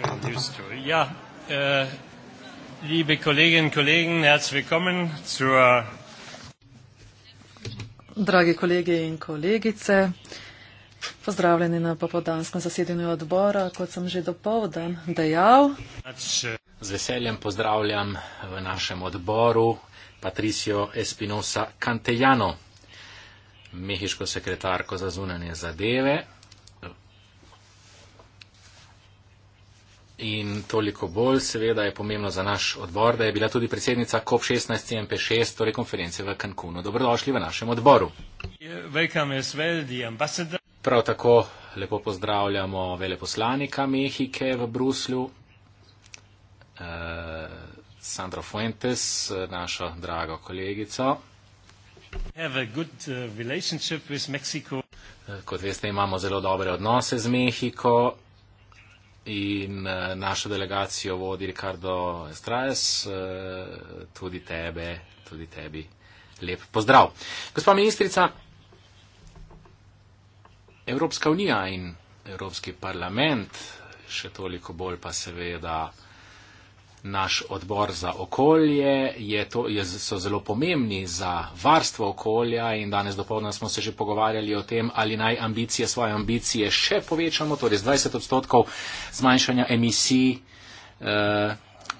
Herren Düstur. Ja, äh, liebe Kolleginnen und Kollegen, herzlich willkommen zur. Dragi kolegi in kolegice, pozdravljeni na popodanskem zasedanju odbora, kot sem že dopovdan dejal. Z veseljem pozdravljam v našem odboru Patricio Espinosa Cantellano, mehiško sekretarko za zunanje zadeve, in toliko bolj seveda je pomembno za naš odbor, da je bila tudi predsednica COP16 CMP6, torej konference v Cancunu. Dobrodošli v našem odboru. Prav tako lepo pozdravljamo veleposlanika Mehike v Bruslju, eh, Sandro Fuentes, našo drago kolegico. Good, uh, eh, kot veste, imamo zelo dobre odnose z Mehiko in uh, našo delegacijo vodi Ricardo Estrajes, uh, eh, tudi tebe, tudi tebi. Lep pozdrav. Gospa ministrica, Evropska unija in Evropski parlament, še toliko bolj pa seveda naš odbor za okolje, je to, je, so zelo pomembni za varstvo okolja in danes dopolno smo se že pogovarjali o tem, ali naj ambicije, svoje ambicije še povečamo, torej z 20 odstotkov zmanjšanja emisij. Uh,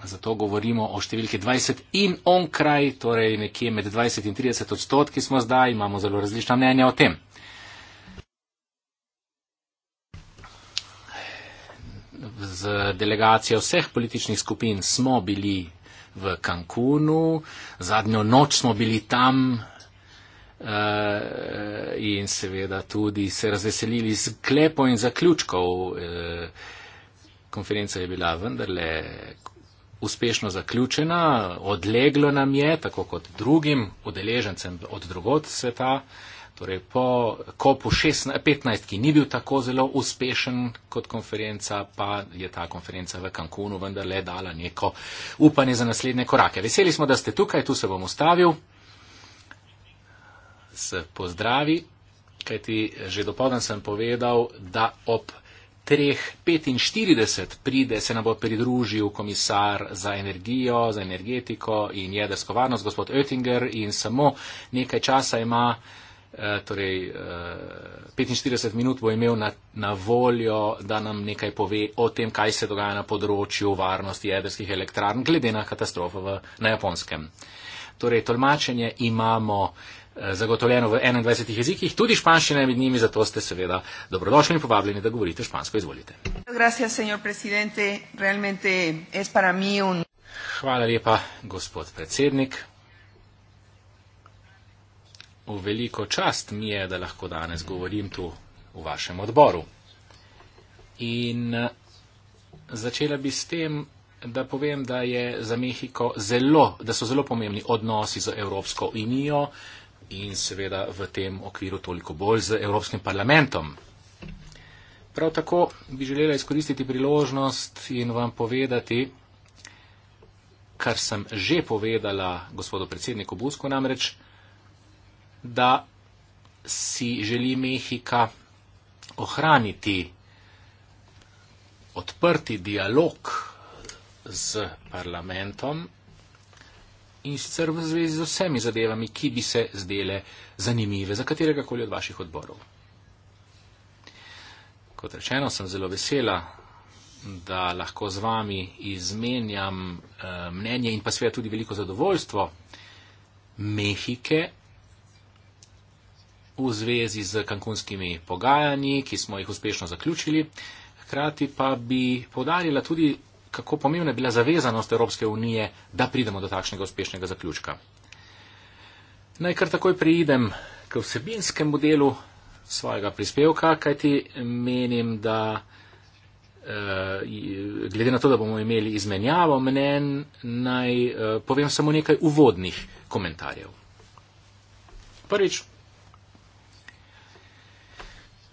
Zato govorimo o številki 20 in onkraj, torej nekje med 20 in 30 odstotki smo zdaj, imamo zelo različna mnenja o tem. z delegacijo vseh političnih skupin smo bili v Cancunu, zadnjo noč smo bili tam uh, in seveda tudi se razveselili z klepo in zaključkov. Uh, konferenca je bila vendarle uspešno zaključena, odleglo nam je, tako kot drugim udeležencem od drugot sveta. Uh, Torej po COP-u 15, ki ni bil tako zelo uspešen kot konferenca, pa je ta konferenca v Cancunu vendarle dala neko upanje za naslednje korake. Veseli smo, da ste tukaj, tu se bom ustavil. Se pozdravi, kajti že dopoldan sem povedal, da ob 3.45 pride, se nam bo pridružil komisar za energijo, za energetiko in jedrsko varnost, gospod Oettinger, in samo nekaj časa ima Eh, torej 45 eh, minut bo imel na, na voljo, da nam nekaj pove o tem, kaj se dogaja na področju varnosti jedrskih elektrarn, glede na katastrofo v, na japonskem. Torej, tolmačenje imamo eh, zagotovljeno v 21 jezikih, tudi španščina je med njimi, zato ste seveda dobrodošli in povabljeni, da govorite špansko. Izvolite. Hvala lepa, gospod predsednik v veliko čast mi je, da lahko danes govorim tu v vašem odboru. In eh, začela bi s tem, da povem, da, zelo, da so zelo pomembni odnosi z Evropsko unijo in seveda v tem okviru toliko bolj z Evropskim parlamentom. Prav tako bi želela izkoristiti priložnost in vam povedati, kar sem že povedala gospodu predsedniku Busku, namreč, da si želi Mehika ohraniti odprti dialog z parlamentom in sicer v zvezi z vsemi zadevami, ki bi se zdele zanimive za katerega koli od vaših odborov. Kot rečeno, sem zelo vesela, da lahko z vami izmenjam eh, mnenje in pa seveda tudi veliko zadovoljstvo Mehike v zvezi z kankunskimi pogajanji, ki smo jih uspešno zaključili. Hkrati pa bi podarila tudi, kako pomembna je bila zavezanost Evropske unije, da pridemo do takšnega uspešnega zaključka. Naj kar takoj prejdem k vsebinskemu delu svojega prispevka, kajti menim, da eh, glede na to, da bomo imeli izmenjavo mnen, naj eh, povem samo nekaj uvodnih komentarjev. Prvič,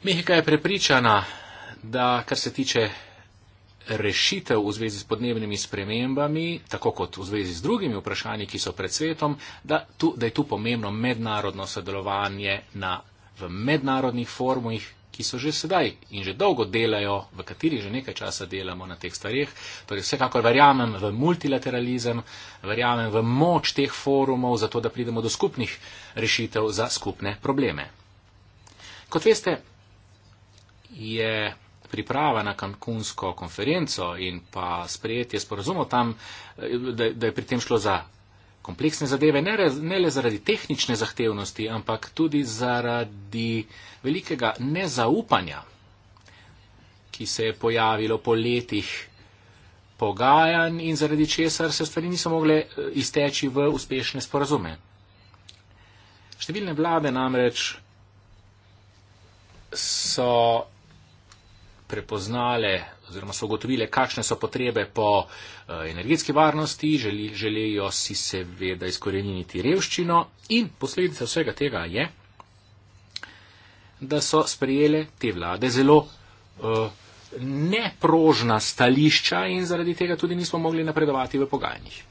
Mehika je prepričana, da kar se tiče rešitev v zvezi s podnebnimi spremembami, tako kot v zvezi z drugimi vprašanji, ki so pred svetom, da, tu, da je tu pomembno mednarodno sodelovanje na, v mednarodnih formujih, ki so že sedaj in že dolgo delajo, v kateri že nekaj časa delamo na teh stvarih. Torej vsekakor verjamem v multilateralizem, verjamem v moč teh forumov, zato da pridemo do skupnih rešitev za skupne probleme. Kot veste, je priprava na kankunsko konferenco in pa sprejetje sporozumov tam, eh, da, da je pri tem šlo za kompleksne zadeve, ne, ne le zaradi tehnične zahtevnosti, ampak tudi zaradi velikega nezaupanja, ki se je pojavilo po letih pogajanj in zaradi česar se stvari niso mogle eh, izteči v uspešne sporozume. Številne vlade namreč so prepoznale oziroma so ugotovile, kakšne so potrebe po eh, energetski varnosti, želijo si seveda izkoreniniti revščino in posledica vsega tega je, da so sprejele te vlade zelo eh, neprožna stališča in zaradi tega tudi nismo mogli napredovati v pogajanjih.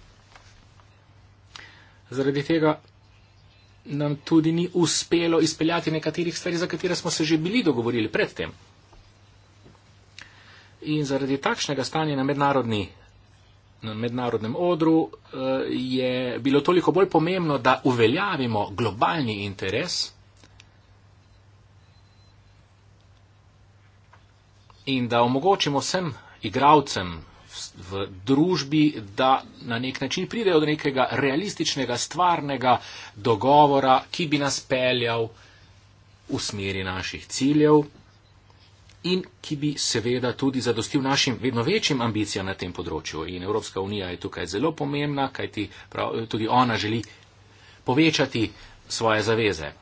Zaradi tega nam tudi ni uspelo izpeljati nekaterih stvari, za katere smo se že bili dogovorili predtem. In zaradi takšnega stanja na, na mednarodnem odru eh, je bilo toliko bolj pomembno, da uveljavimo globalni interes in da omogočimo vsem igravcem v družbi, da na nek način pridejo do nekega realističnega, stvarnega dogovora, ki bi nas peljal v smeri naših ciljev in ki bi seveda tudi zadostil našim vedno večjim ambicijam na tem področju. In Evropska unija je tukaj zelo pomembna, kajti prav, tudi ona želi povečati svoje zaveze.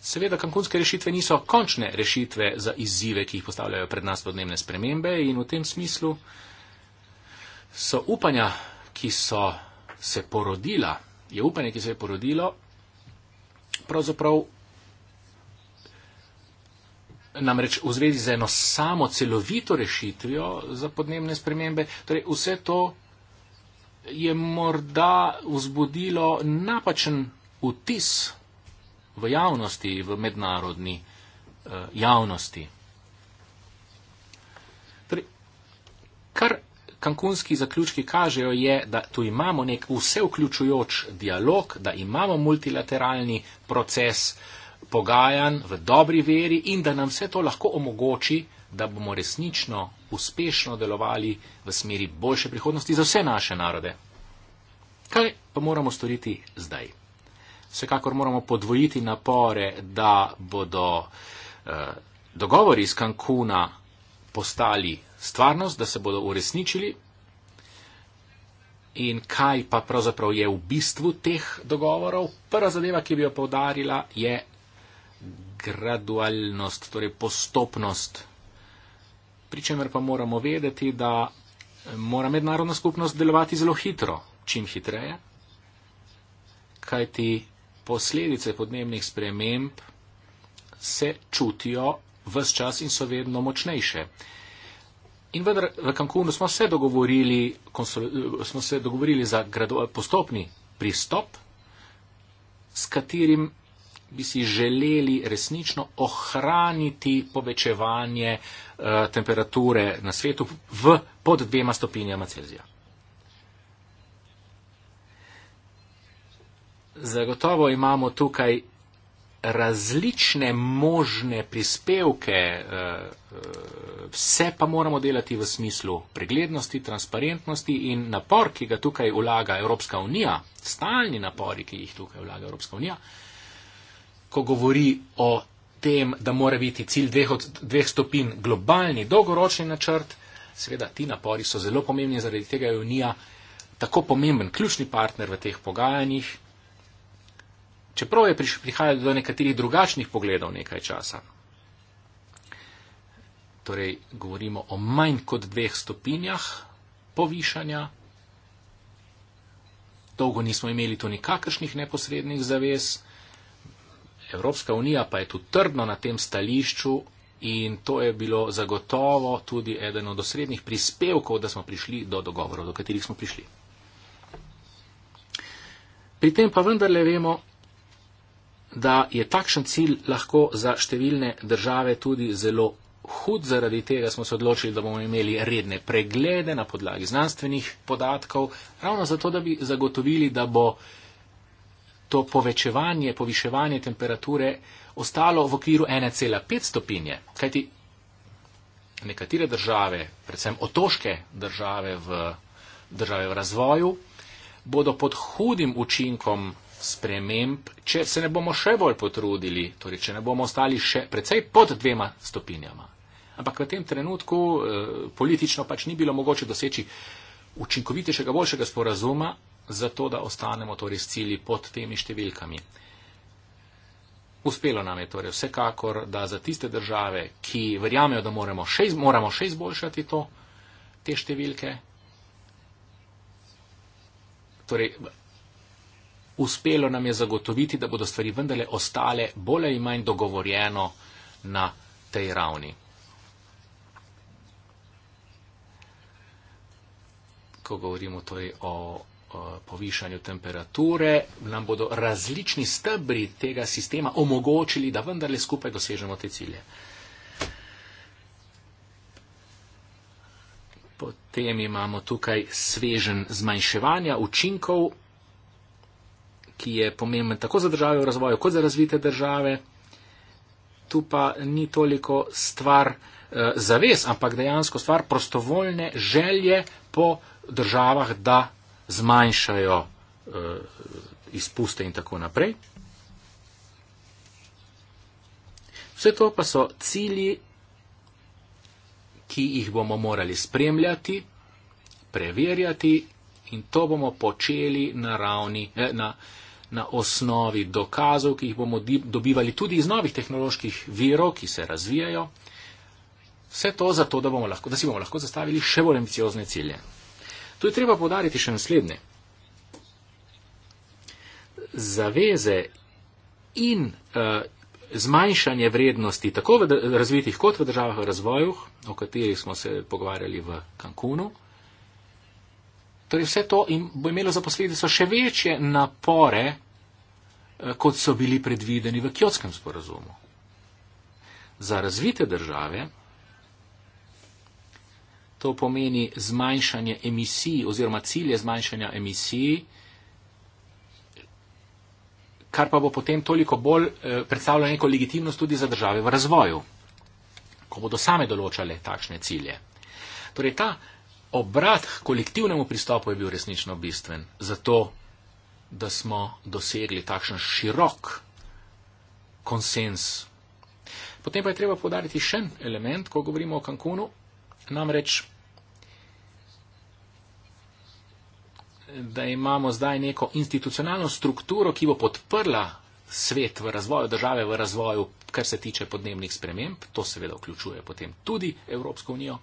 Seveda, kankunske rešitve niso končne rešitve za izzive, ki jih postavljajo pred nas podnebne spremembe in v tem smislu so upanja, ki so se porodila, je upanje, ki se je porodilo, pravzaprav Namreč v zvezi z eno samo celovito rešitvijo za podnebne spremembe, torej vse to je morda vzbudilo napačen vtis v javnosti, v mednarodni eh, javnosti. Torej, kar kankunski zaključki kažejo je, da tu imamo nek vse vključujoč dialog, da imamo multilateralni proces, eh, pogajanj v dobri veri in da nam vse to lahko omogoči, da bomo resnično uspešno delovali v smeri boljše prihodnosti za vse naše narode. Kaj pa moramo storiti zdaj? Vsekakor moramo podvojiti napore, da bodo eh, dogovori iz Cancuna postali stvarnost, da se bodo uresničili. In kaj pa pravzaprav je v bistvu teh dogovorov? Prva zadeva, ki bi jo povdarila, je gradualnost, torej postopnost. Pričemer pa moramo vedeti, da mora mednarodna skupnost delovati zelo hitro, čim hitreje, kajti posledice podnebnih sprememb se čutijo vse čas in so vedno močnejše. In vendar v Cancunu smo se dogovorili, smo se dogovorili za postopni pristop, s katerim bi si želeli resnično ohraniti povečevanje eh, temperature na svetu v, pod dvema stopinjama Celzija. Zagotovo imamo tukaj različne možne prispevke, eh, eh, vse pa moramo delati v smislu preglednosti, transparentnosti in napor, ki ga tukaj vlaga Evropska unija, stalni napori, ki jih tukaj vlaga Evropska unija, ko govori o tem, da mora biti cilj dveh, od, dveh stopin globalni, dolgoročni načrt, seveda ti napori so zelo pomembni, zaradi tega je Unija tako pomemben, ključni partner v teh pogajanjih, čeprav je prihajalo do nekaterih drugačnih pogledov nekaj časa. Torej, govorimo o manj kot dveh stopinjah povišanja. Dolgo nismo imeli tu nikakršnih neposrednih zavez. Evropska unija pa je tu trdno na tem stališču in to je bilo zagotovo tudi eden od osrednjih prispevkov, da smo prišli do dogovorov, do katerih smo prišli. Pri tem pa vendarle vemo, da je takšen cilj lahko za številne države tudi zelo hud, zaradi tega smo se odločili, da bomo imeli redne preglede na podlagi znanstvenih podatkov, ravno zato, da bi zagotovili, da bo to povečevanje, poviševanje temperature ostalo v okviru 1,5 stopinje. Kajti nekatere države, predvsem otoške države v, države v razvoju, bodo pod hudim učinkom sprememb, če se ne bomo še bolj potrudili, torej če ne bomo ostali še predvsej pod dvema stopinjama. Ampak v tem trenutku eh, politično pač ni bilo mogoče doseči učinkovitejšega, boljšega sporazuma, zato da ostanemo torej s cilji pod temi številkami. Uspelo nam je torej vsekakor, da za tiste države, ki verjamejo, da moramo še, moramo še izboljšati to, te številke, torej uspelo nam je zagotoviti, da bodo stvari vendarle ostale bolj ali manj dogovorjeno na tej ravni. Ko govorimo torej o povišanju temperature, nam bodo različni stebri tega sistema omogočili, da vendarle skupaj dosežemo te cilje. Potem imamo tukaj svežen zmanjševanja učinkov, ki je pomemben tako za države v razvoju, kot za razvite države. Tu pa ni toliko stvar eh, zaves, ampak dejansko stvar prostovoljne želje po državah, da zmanjšajo uh, izpuste in tako naprej. Vse to pa so cilji, ki jih bomo morali spremljati, preverjati in to bomo počeli na ravni, eh, na, na osnovi dokazov, ki jih bomo dobivali tudi iz novih tehnoloških virov, ki se razvijajo. Vse to zato, da, bomo lahko, da si bomo lahko zastavili še bolj ambiciozne cilje. Tu je treba podariti še naslednje. Zaveze in uh, zmanjšanje vrednosti tako v razvitih kot v državah v razvoju, o katerih smo se pogovarjali v Cancunu, torej vse to bo imelo za posledico še večje napore, uh, kot so bili predvideni v kjotskem sporazumu. Za razvite države to pomeni zmanjšanje emisij oziroma cilje zmanjšanja emisij, kar pa bo potem toliko bolj eh, predstavljalo neko legitimnost tudi za države v razvoju, ko bodo same določale takšne cilje. Torej, ta obrat k kolektivnemu pristopu je bil resnično bistven za to, da smo dosegli takšen širok konsens. Potem pa je treba podariti še en element, ko govorimo o Cancunu, Namreč, da imamo zdaj neko institucionalno strukturo, ki bo podprla svet v razvoju države, v razvoju, kar se tiče podnebnih sprememb, to seveda vključuje potem tudi Evropsko unijo.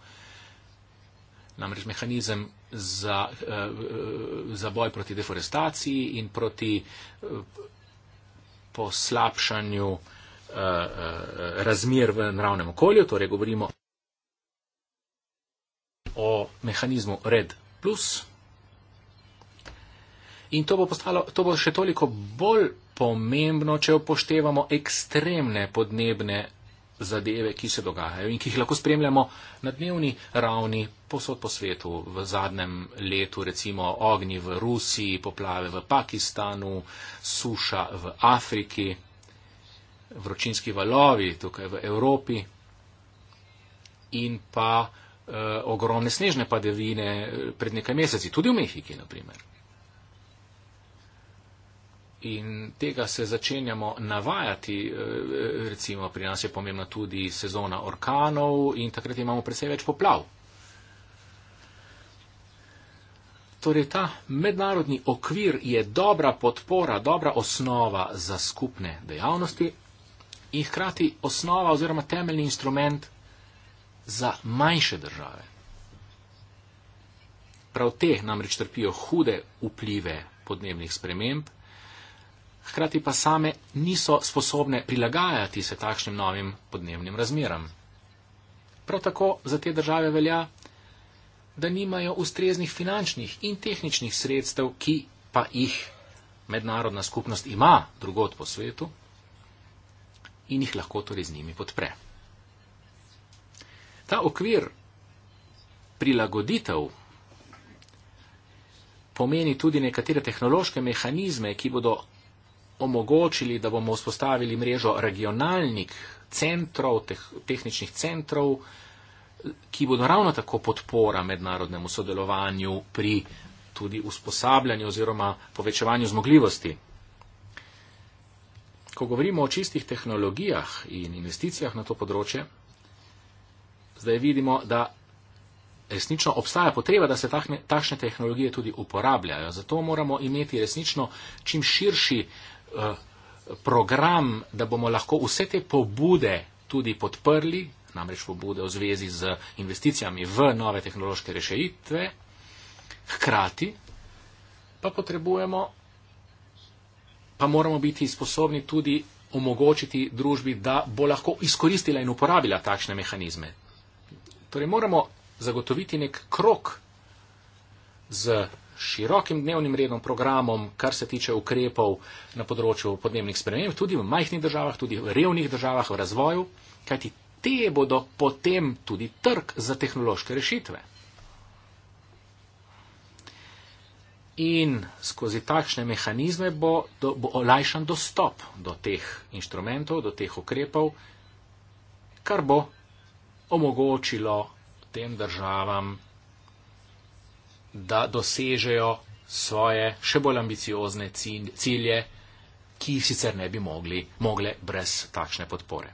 Namreč mehanizem za, eh, za boj proti deforestaciji in proti eh, poslabšanju eh, razmer v naravnem okolju, torej govorimo o mehanizmu Red Plus. In to bo, postalo, to bo še toliko bolj pomembno, če upoštevamo ekstremne podnebne zadeve, ki se dogajajo in ki jih lahko spremljamo na dnevni ravni posod po svetu. V zadnjem letu recimo ognji v Rusiji, poplave v Pakistanu, suša v Afriki, vročinski valovi tukaj v Evropi in pa Eh, ogromne snežne padavine eh, pred nekaj meseci, tudi v Mehiki, naprimer. In tega se začenjamo navajati, eh, recimo pri nas je pomembna tudi sezona orkanov in takrat imamo presej več poplav. Torej, ta mednarodni okvir je dobra podpora, dobra osnova za skupne dejavnosti in hkrati osnova oziroma temeljni instrument za manjše države. Prav te namreč trpijo hude vplive podnebnih sprememb, hkrati pa same niso sposobne prilagajati se takšnim novim podnebnim razmeram. Prav tako za te države velja, da nimajo ustreznih finančnih in tehničnih sredstev, ki pa jih mednarodna skupnost ima drugot po svetu in jih lahko torej z njimi podpre. Ta okvir prilagoditev pomeni tudi nekatere tehnološke mehanizme, ki bodo omogočili, da bomo vzpostavili mrežo regionalnih centrov, tehničnih centrov, ki bodo ravno tako podpora mednarodnemu sodelovanju pri tudi usposabljanju oziroma povečevanju zmogljivosti. Ko govorimo o čistih tehnologijah in investicijah na to področje, zdaj vidimo, da resnično obstaja potreba, da se takne, takšne tehnologije tudi uporabljajo. Zato moramo imeti resnično čim širši eh, program, da bomo lahko vse te pobude tudi podprli, namreč pobude v zvezi z investicijami v nove tehnološke rešitve. Hkrati pa potrebujemo, pa moramo biti sposobni tudi omogočiti družbi, da bo lahko izkoristila in uporabila takšne mehanizme. Torej moramo zagotoviti nek krok z širokim dnevnim redom, programom, kar se tiče ukrepov na področju podnebnih sprememb, tudi v majhnih državah, tudi v revnih državah, v razvoju, kajti te bodo potem tudi trg za tehnološke rešitve. In skozi takšne mehanizme bo, do, bo olajšan dostop do teh inštrumentov, do teh ukrepov, kar bo omogočilo tem državam, da dosežejo svoje še bolj ambiciozne cilje, ki jih sicer ne bi mogli, mogle brez takšne podpore.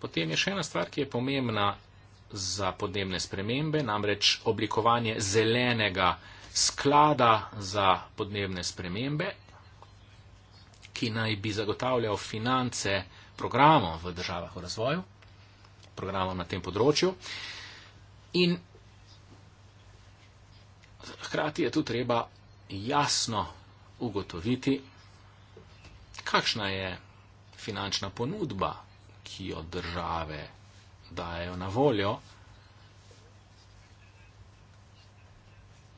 Potem je še ena stvar, ki je pomembna za podnebne spremembe, namreč oblikovanje zelenega sklada za podnebne spremembe, ki naj bi zagotavljal finance programov v državah v razvoju programom na tem področju. In hkrati je tu treba jasno ugotoviti, kakšna je finančna ponudba, ki jo države dajo na voljo,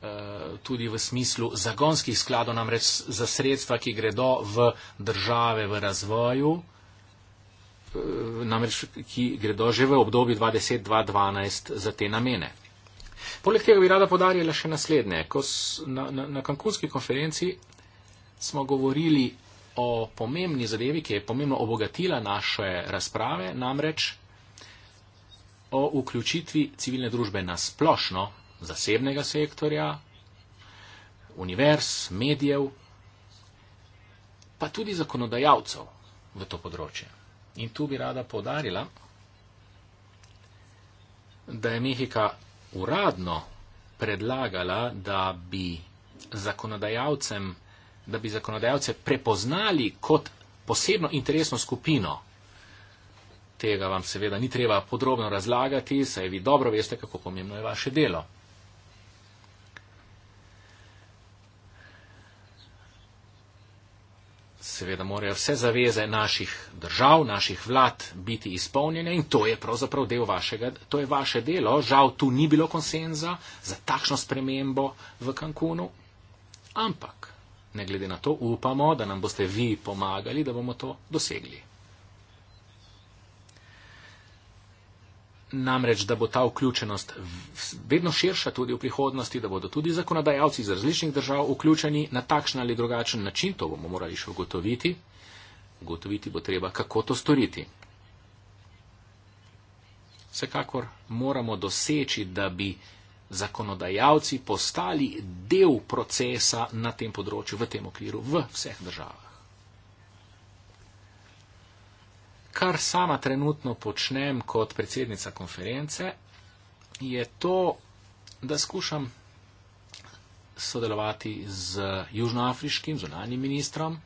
eh, tudi v smislu zagonskih skladov, namreč za sredstva, ki gredo v države v razvoju, Eh, namreč ki gredo že v obdobju 2010-2012 za te namene. Poleg tega bi rada podarila še naslednje. Ko na, na, na kankunski konferenci smo govorili o pomembni zadevi, ki je pomembno obogatila naše razprave, namreč o vključitvi civilne družbe na splošno zasebnega sektorja, univerz, medijev, pa tudi zakonodajalcev v to področje. In tu bi rada podarila, da je Mehika uradno predlagala, da bi zakonodajalcem, da bi zakonodajalce prepoznali kot posebno interesno skupino. Tega vam seveda ni treba podrobno razlagati, saj vi dobro veste, kako pomembno je vaše delo. seveda morajo vse zaveze naših držav, naših vlad biti izpolnjene in to je pravzaprav del vašega, to je vaše delo. Žal tu ni bilo konsenza za takšno spremembo v Cancunu, ampak ne glede na to upamo, da nam boste vi pomagali, da bomo to dosegli. namreč, da bo ta vključenost vedno širša tudi v prihodnosti, da bodo tudi zakonodajalci iz različnih držav vključeni na takšen ali drugačen način, to bomo morali še ugotoviti. Ugotoviti bo treba, kako to storiti. Vsekakor moramo doseči, da bi zakonodajalci postali del procesa na tem področju, v tem okviru, v vseh državah. kar sama trenutno počnem kot predsednica konference, je to, da skušam sodelovati z južnoafriškim zunanjim ministrom,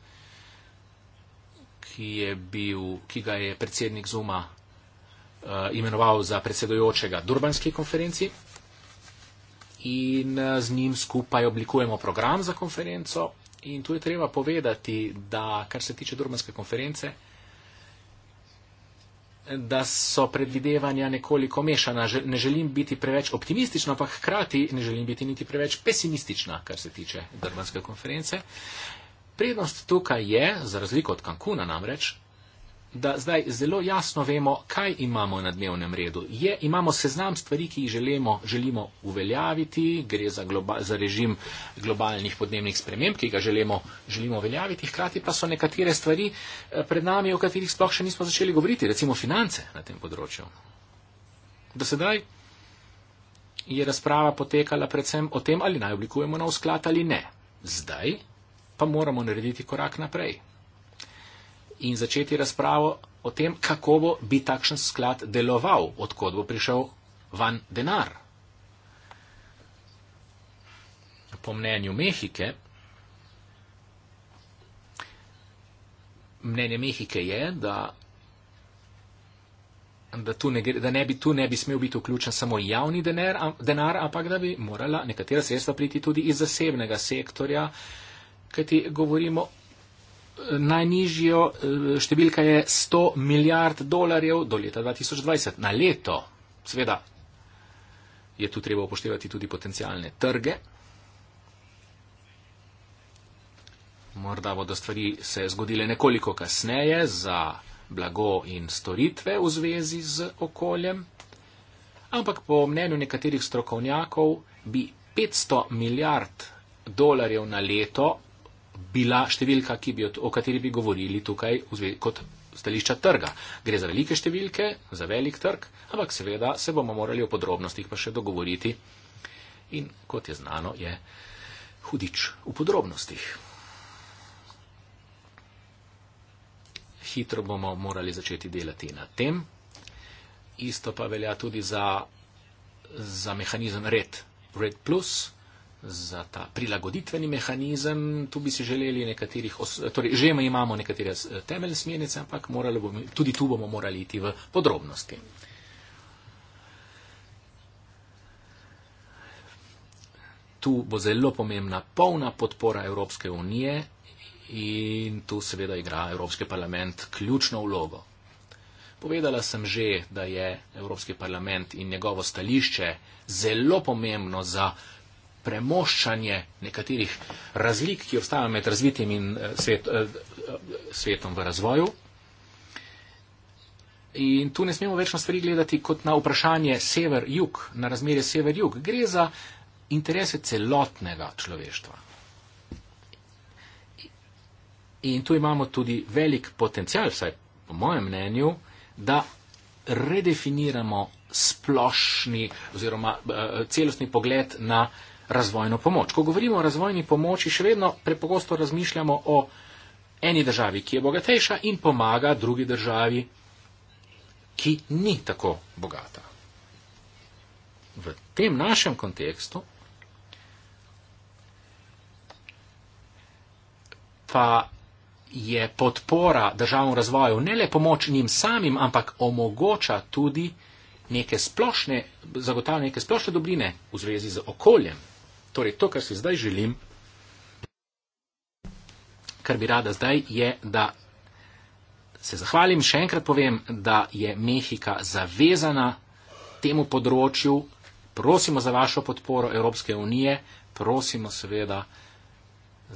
ki, bil, ki ga je predsednik Zuma eh, imenoval za predsedojočega Durbanski konferenci in eh, z njim skupaj oblikujemo program za konferenco. In tu je treba povedati, da kar se tiče Durbanske konference, da so predvidevanja nekoliko mešana. Ne želim biti preveč optimistična, ampak hkrati ne želim biti niti preveč pesimistična, kar se tiče Durbanske konference. Prednost tukaj je, za razliko od Cancuna namreč, da zdaj zelo jasno vemo, kaj imamo na dnevnem redu. Je, imamo seznam stvari, ki jih želimo, želimo uveljaviti, gre za, globa, za režim globalnih podnebnih sprememb, ki ga želimo, želimo uveljaviti, hkrati pa so nekatere stvari eh, pred nami, o katerih sploh še nismo začeli govoriti, recimo finance na tem področju. Do sedaj je razprava potekala predvsem o tem, ali naj oblikujemo nov sklad ali ne. Zdaj pa moramo narediti korak naprej in začeti razpravo o tem, kako bo bi takšen sklad deloval, odkot bo prišel van denar. Po mnenju Mehike, mnenje Mehike je, da, da, ne, da ne bi tu ne bi smel biti vključen samo javni denar, denar, ampak da bi morala nekatera sredstva priti tudi iz zasebnega sektorja, kajti govorimo najnižjo eh, številka je 100 milijard dolarjev do leta 2020 na leto. Sveda je tu treba upoštevati tudi potencijalne trge. Morda bodo stvari se zgodile nekoliko kasneje za blago in storitve v zvezi z okoljem, ampak po mnenju nekaterih strokovnjakov bi 500 milijard dolarjev na leto bila številka, bi od, o kateri bi govorili tukaj kot stališča trga. Gre za velike številke, za velik trg, ampak seveda se bomo morali o podrobnostih pa še dogovoriti. In kot je znano, je hudič v podrobnostih. Hitro bomo morali začeti delati na tem. Isto pa velja tudi za, za mehanizem RED. RED Plus, za ta prilagoditveni mehanizem. Tu bi si želeli nekaterih, torej že imamo nekatere temeljne smernice, ampak bo, tudi tu bomo morali iti v podrobnosti. Tu bo zelo pomembna polna podpora Evropske unije in tu seveda igra Evropski parlament ključno vlogo. Povedala sem že, da je Evropski parlament in njegovo stališče zelo pomembno za premoščanje nekaterih razlik, ki obstajajo med razvitim in eh, svet, eh, svetom v razvoju. In tu ne smemo več na stvari gledati kot na vprašanje sever-jug, na razmerje sever-jug. Gre za interese celotnega človeštva. In tu imamo tudi velik potencial, vsaj po mojem mnenju, da redefiniramo splošni oziroma eh, celostni pogled na razvojno pomoč. Ko govorimo o razvojni pomoči, še vedno prepogosto razmišljamo o eni državi, ki je bogatejša in pomaga drugi državi, ki ni tako bogata. V tem našem kontekstu pa je podpora državam razvoju ne le pomoč njim samim, ampak omogoča tudi neke splošne, zagotavlja neke splošne dobline v zvezi z okoljem, Torej, to, kar si zdaj želim, kar bi rada zdaj, je, da se zahvalim, še enkrat povem, da je Mehika zavezana temu področju. Prosimo za vašo podporo Evropske unije, prosimo seveda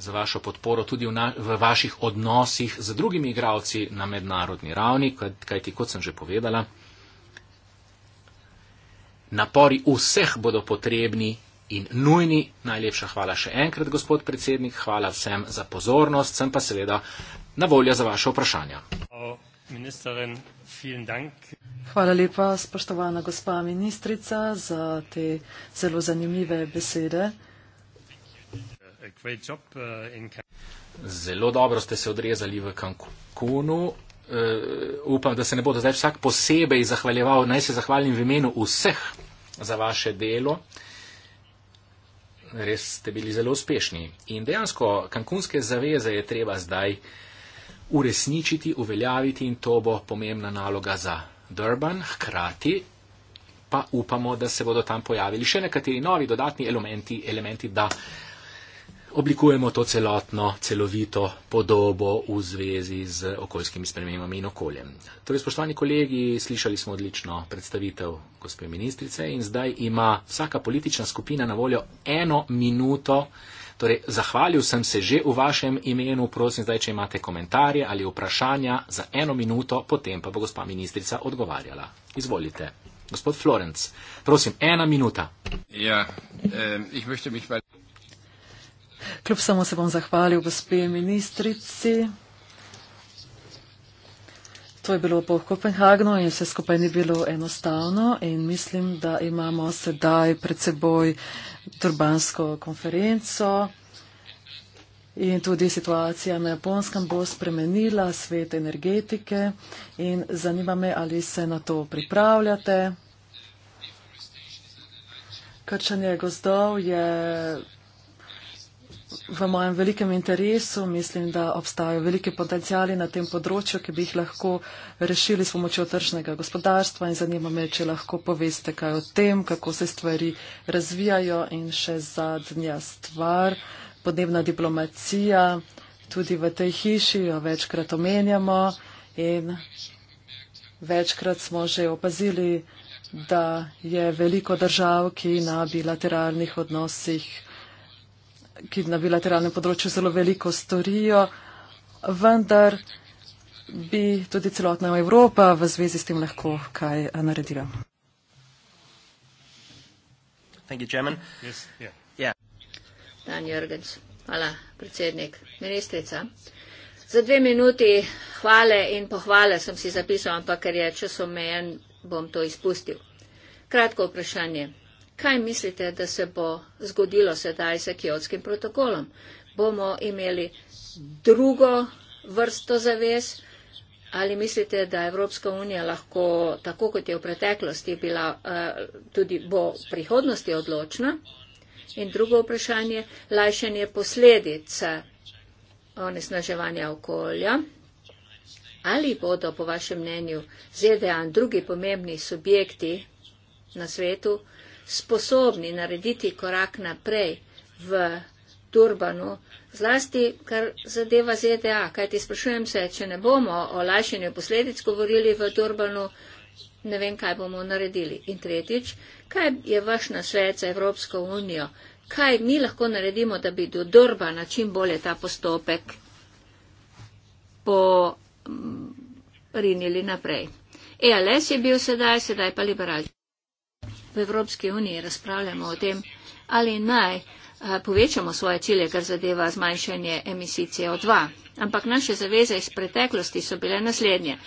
za vašo podporo tudi v, na, v vaših odnosih z drugimi igravci na mednarodni ravni, kajti, kot sem že povedala, napori vseh bodo potrebni, in nujni. Najlepša hvala še enkrat, gospod predsednik, hvala vsem za pozornost, sem pa seveda na voljo za vaše vprašanja. Hvala lepa, spoštovana gospa ministrica, za te zelo zanimive besede. Uh, zelo dobro ste se odrezali v Cancunu. Uh, upam, da se ne bodo zdaj vsak posebej zahvaljeval, naj se zahvalim v imenu vseh za vaše delo. Uh, res ste bili zelo uspešni. In dejansko kankunske zaveze je treba zdaj uresničiti, uveljaviti in to bo pomembna naloga za Durban. Hkrati pa upamo, da se bodo tam pojavili še nekateri novi dodatni elementi, elementi da oblikujemo to celotno, celovito podobo v zvezi z okoljskimi spremembami in okoljem. Torej, spoštovani kolegi, slišali smo odlično predstavitev gospe ministrice in zdaj ima vsaka politična skupina na voljo eno minuto. Torej, zahvalil sem se že v vašem imenu, prosim zdaj, če imate komentarje ali vprašanja za eno minuto, potem pa bo gospa ministrica odgovarjala. Izvolite. Gospod Florenc, prosim, ena minuta. Ja, eh, Kljub samo se bom zahvalil gospe ministrici. To je bilo po Kopenhagnu in vse skupaj ni bilo enostavno in mislim, da imamo sedaj pred seboj turbansko konferenco in tudi situacija na Japonskem bo spremenila svet energetike in zanima me, ali se na to pripravljate. Krčanje gozdov je v mojem velikem interesu. Mislim, da obstajajo veliki potencijali na tem področju, ki bi jih lahko rešili s pomočjo tržnega gospodarstva in zanima me, če lahko poveste kaj o tem, kako se stvari razvijajo. In še zadnja stvar, podnebna diplomacija, tudi v tej hiši jo večkrat omenjamo in večkrat smo že opazili, da je veliko držav, ki na bilateralnih odnosih ki na bilateralnem področju zelo veliko storijo, vendar bi tudi celotna Evropa v zvezi s tem lahko kaj eh, naredila. You, yes. yeah. Yeah. Dan Jorgens, hvala predsednik, ministrica. Za dve minuti hvale in pohvale sem si zapisal, ampak ker je časomejen, bom to izpustil. Kratko vprašanje. Kaj mislite, da se bo zgodilo sedaj s kiotskim protokolom? Bomo imeli drugo vrsto zavez ali mislite, da Evropska unija lahko, tako kot je v preteklosti bila, eh, tudi bo v prihodnosti odločna? In drugo vprašanje, lajšanje posledic onesnaževanja okolja. Ali bodo, po vašem mnenju, ZDA in drugi pomembni subjekti na svetu, sposobni narediti korak naprej v Turbanu, zlasti kar zadeva ZDA, kajti sprašujem se, če ne bomo o lajšanju posledic govorili v Turbanu, ne vem, kaj bomo naredili. In tretjič, kaj je vaš nasvet za Evropsko unijo? Kaj mi lahko naredimo, da bi do Durbana čim bolje ta postopek porinili naprej? ELS je bil sedaj, sedaj pa liberalni v Evropski uniji razpravljamo o tem, ali naj eh, povečamo svoje cilje, kar zadeva zmanjšanje emisij CO2. Ampak naše zaveze iz preteklosti so bile naslednje.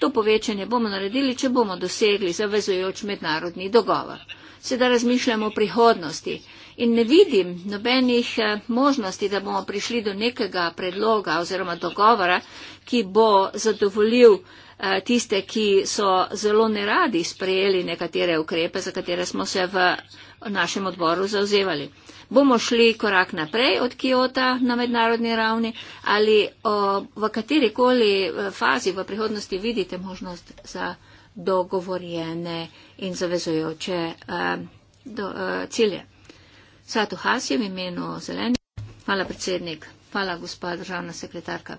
To povečanje bomo naredili, če bomo dosegli zavezujoč mednarodni dogovor. Sedaj razmišljamo o prihodnosti in ne vidim nobenih eh, možnosti, da bomo prišli do nekega predloga oziroma dogovora, ki bo zadovoljil Eh, tiste, ki so zelo neradi sprejeli nekatere ukrepe, za katere smo se v našem odboru zauzevali. Bomo šli korak naprej od Kijota na mednarodni ravni ali o, v katerikoli eh, fazi v prihodnosti vidite možnost za dogovorjene in zavezujoče uh, do, uh, cilje. Satu Hasje v imenu Zeleni. Hvala predsednik. Hvala gospa državna sekretarka.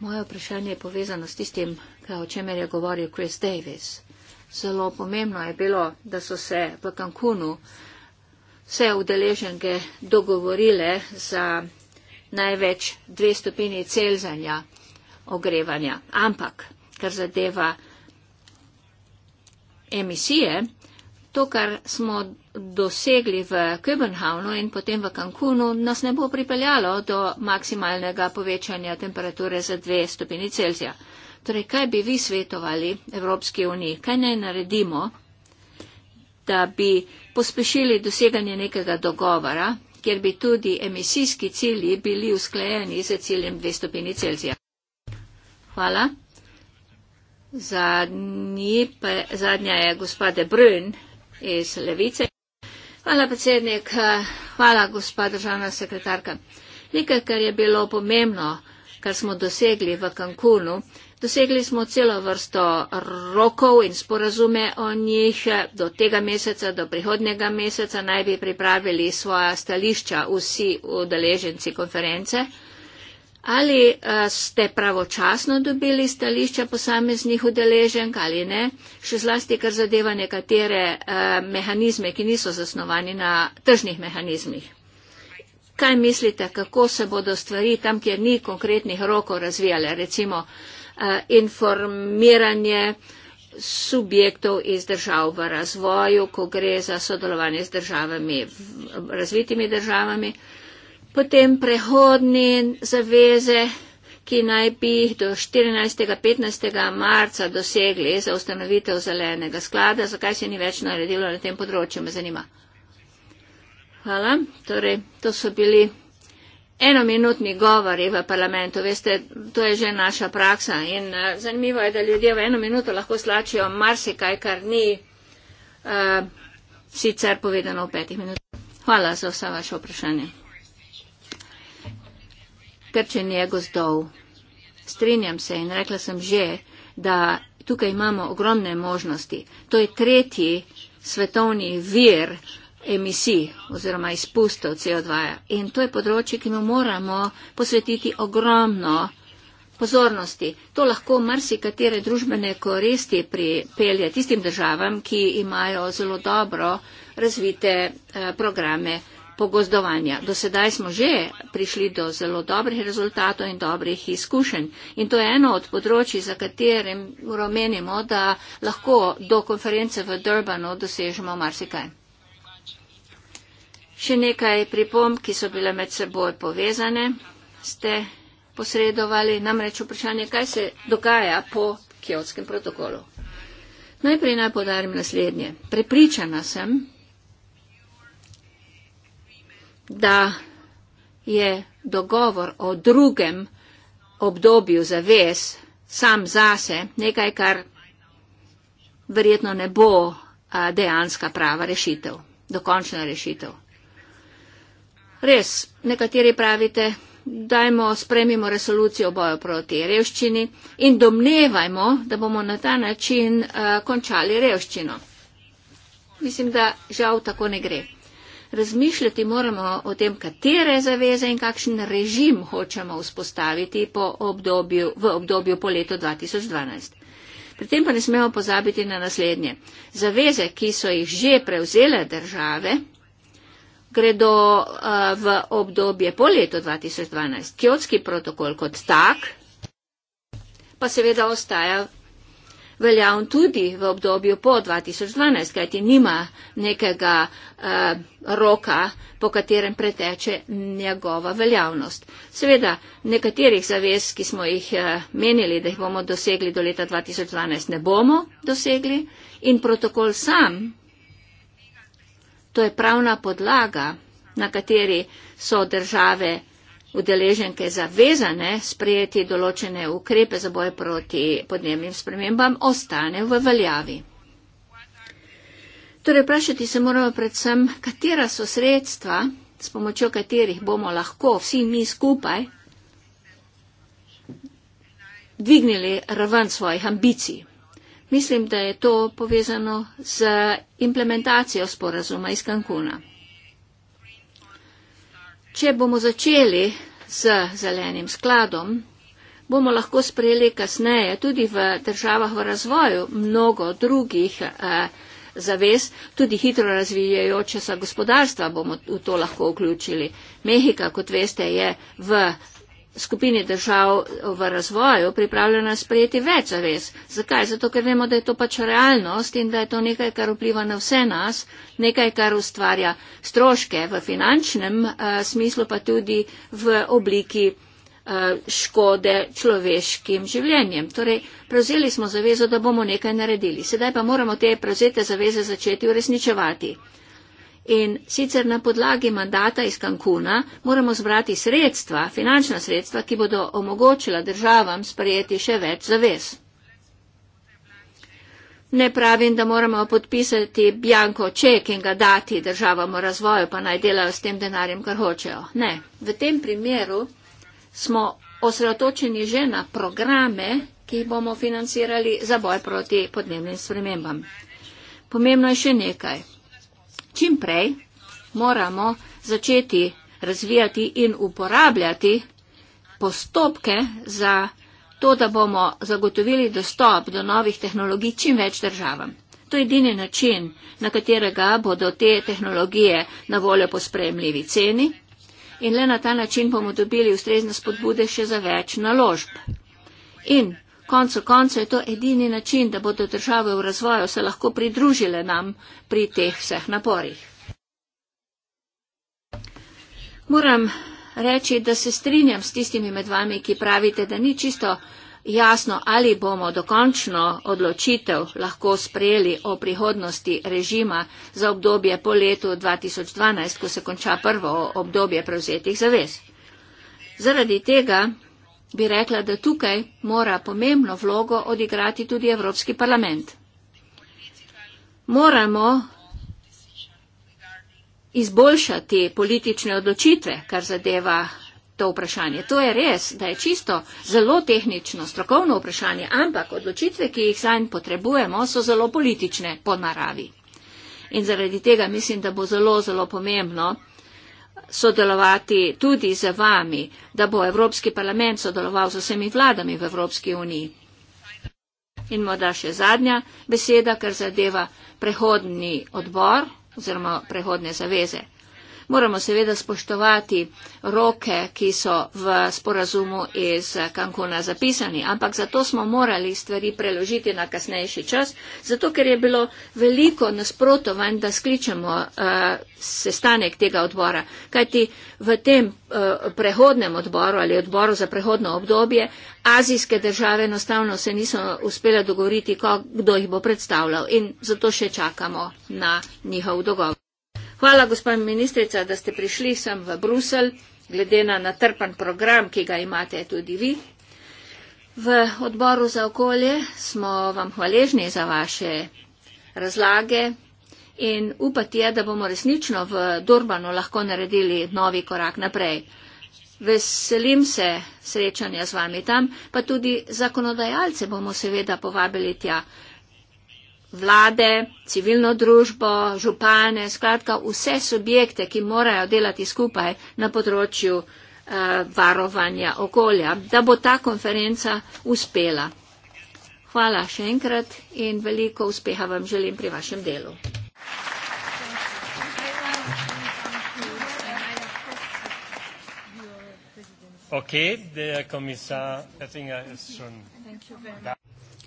Moje vprašanje je povezano s tistim, o čemer je govoril Chris Davis. Zelo pomembno je bilo, da so se v Cancunu vse udeleženke dogovorile za največ dve stopini celzanja ogrevanja. Ampak, kar zadeva emisije, to, kar smo dosegli v Köbenhavnu in potem v Cancunu, nas ne bo pripeljalo do maksimalnega povečanja temperature za dve stopini Celzija. Torej, kaj bi vi svetovali Evropski uniji? Kaj naj naredimo, da bi pospešili doseganje nekega dogovora, kjer bi tudi emisijski cilji bili usklajeni z ciljem dve stopini Celzija? Hvala. Zadnji, zadnja je gospode Brun iz Levice. Hvala, predsednik. Hvala, gospa državna sekretarka. Nekaj, kar je bilo pomembno, kar smo dosegli v Cancunu, dosegli smo celo vrsto rokov in sporazume o njih. Do tega meseca, do prihodnega meseca naj bi pripravili svoja stališča vsi udeleženci konference ali eh, ste pravočasno dobili stališča posameznih udeleženk ali ne, še zlasti kar zadeva nekatere eh, mehanizme, ki niso zasnovani na tržnih mehanizmih. Kaj mislite, kako se bodo stvari tam, kjer ni konkretnih rokov razvijale, recimo eh, informiranje subjektov iz držav v razvoju, ko gre za sodelovanje z državami, razvitimi državami? potem prehodne zaveze, ki naj bi jih do 14. 15. marca dosegli za ustanovitev zelenega sklada, zakaj se ni več naredilo na tem področju, me zanima. Hvala. Torej, to so bili enominutni govori v parlamentu. Veste, to je že naša praksa in uh, zanimivo je, da ljudje v eno minuto lahko slačijo marsikaj, kar ni uh, sicer povedano v petih minutah. Hvala za vsa vaše vprašanje krčenje gozdov. Strinjam se in rekla sem že, da tukaj imamo ogromne možnosti. To je tretji svetovni vir emisij oziroma izpustov CO2. In to je področje, ki mu moramo posvetiti ogromno pozornosti. To lahko marsikatere družbene koristi pripelje tistim državam, ki imajo zelo dobro razvite eh, programe pogozdovanja. Do sedaj smo že prišli do zelo dobrih rezultatov in dobrih izkušenj. In to je eno od področji, za katerim menimo, da lahko do konference v Durbanu dosežemo marsikaj. Še nekaj pripomb, ki so bile med seboj povezane, ste posredovali. Namreč vprašanje, kaj se dogaja po kjotskem protokolu. Najprej naj podarim naslednje. Prepričana sem, da je dogovor o drugem obdobju zaves sam zase nekaj, kar verjetno ne bo dejanska prava rešitev, dokončna rešitev. Res, nekateri pravite, dajmo spremimo resolucijo o boju proti revščini in domnevajmo, da bomo na ta način uh, končali revščino. Mislim, da žal tako ne gre razmišljati moramo o tem, katere zaveze in kakšen režim hočemo vzpostaviti obdobju, v obdobju po letu 2012. Pri tem pa ne smemo pozabiti na naslednje. Zaveze, ki so jih že prevzele države, gredo uh, v obdobje po letu 2012. Kjotski protokol kot tak pa seveda ostaja veljavn tudi v obdobju po 2012, kajti nima nekega eh, roka, po katerem preteče njegova veljavnost. Seveda, nekaterih zavez, ki smo jih eh, menili, da jih bomo dosegli do leta 2012, ne bomo dosegli in protokol sam, to je pravna podlaga, na kateri so države udeleženke zavezane sprejeti določene ukrepe za boj proti podnebnim spremembam, ostane v veljavi. Torej, vprašati se moramo predvsem, katera so sredstva, s pomočjo katerih bomo lahko vsi mi skupaj dvignili raven svojih ambicij. Mislim, da je to povezano z implementacijo sporazuma iz Cancuna. Če bomo začeli z zelenim skladom, bomo lahko sprejeli kasneje tudi v državah v razvoju mnogo drugih eh, zavez, tudi hitro razvijajoče se gospodarstva bomo v to lahko vključili. Mehika, kot veste, je v skupini držav v razvoju pripravljena sprejeti več zavez. Zakaj? Zato, ker vemo, da je to pač realnost in da je to nekaj, kar vpliva na vse nas, nekaj, kar ustvarja stroške v finančnem uh, smislu, pa tudi v obliki uh, škode človeškim življenjem. Torej, prevzeli smo zavezo, da bomo nekaj naredili. Sedaj pa moramo te prevzete zaveze začeti uresničevati. Uh, In sicer na podlagi mandata iz Kankuna moramo zbrati sredstva, finančna sredstva, ki bodo omogočila državam sprejeti še več zavez. Ne pravim, da moramo podpisati bjanko ček in ga dati državam v razvoju, pa naj delajo s tem denarjem, kar hočejo. Ne. V tem primeru smo osredotočeni že na programe, ki jih bomo financirali za boj proti podnebnim spremembam. Pomembno je še nekaj čim prej moramo začeti razvijati in uporabljati postopke za to, da bomo zagotovili dostop do novih tehnologij čim več državam. To je edini način, na katerega bodo te tehnologije na voljo po sprejemljivi ceni in le na ta način bomo dobili ustrezne spodbude še za več naložb. In koncu koncev je to edini način, da bodo države v razvoju se lahko pridružile nam pri teh vseh naporih. Moram reči, da se strinjam s tistimi med vami, ki pravite, da ni čisto jasno, ali bomo dokončno odločitev lahko sprejeli o prihodnosti režima za obdobje po letu 2012, ko se konča prvo obdobje prevzetih zavez. Zaradi tega bi rekla, da tukaj mora pomembno vlogo odigrati tudi Evropski parlament. Moramo izboljšati politične odločitve, kar zadeva to vprašanje. To je res, da je čisto zelo tehnično, strokovno vprašanje, ampak odločitve, ki jih zanj potrebujemo, so zelo politične po naravi. In zaradi tega mislim, da bo zelo, zelo pomembno, sodelovati tudi z vami, da bo Evropski parlament sodeloval z vsemi vladami v Evropski uniji. In morda še zadnja beseda, kar zadeva prehodni odbor oziroma prehodne zaveze. Moramo seveda spoštovati roke, ki so v sporazumu iz Kankuna zapisani, ampak zato smo morali stvari preložiti na kasnejši čas, zato ker je bilo veliko nasprotovanj, da skličemo uh, sestanek tega odbora. Kajti v tem uh, prehodnem odboru ali odboru za prehodno obdobje azijske države enostavno se niso uspele dogovoriti, kdo jih bo predstavljal in zato še čakamo na njihov dogovor. Hvala, gospod ministrica, da ste prišli sem v Bruselj, glede na natrpan program, ki ga imate tudi vi. V odboru za okolje smo vam hvaležni za vaše razlage in upati je, da bomo resnično v Durbanu lahko naredili novi korak naprej. Veselim se srečanja z vami tam, pa tudi zakonodajalce bomo seveda povabili tja vlade, civilno družbo, župane, skratka vse subjekte, ki morajo delati skupaj na področju uh, varovanja okolja, da bo ta konferenca uspela. Hvala še enkrat in veliko uspeha vam želim pri vašem delu. Okay, der Kommissar Oettinger ist schon da.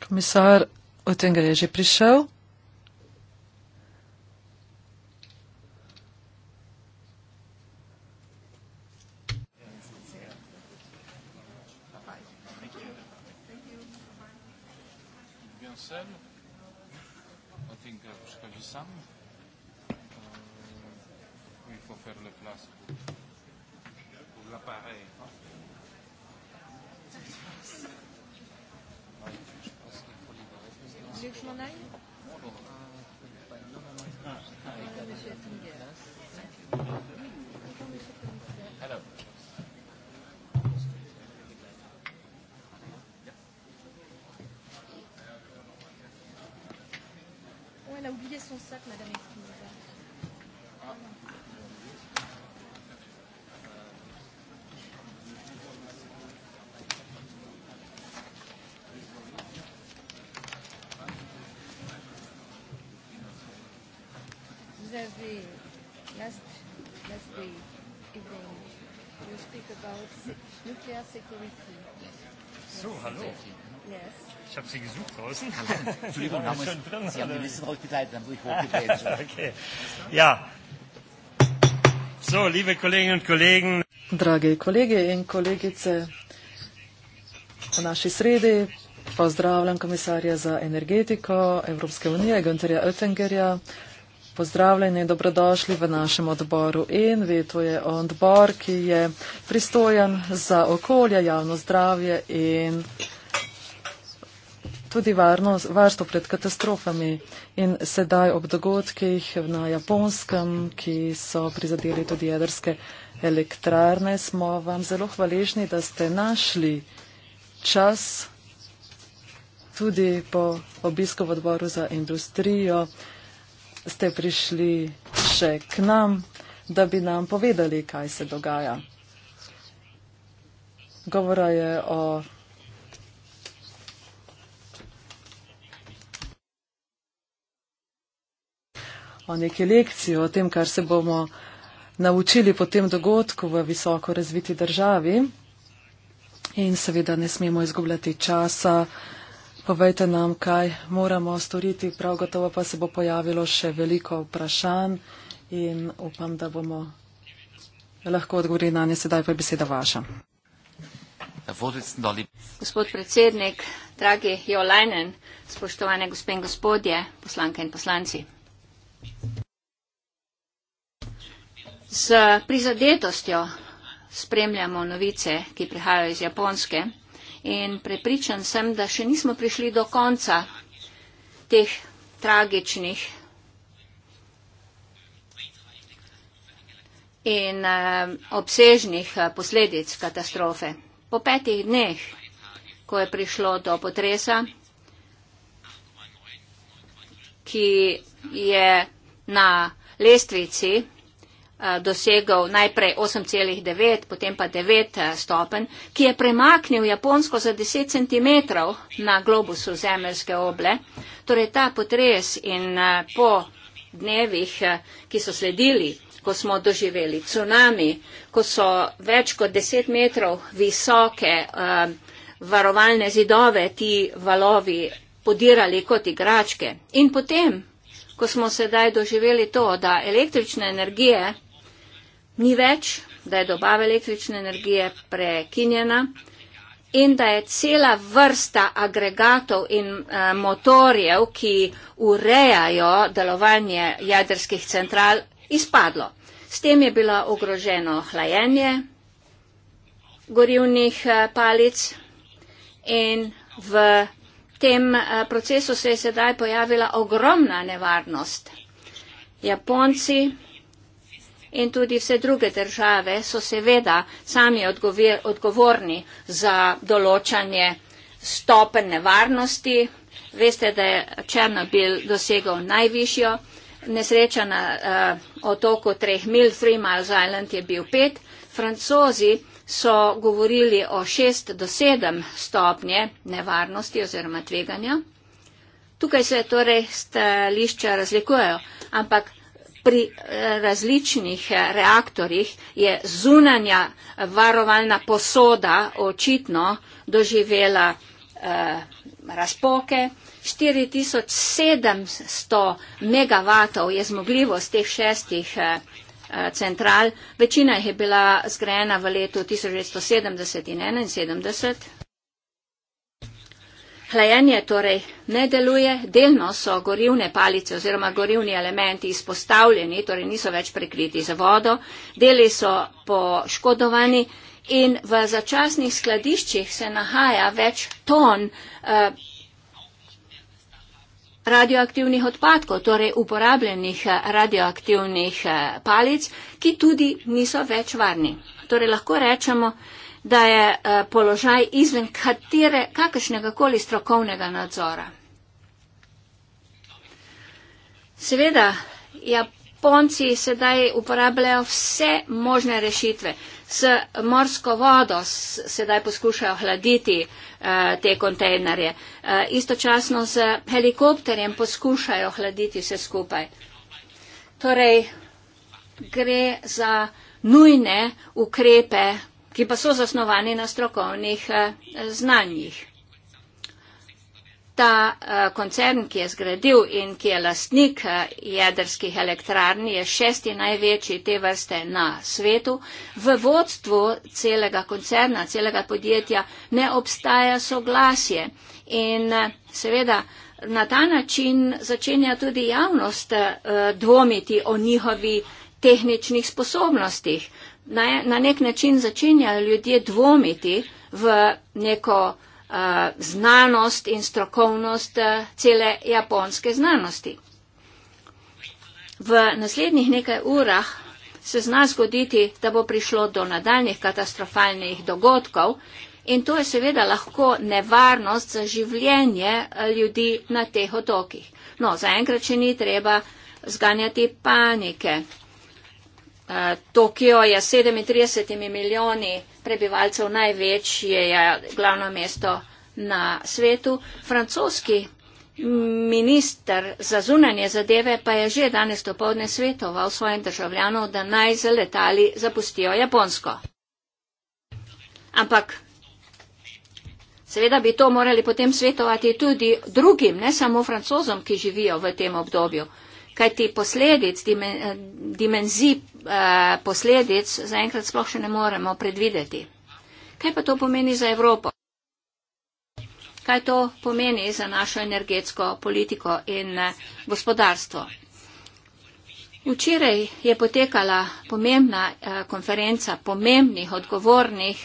Kommissar od tega je že prišel. about nuclear security. So, hallo. Yes. Ich habe Sie gesucht draußen. Entschuldigung, haben schon drin, Sie haben die Liste rausgekleidet, dann wurde ich Okay. Ja. So, liebe Kolleginnen und Kollegen. Drage kolege in kolegice, v naši sredi pozdravljam komisarja za energetiko Evropske unije, Gunterja Oettingerja, Pozdravljeni, dobrodošli v našem odboru ENVI. To je odbor, ki je pristojen za okolje, javno zdravje in tudi varnost, varstvo pred katastrofami. In sedaj ob dogodkih na Japonskem, ki so prizadeli tudi jedrske elektrarne, smo vam zelo hvaležni, da ste našli čas tudi po obisku v odboru za industrijo ste prišli še k nam, da bi nam povedali, kaj se dogaja. Govora je o. O neki lekciji, o tem, kar se bomo naučili po tem dogodku v visoko razviti državi. In seveda ne smemo izgubljati časa uh, Povejte nam, kaj moramo storiti. Prav gotovo pa se bo pojavilo še veliko vprašanj in upam, da bomo lahko odgovorili na nje. Sedaj pa je beseda vaša. Gospod predsednik, dragi Jo Leinen, spoštovane gospe in gospodje, poslanke in poslanci. S prizadetostjo spremljamo novice, ki prihajajo iz Japonske in prepričan sem, da še nismo prišli do konca teh tragičnih in uh, obsežnih eh, posledic katastrofe. Po petih dneh, ko je prišlo do potresa, ki je na lestvici Eh, dosegel najprej 8,9, potem pa 9 eh, stopen, ki je premaknil Japonsko za 10 cm na globusu zemeljske oble. Torej ta potres in eh, po dnevih, ki so sledili, ko smo doživeli tsunami, ko so več kot 10 metrov visoke varovalne zidove ti valovi podirali kot igračke. In potem, ko smo sedaj doživeli to, da električne energije ni več, da je dobava električne energije prekinjena in da je cela vrsta agregatov in eh, motorjev, ki urejajo delovanje jedrskih central, izpadlo. S tem je bilo ogroženo hlajenje gorivnih eh, palic in v tem eh, procesu se je sedaj pojavila ogromna nevarnost. Japonci in tudi vse druge države so seveda sami odgovir, odgovorni za določanje stopen nevarnosti. Veste, da je Černobil dosegal najvišjo nesreča na uh, otoku 3 mil, 3 miles island je bil 5. Francozi so govorili o 6 do 7 stopnje nevarnosti oziroma tveganja. Tukaj se torej stališča razlikujejo, ampak pri eh, različnih eh, reaktorjih je zunanja varovalna posoda očitno doživela eh, razpoke. 4700 megavatov je zmogljivost teh šestih central. Večina jih je bila zgrajena v letu 1970 in 1971. Hlajenje torej ne deluje, delno so gorivne palice oziroma gorivni elementi izpostavljeni, torej niso več prekriti z vodo, deli so poškodovani in v začasnih skladiščih se nahaja več ton eh, radioaktivnih odpadkov, torej uporabljenih eh, radioaktivnih eh, palic, ki tudi niso več varni. Torej lahko rečemo, da je eh, položaj izven katere, kakršnega koli strokovnega nadzora. Seveda, Japonci sedaj uporabljajo vse možne rešitve. S morsko vodo sedaj poskušajo hladiti eh, te kontejnerje. Eh, istočasno z helikopterjem poskušajo hladiti vse skupaj. Torej, gre za nujne ukrepe, ki pa so zasnovani na strokovnih eh, znanjih. Ta eh, koncern, ki je zgradil in ki je lastnik eh, jedrskih elektrarn, je šesti največji te vrste na svetu. V vodstvu celega koncerna, celega podjetja ne obstaja soglasje. In seveda na ta način začenja tudi javnost dvomiti o njihovi tehničnih sposobnostih na, na nek način začenjali ljudje dvomiti v neko uh, znanost in strokovnost uh, cele japonske znanosti. V naslednjih nekaj urah se zna zgoditi, da bo prišlo do nadaljnih katastrofalnih dogodkov in to je seveda lahko nevarnost za življenje eh, ljudi na teh otokih. No, zaenkrat še ni treba zganjati panike. Eh, Tokio je s 37 milijoni prebivalcev največje glavno mesto na svetu. Francoski minister za zunanje zadeve pa je že danes dopovdne svetoval svojim državljanom, da naj z letali zapustijo Japonsko. Ampak seveda bi to morali potem svetovati tudi drugim, ne samo francozom, ki živijo v tem obdobju kajti posledic, eh, dimenzij eh, posledic zaenkrat sploh še ne moremo predvideti. Kaj pa to pomeni za Evropo? Kaj to pomeni za našo energetsko politiko in eh, gospodarstvo? Včeraj je potekala pomembna konferenca pomembnih, odgovornih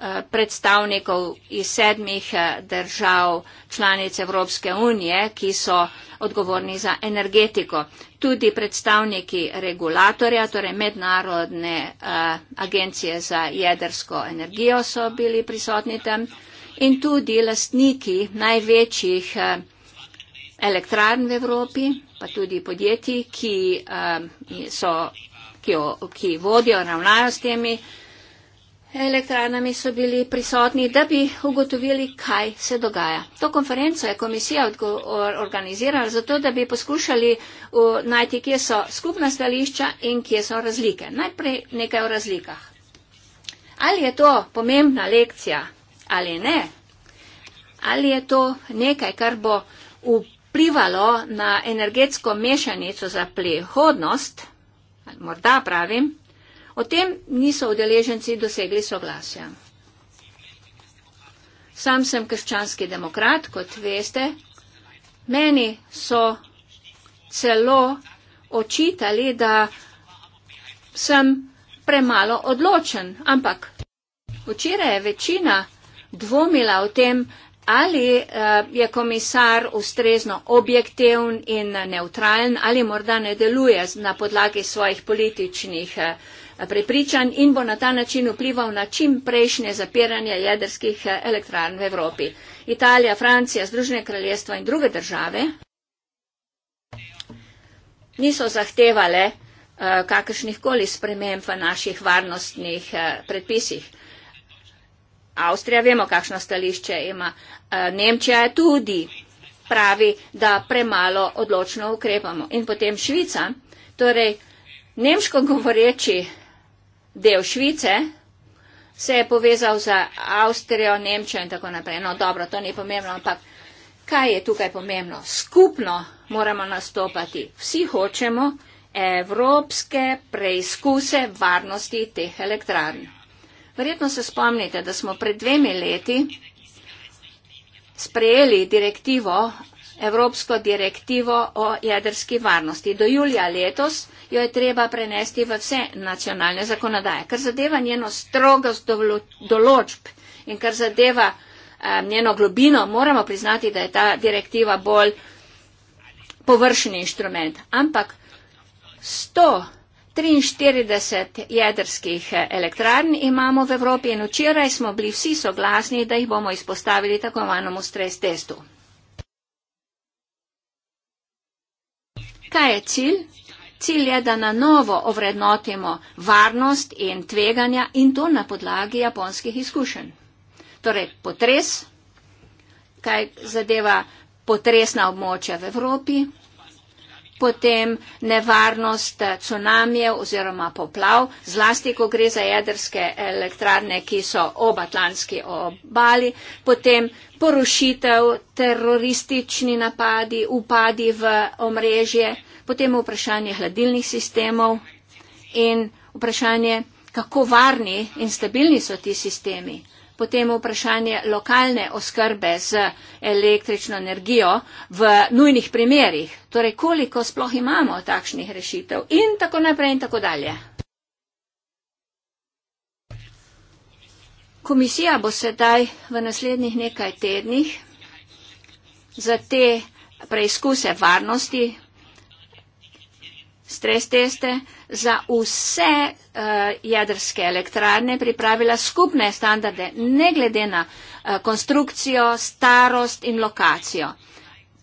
Eh, predstavnikov iz sedmih eh, držav članic Evropske unije, ki so odgovorni za energetiko. Tudi predstavniki regulatorja, torej mednarodne eh, agencije za jedrsko energijo so bili prisotni tam in tudi lastniki največjih elektrarn v Evropi, pa tudi podjetij, ki, so, ki, jo, ki vodijo, ravnajo s temi elektrarnami so bili prisotni, da bi ugotovili, kaj se dogaja. To konferenco je komisija organizirala zato, da bi poskušali najti, kje so skupna stališča in kje so razlike. Najprej nekaj o razlikah. Ali je to pomembna lekcija ali ne? Ali je to nekaj, kar bo vplivalo na energetsko mešanico za prihodnost? Morda pravim, O tem niso udeleženci dosegli soglasja. Sam sem krščanski demokrat, kot veste. Meni so celo očitali, da sem premalo odločen. Ampak včeraj je večina dvomila o tem, ali eh, je komisar ustrezno objektivn in neutralen, ali morda ne deluje na podlagi svojih političnih eh, prepričan in bo na ta način vplival na čim prejšnje zapiranje jedrskih eh, elektrarn v Evropi. Italija, Francija, Združene kraljestvo in druge države niso zahtevale eh, kakršnih koli sprememb v naših varnostnih eh, predpisih. Avstrija, vemo, kakšno stališče ima. Nemčija tudi pravi, da premalo odločno ukrepamo. In potem Švica, torej nemško govoreči del Švice, se je povezal z Avstrijo, Nemčijo in tako naprej. No, dobro, to ni pomembno, ampak kaj je tukaj pomembno? Skupno moramo nastopati. Vsi hočemo evropske preizkuse varnosti teh elektrarn. Verjetno se spomnite, da smo pred dvemi leti sprejeli direktivo Evropsko direktivo o jedrski varnosti. Do julija letos jo je treba prenesti v vse nacionalne zakonodaje. Kar zadeva njeno strogost določb in kar zadeva eh, njeno globino, moramo priznati, da je ta direktiva bolj površni inštrument. Ampak 143 jedrskih eh, elektrarn imamo v Evropi in včeraj smo bili vsi soglasni, da jih bomo izpostavili tako imenovanemu stres testu. Kaj je cilj? Cilj je, da na novo ovrednotimo varnost in tveganja in to na podlagi japonskih izkušenj. Torej, potres, kaj zadeva potresna območja v Evropi, potem nevarnost cunamijev oziroma poplav, zlasti, ko gre za jedrske elektrarne, ki so ob Atlantski obali, potem porušitev, teroristični napadi, upadi v omrežje, potem vprašanje hladilnih sistemov in vprašanje, kako varni in stabilni so ti sistemi potem vprašanje lokalne oskrbe z električno energijo v nujnih primerjih, torej koliko sploh imamo takšnih rešitev in tako naprej in tako dalje. Komisija bo sedaj v naslednjih nekaj tednih za te preizkuse varnosti stres teste za vse uh, jedrske elektrarne pripravila skupne standarde, ne glede na uh, konstrukcijo, starost in lokacijo.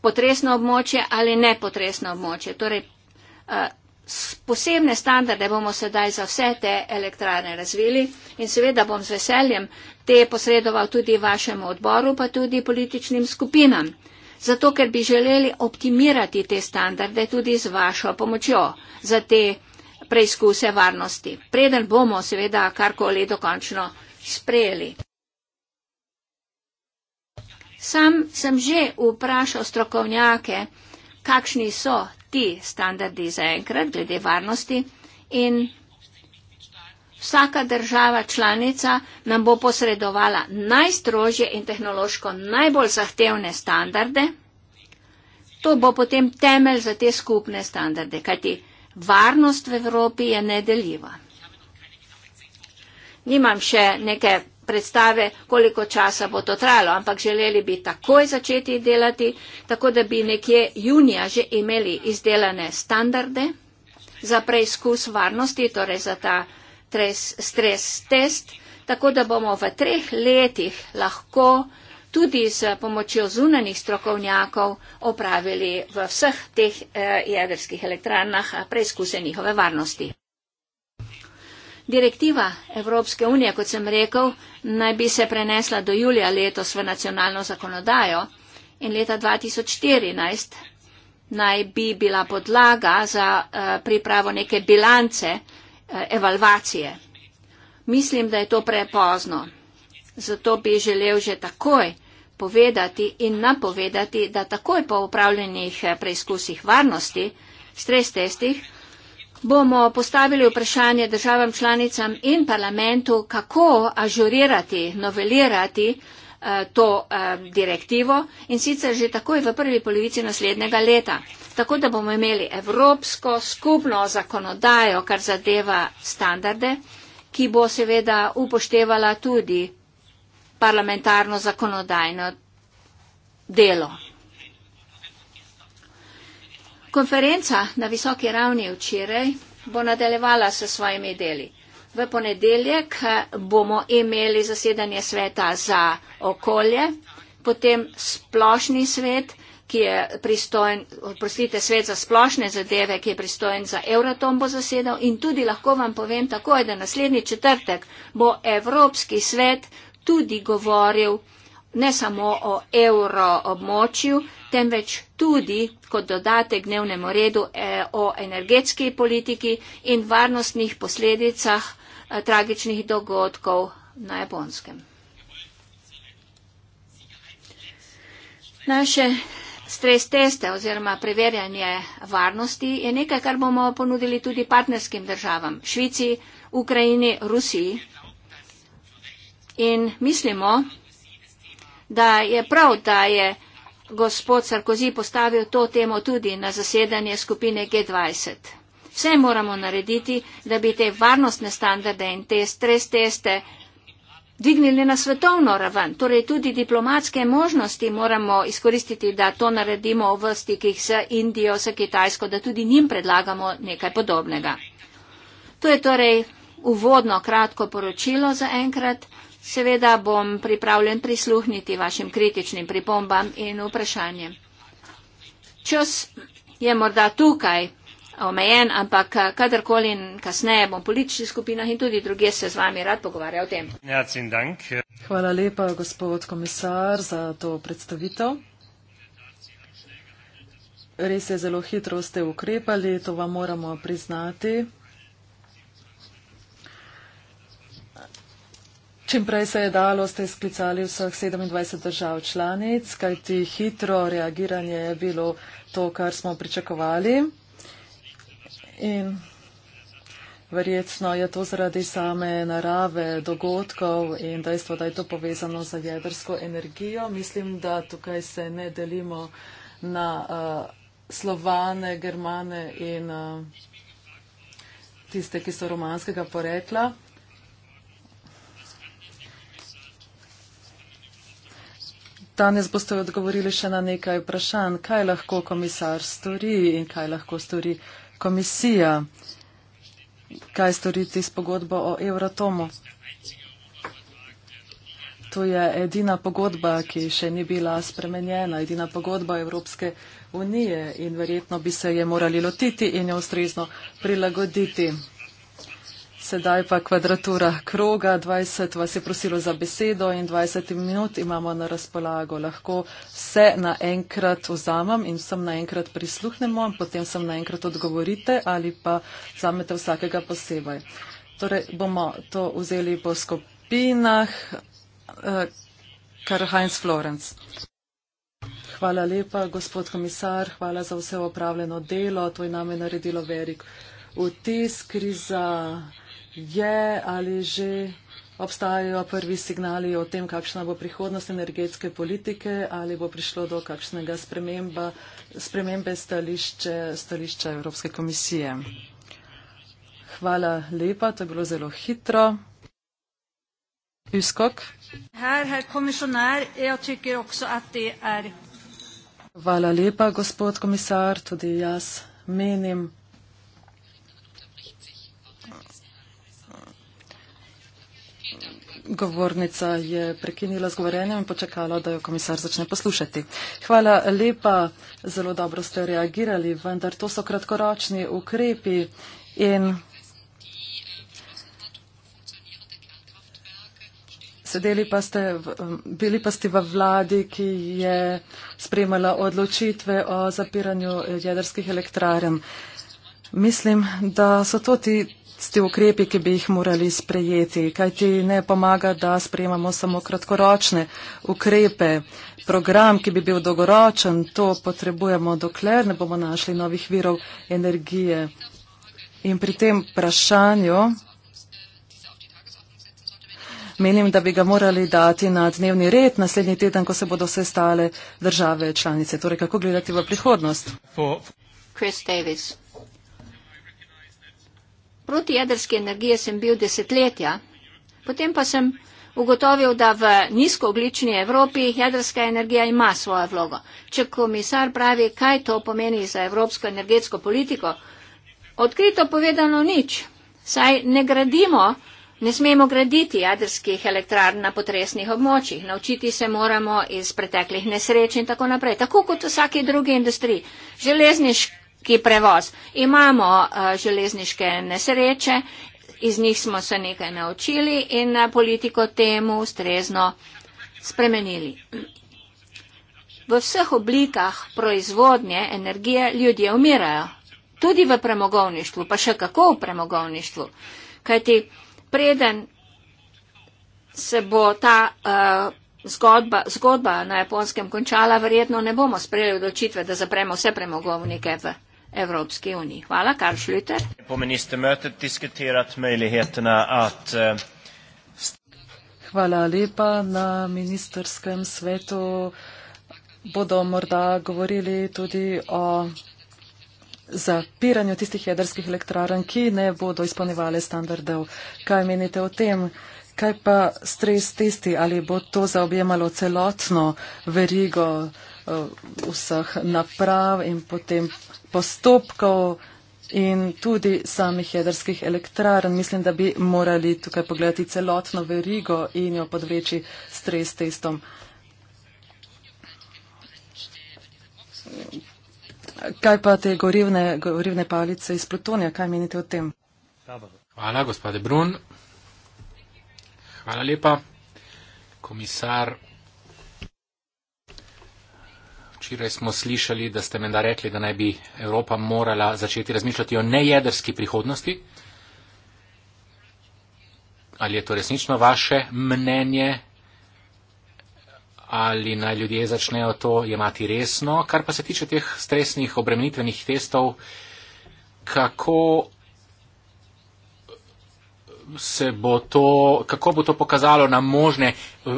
Potresno območje ali nepotresno območje. Torej, uh, Posebne standarde bomo sedaj za vse te elektrarne razvili in seveda bom z veseljem te posredoval tudi vašemu odboru, pa tudi političnim skupinam zato ker bi želeli optimirati te standarde tudi z vašo pomočjo za te preizkuse varnosti. Preden bomo seveda karkoli dokončno sprejeli. Sam sem že vprašal strokovnjake, kakšni so ti standardi za enkrat glede varnosti in Vsaka država članica nam bo posredovala najstrožje in tehnološko najbolj zahtevne standarde. To bo potem temelj za te skupne standarde, kajti varnost v Evropi je nedeljiva. Nimam še neke predstave, koliko časa bo to trajalo, ampak želeli bi takoj začeti delati, tako da bi nekje junija že imeli izdelane standarde za preizkus varnosti, torej za ta stres test, tako da bomo v treh letih lahko tudi s pomočjo zunanih strokovnjakov opravili v vseh teh eh, jedrskih elektrarnah eh, preizkuse njihove varnosti. Direktiva Evropske unije, kot sem rekel, naj bi se prenesla do julija letos v nacionalno zakonodajo in leta 2014 naj bi bila podlaga za eh, pripravo neke bilance Eh, evalvacije. Mislim, da je to prepozno. Zato bi želel že takoj povedati in napovedati, da takoj po upravljenih eh, preizkusih varnosti, stres testih, bomo postavili vprašanje državam članicam in parlamentu, kako ažurirati, novelirati, Eh, to eh, direktivo in sicer že takoj v prvi polovici naslednjega leta. Tako da bomo imeli evropsko skupno zakonodajo, kar zadeva standarde, ki bo seveda upoštevala tudi parlamentarno zakonodajno delo. Konferenca na visoki ravni včeraj bo nadaljevala se svojimi deli. V ponedeljek bomo imeli zasedanje sveta za okolje, potem splošni svet, ki je pristojen, oprostite, svet za splošne zadeve, ki je pristojen za Euratom bo zasedal in tudi lahko vam povem tako, da naslednji četrtek bo Evropski svet tudi govoril ne samo o euroobmočju, temveč tudi kot dodatek dnevnemu redu eh, o energetski politiki in varnostnih posledicah Eh, tragičnih dogodkov na japonskem. Naše stres teste oziroma preverjanje varnosti je nekaj, kar bomo ponudili tudi partnerskim državam, Švici, Ukrajini, Rusiji. In mislimo, da je prav, da je gospod Sarkozy postavil to temo tudi na zasedanje skupine G20 vse moramo narediti, da bi te varnostne standarde in te stres teste dvignili na svetovno raven. Torej tudi diplomatske možnosti moramo izkoristiti, da to naredimo v stikih s Indijo, s Kitajsko, da tudi njim predlagamo nekaj podobnega. To je torej uvodno kratko poročilo za enkrat. Seveda bom pripravljen prisluhniti vašim kritičnim pripombam in vprašanjem. Čas je morda tukaj omejen, ampak eh, kadarkoli in kasneje bom v političnih skupinah in tudi druge se z vami rad pogovarjal o tem. Ja, Hvala lepa, gospod komisar, za to predstavitev. Res je, zelo hitro ste ukrepali, to vam moramo priznati. Čim prej se je dalo, ste sklicali vseh 27 držav članic, kajti hitro reagiranje je bilo to, kar smo pričakovali. In verjetno je to zaradi same narave dogodkov in dejstva, da je to povezano z jedrsko energijo. Mislim, da tukaj se ne delimo na uh, slovane, germane in uh, tiste, ki so romanskega porekla. Danes boste odgovorili še na nekaj vprašanj, kaj lahko komisar stori in kaj lahko stori komisija, kaj storiti s pogodbo o Euratomu. To je edina pogodba, ki še ni bila spremenjena, edina pogodba Evropske unije in verjetno bi se je morali lotiti in jo ustrezno prilagoditi. Sedaj pa kvadratura kroga. 20 vas je prosilo za besedo in 20 minut imamo na razpolago. Lahko vse naenkrat vzamem in vsem naenkrat prisluhnemo, potem sem naenkrat odgovorite ali pa zamete vsakega posebej. Torej bomo to vzeli po skupinah. Eh, kar Heinz Florenc. Hvala lepa, gospod komisar, hvala za vse opravljeno delo. To je name naredilo verik vtis kriza je ali že obstajajo prvi signali o tem, kakšna bo prihodnost energetske politike ali bo prišlo do kakšnega sprememba, spremembe stališče, stališča Evropske komisije. Hvala lepa, to je bilo zelo hitro. Uskok. Her, her komisionar, jaz tykker också at det er... Hvala lepa, gospod komisar, tudi jaz menim, govornica je prekinila z govorenjem in počakala, da jo komisar začne poslušati. Hvala lepa, zelo dobro ste reagirali, vendar to so kratkoročni ukrepi in sedeli pa ste, bili pa ste v vladi, ki je spremala odločitve o zapiranju jedrskih elektrarjem. Mislim, da so to ti tisti ukrepi, ki bi jih morali sprejeti, kajti ne pomaga, da sprejemamo samo kratkoročne ukrepe. Program, ki bi bil dolgoročen, to potrebujemo, dokler ne bomo našli novih virov energije. In pri tem vprašanju menim, da bi ga morali dati na dnevni red naslednji teden, ko se bodo sestale države članice. Torej, kako gledati v prihodnost? Chris Davis proti jedrski energiji sem bil desetletja. Potem pa sem ugotovil, da v nizkooglični Evropi jedrska energija ima svojo vlogo. Če komisar pravi, kaj to pomeni za evropsko energetsko politiko, odkrito povedano nič. Saj ne gradimo, ne smemo graditi jedrskih elektrarn na potresnih območjih. Naučiti se moramo iz preteklih nesreč in tako naprej. Tako kot vsake druge industrije. Železniška ki prevoz. Imamo eh, železniške nesreče, iz njih smo se nekaj naučili in eh, politiko temu ustrezno spremenili. V vseh oblikah proizvodnje energije ljudje umirajo. Tudi v premogovništvu, pa še kako v premogovništvu. Kajti preden se bo ta uh, zgodba, zgodba na japonskem končala, verjetno ne bomo sprejeli odločitve, da zapremo vse premogovnike v Evropske unije. Hvala, Karl Schlüter. På ministermötet diskuterat möjligheterna att eh, Hvala lepa. Na ministerskem svetu bodo morda govorili tudi o zapiranju tistih jedrskih elektrarn, ki ne bodo izpolnjevale standardov. Kaj menite o tem? Kaj pa stres testi? Ali bo to zaobjemalo celotno verigo? Eh, vseh naprav in potem postopkov in tudi samih jedrskih elektrarn. Mislim, da bi morali tukaj pogledati celotno verigo in jo podvreči stres testom. Kaj pa te gorivne, gorivne palice iz plutonija, kaj menite o tem? Hvala, gospode Brun. Hvala lepa. Komisar Včeraj smo slišali, da ste menda rekli, da naj bi Evropa morala začeti razmišljati o nejedrski prihodnosti. Ali je to resnično vaše mnenje? Ali naj ljudje začnejo to jemati resno? Kar pa se tiče teh stresnih obremenitvenih testov, kako se bo to, kako bo to pokazalo na možne eh,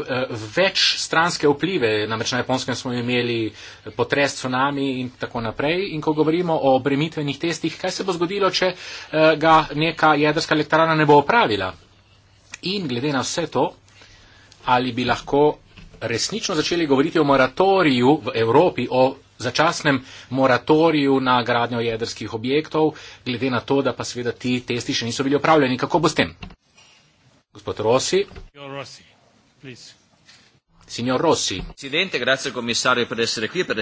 več stranske vplive, namreč na japonskem smo imeli potres, tsunami in tako naprej. In ko govorimo o bremitvenih testih, kaj se bo zgodilo, če eh, ga neka jedrska elektrana ne bo opravila? In glede na vse to, ali bi lahko resnično začeli govoriti o moratoriju v Evropi, o začasnem moratoriju na gradnjo jedrskih objektov, glede na to, da pa seveda ti testi še niso bili opravljeni. Kako bo s tem? Gospod Rossi. Rossi Signor Rossi. Incidente, grazie komisarju, per essere qui. Per...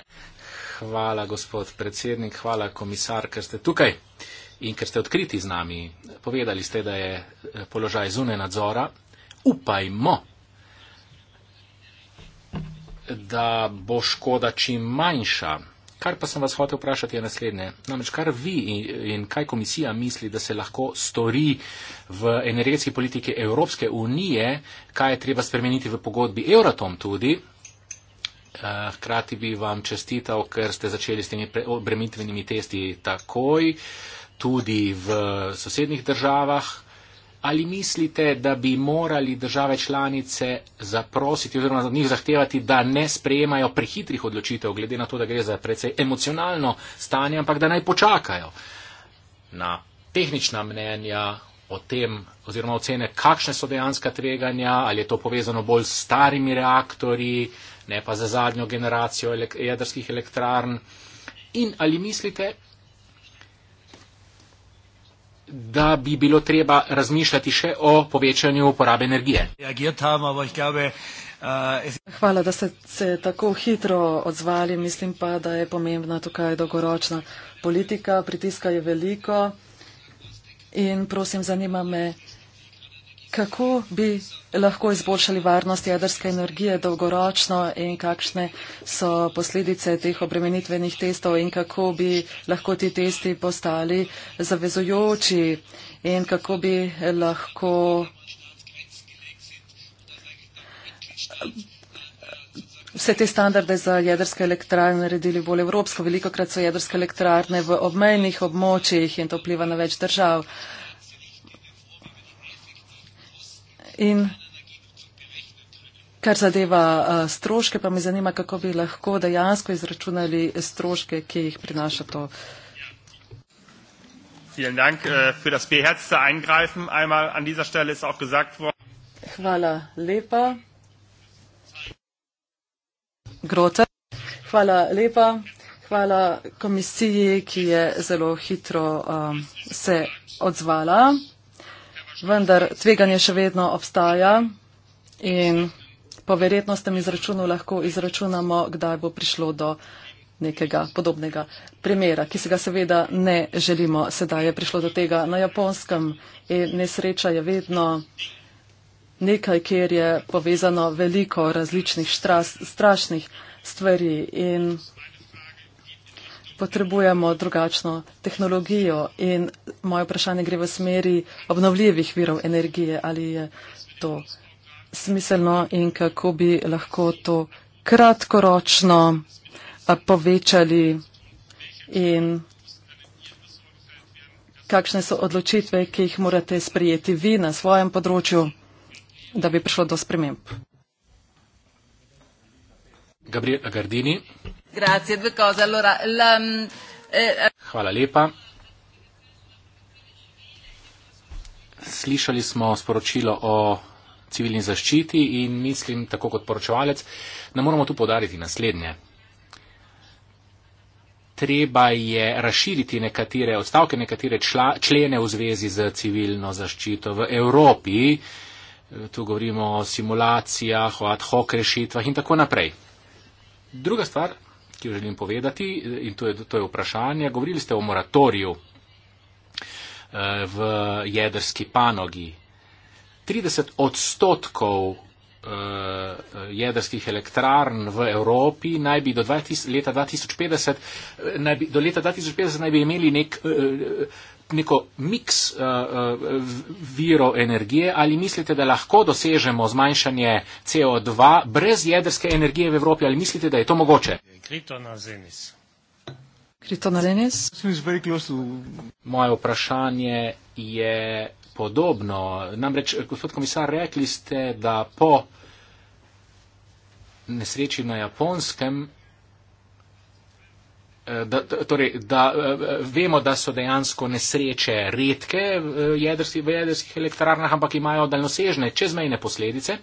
Hvala, gospod predsednik, hvala, komisar, ker ste tukaj in ker ste odkriti z nami. Povedali ste, da je eh, položaj zune nadzora. Upajmo, da bo škoda čim manjša. Kar pa sem vas hotel vprašati je naslednje. Namreč kar vi in, in kaj komisija misli, da se lahko stori v energetski politiki Evropske unije, kaj je treba spremeniti v pogodbi Euratom tudi. Eh, hkrati bi vam čestital, ker ste začeli s temi obremitvenimi testi takoj, tudi v sosednjih državah, Ali mislite, da bi morali države članice zaprositi oziroma od njih zahtevati, da ne sprejemajo prehitrih odločitev, glede na to, da gre za precej emocionalno stanje, ampak da naj počakajo na tehnična mnenja o tem oziroma ocene, kakšne so dejanska tveganja, ali je to povezano bolj s starimi reaktorji, ne pa za zadnjo generacijo jedrskih elektrarn. In ali mislite, da bi bilo treba razmišljati še o povečanju uporabe energije. Äh, Hvala, da ste se tako hitro odzvali. Mislim pa, da je pomembna tukaj dolgoročna politika. Pritiska je veliko in prosim, zanima me, kako bi lahko izboljšali varnost jedrske energije dolgoročno in kakšne so posledice teh obremenitvenih testov in kako bi lahko ti testi postali zavezujoči in kako bi lahko vse te standarde za jedrske elektrarne naredili bolj evropsko. Veliko krat so jedrske elektrarne v obmejnih območjih in to vpliva na več držav. Uh, In kar zadeva eh, stroške, pa me zanima, kako bi lahko dejansko izračunali stroške, ki jih prinaša to. Eh, Hvala lepa. Grote. Hvala lepa. Hvala komisiji, ki je zelo hitro um, se odzvala vendar tveganje še vedno obstaja in po verjetnostem izračunu lahko izračunamo, kdaj bo prišlo do nekega podobnega primera, ki se ga seveda ne želimo. Sedaj je prišlo do tega na japonskem in nesreča je vedno nekaj, kjer je povezano veliko različnih štras, strašnih stvari. In potrebujemo drugačno tehnologijo in moje vprašanje gre v smeri obnovljivih virov energije, ali je to smiselno in kako bi lahko to kratkoročno povečali in kakšne so odločitve, ki jih morate sprijeti vi na svojem področju, da bi prišlo do sprememb. Gabriela Gardini. Grazie, due cose. Allora, la, mm, eh, Hvala lepa. Slišali smo sporočilo o civilni zaščiti in mislim, tako kot poročevalec, da moramo tu podariti naslednje. Treba je razširiti nekatere odstavke, nekatere čla, člene v zvezi z civilno zaščito v Evropi. Tu govorimo o simulacijah, o ad hoc rešitvah in tako naprej. Druga stvar, ki jo želim povedati in to je, to je vprašanje. Govorili ste o moratoriju eh, v jedrski panogi. 30 odstotkov eh, jedrskih elektrarn v Evropi naj bi do, 2000, leta, 2050, eh, naj bi, do leta 2050 naj bi imeli nek. Uh, neko miks uh, virov energije, ali mislite, da lahko dosežemo zmanjšanje CO2 brez jedrske energije v Evropi, ali mislite, da je to mogoče? Moje vprašanje je podobno. Namreč, gospod komisar, rekli ste, da po nesreči na japonskem Da, torej, da eh, vemo, da so dejansko nesreče redke v eh, jedrskih, v jedrskih elektrarnah, ampak imajo daljnosežne čezmejne posledice.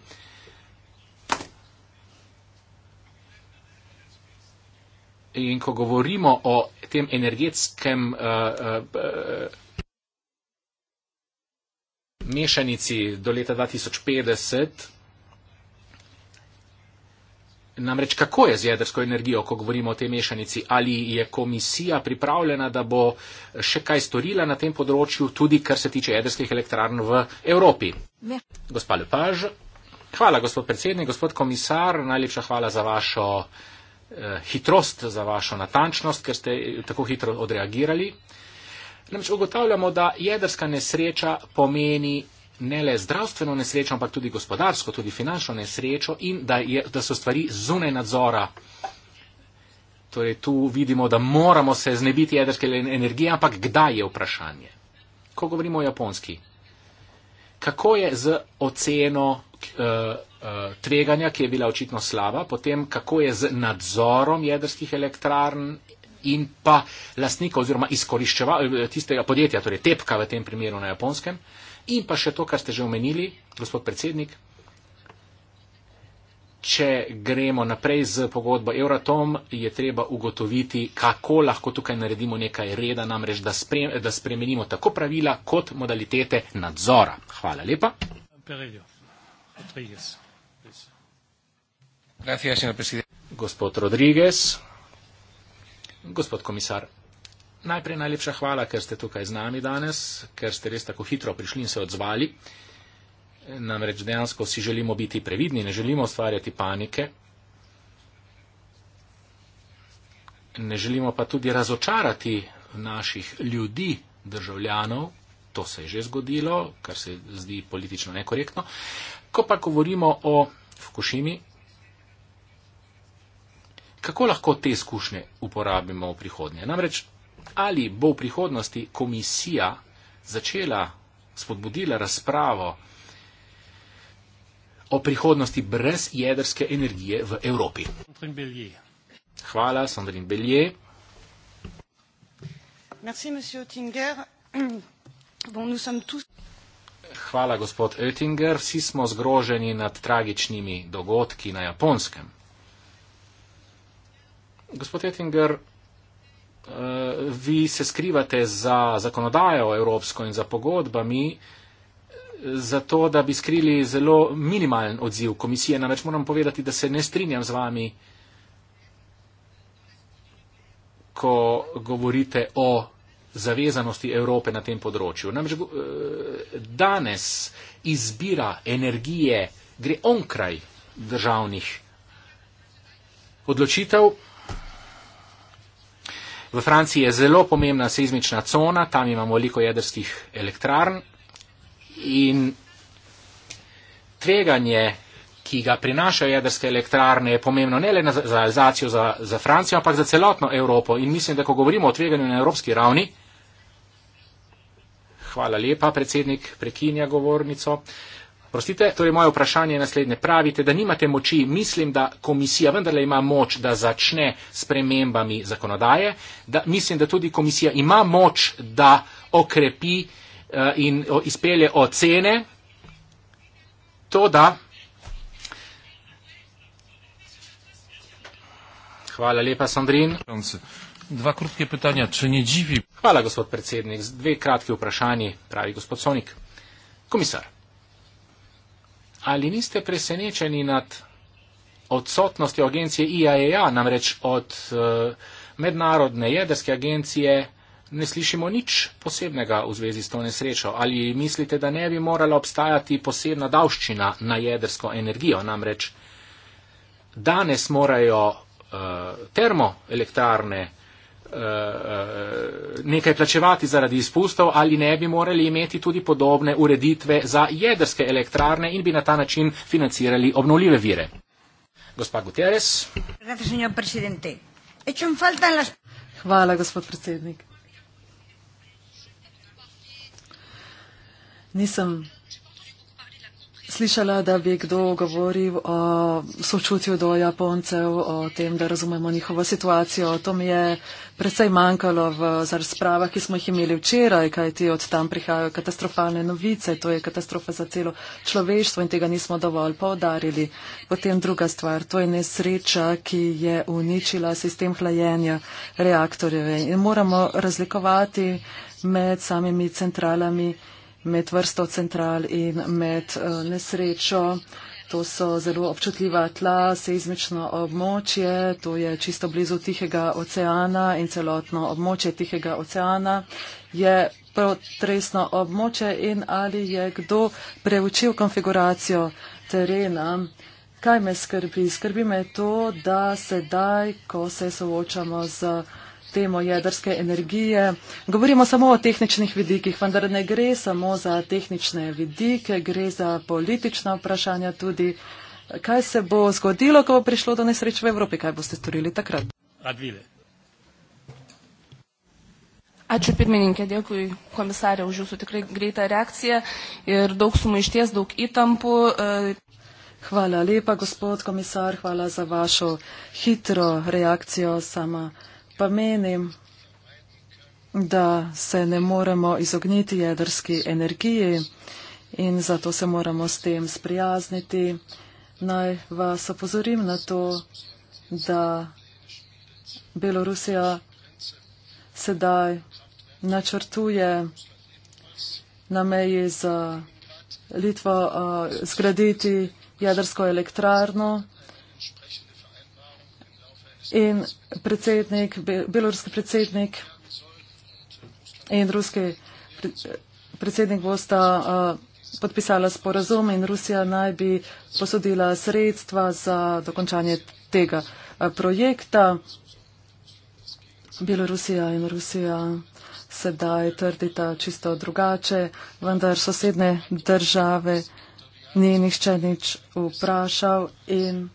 In ko govorimo o tem energetskem uh, uh, mešanici do leta 2050, Namreč kako je z jedrsko energijo, ko govorimo o tej mešanici? Ali je komisija pripravljena, da bo še kaj storila na tem področju, tudi kar se tiče jedrskih elektrarn v Evropi? Ne. Ja. Gospa Lepaž, hvala gospod predsednik, gospod komisar, najlepša hvala za vašo eh, hitrost, za vašo natančnost, ker ste tako hitro odreagirali. Namreč ugotavljamo, da jedrska nesreča pomeni ne le zdravstveno nesrečo, ampak tudi gospodarsko, tudi finančno nesrečo in da, je, da so stvari zunaj nadzora. Torej, tu vidimo, da moramo se znebiti jedrske energije, ampak kdaj je vprašanje? Ko govorimo o japonski, kako je z oceno uh, uh, tveganja, ki je bila očitno slaba, potem kako je z nadzorom jedrskih elektrarn in pa lastnika oziroma izkoriščeva eh, tistega podjetja, torej tepka v tem primeru na japonskem, uh, In pa še to, kar ste že omenili, gospod predsednik, če gremo naprej z pogodbo Euratom, je treba ugotoviti, kako lahko tukaj naredimo nekaj reda, namreč da, spre, da spremenimo tako pravila kot modalitete nadzora. Hvala lepa. Gospod Rodriguez, gospod komisar najprej najlepša hvala, ker ste tukaj z nami danes, ker ste res tako hitro prišli in se odzvali. Namreč dejansko si želimo biti previdni, ne želimo ustvarjati panike. Ne želimo pa tudi razočarati naših ljudi, državljanov. To se je že zgodilo, kar se zdi politično nekorektno. Ko pa govorimo o Fukushimi, kako lahko te izkušnje uporabimo v prihodnje? Namreč ali bo v prihodnosti komisija začela spodbudila razpravo o prihodnosti brez jedrske energije v Evropi. Hvala, Sandrin Belje. Hvala, gospod Oettinger. Vsi smo zgroženi nad tragičnimi dogodki na japonskem. Gospod Oettinger, Eh, vi se skrivate za zakonodajo evropsko in za pogodbami, eh, zato da bi skrili zelo minimalen odziv komisije. Namreč moram povedati, da se ne strinjam z vami, ko govorite o zavezanosti Evrope na tem področju. Namreč eh, danes izbira energije gre onkraj državnih odločitev. V Franciji je zelo pomembna seizmična cona, tam imamo veliko jedrskih elektrarn in tveganje, ki ga prinašajo jedrske elektrarne, je pomembno ne le za realizacijo za, za Francijo, ampak za celotno Evropo. In mislim, da ko govorimo o tveganju na evropski ravni, hvala lepa, predsednik prekinja govornico. Prostite, torej moje vprašanje je naslednje. Pravite, da nimate moči, mislim, da komisija vendarle ima moč, da začne s premembami zakonodaje, da mislim, da tudi komisija ima moč, da okrepi eh, in izpelje ocene, to da. Hvala lepa, Sandrin. Dva kratke vprašanja, če ne dživi. Hvala, gospod predsednik. Dve kratki vprašanji, pravi gospod Sonik. Komisar ali niste presenečeni nad odsotnostjo agencije IAEA, e namreč od eh, mednarodne jedrske agencije ne slišimo nič posebnega v zvezi s to nesrečo. Ali mislite, da ne bi morala obstajati posebna davščina na jedrsko energijo, namreč danes morajo eh, termoelektrarne Eh, eh, nekaj plačevati zaradi izpustov ali ne bi morali imeti tudi podobne ureditve za jedrske elektrarne in bi na ta način financirali obnovljive vire. Gospa Guterres. Hvala, gospod predsednik. Nisem slišala, da bi kdo govoril o sočutju do Japoncev, o tem, da razumemo njihovo situacijo. To mi je predvsej manjkalo v razpravah, ki smo jih imeli včeraj, kaj ti od tam prihajajo katastrofalne novice, to je katastrofa za celo človeštvo in tega nismo dovolj povdarili. Potem druga stvar, to je nesreča, ki je uničila sistem hlajenja reaktorjev in moramo razlikovati med samimi centralami med vrsto central in med eh, nesrečo. To so zelo občutljiva tla, seizmično območje, to je čisto blizu Tihega oceana in celotno območje Tihega oceana je protresno območje in ali je kdo preučil konfiguracijo terena. Kaj me skrbi? Skrbi me to, da sedaj, ko se soočamo z temo jedrske energije. Govorimo samo o tehničnih vidikih, vendar ne gre samo za tehnične vidike, gre za politična vprašanja tudi. Kaj se bo zgodilo, ko bo prišlo do nesreč v Evropi? Kaj boste storili takrat? Advile. Ačiū pirmininkė, dėkui komisarė už jūsų tikrai greitą reakciją ir daug sumaišties, daug įtampų. E, hvala lepa, gospod komisar, hvala za vašo hitro reakcijo sama pa menim, da se ne moremo izogniti jedrski energiji in zato se moramo s tem sprijazniti. Naj vas opozorim na to, da Belorusija sedaj načrtuje na meji z Litvo zgraditi jedrsko elektrarno in predsednik, beloruski predsednik in ruski predsednik bosta uh, podpisala sporazum in Rusija naj bi posodila sredstva za dokončanje tega uh, projekta. Belorusija in Rusija sedaj trdita čisto drugače, vendar sosedne države ni nihče nič vprašal in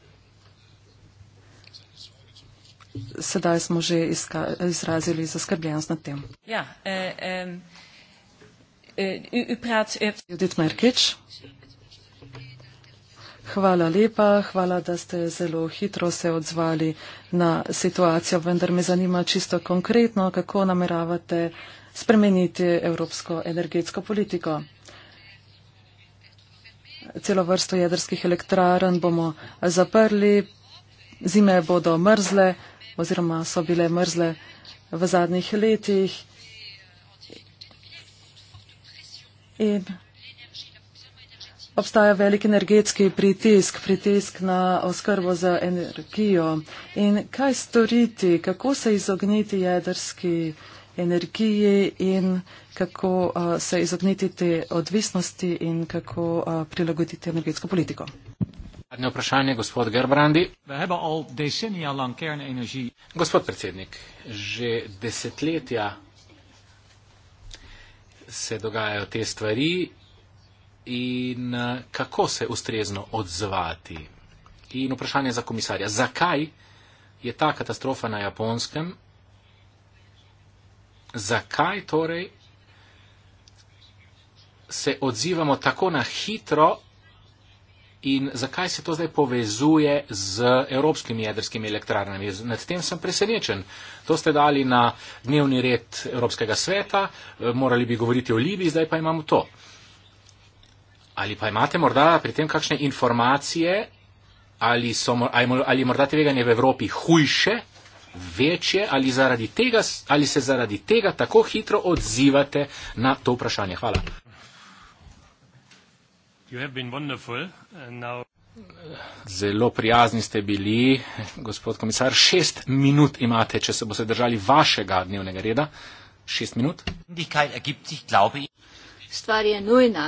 sedaj smo že izrazili zaskrbljenost nad tem. Ja, eh, eh, eh, Judith um, Merkič. Hvala lepa, hvala, da ste zelo hitro se odzvali na situacijo, vendar me zanima čisto konkretno, kako nameravate spremeniti evropsko energetsko politiko. Celo vrsto jedrskih elektrarn bomo zaprli, zime bodo mrzle, oziroma so bile mrzle v zadnjih letih. In obstaja velik energetski pritisk, pritisk na oskrbo z energijo. In kaj storiti, kako se izogniti jedrski energiji in kako uh, se izogniti te odvisnosti in kako uh, prilagoditi energetsko politiko. Zadnje vprašanje, gospod Gerbrandi. Gospod predsednik, že desetletja se dogajajo te stvari in eh, kako se ustrezno odzvati. In vprašanje za komisarja, zakaj je ta katastrofa na japonskem, zakaj torej se odzivamo tako na hitro, in zakaj se to zdaj povezuje z evropskimi jedrskimi elektrarnami. Nad tem sem presenečen. To ste dali na dnevni red Evropskega sveta, eh, morali bi govoriti o Libiji, zdaj pa imamo to. Ali pa imate morda pri tem kakšne informacije, ali, so, ali morda tveganje v Evropi hujše, večje, ali, tega, ali se zaradi tega tako hitro odzivate na to vprašanje? Hvala. Zelo prijazni ste bili, gospod komisar. Šest minut imate, če se boste držali vašega dnevnega reda. Šest minut. Stvar je nujna,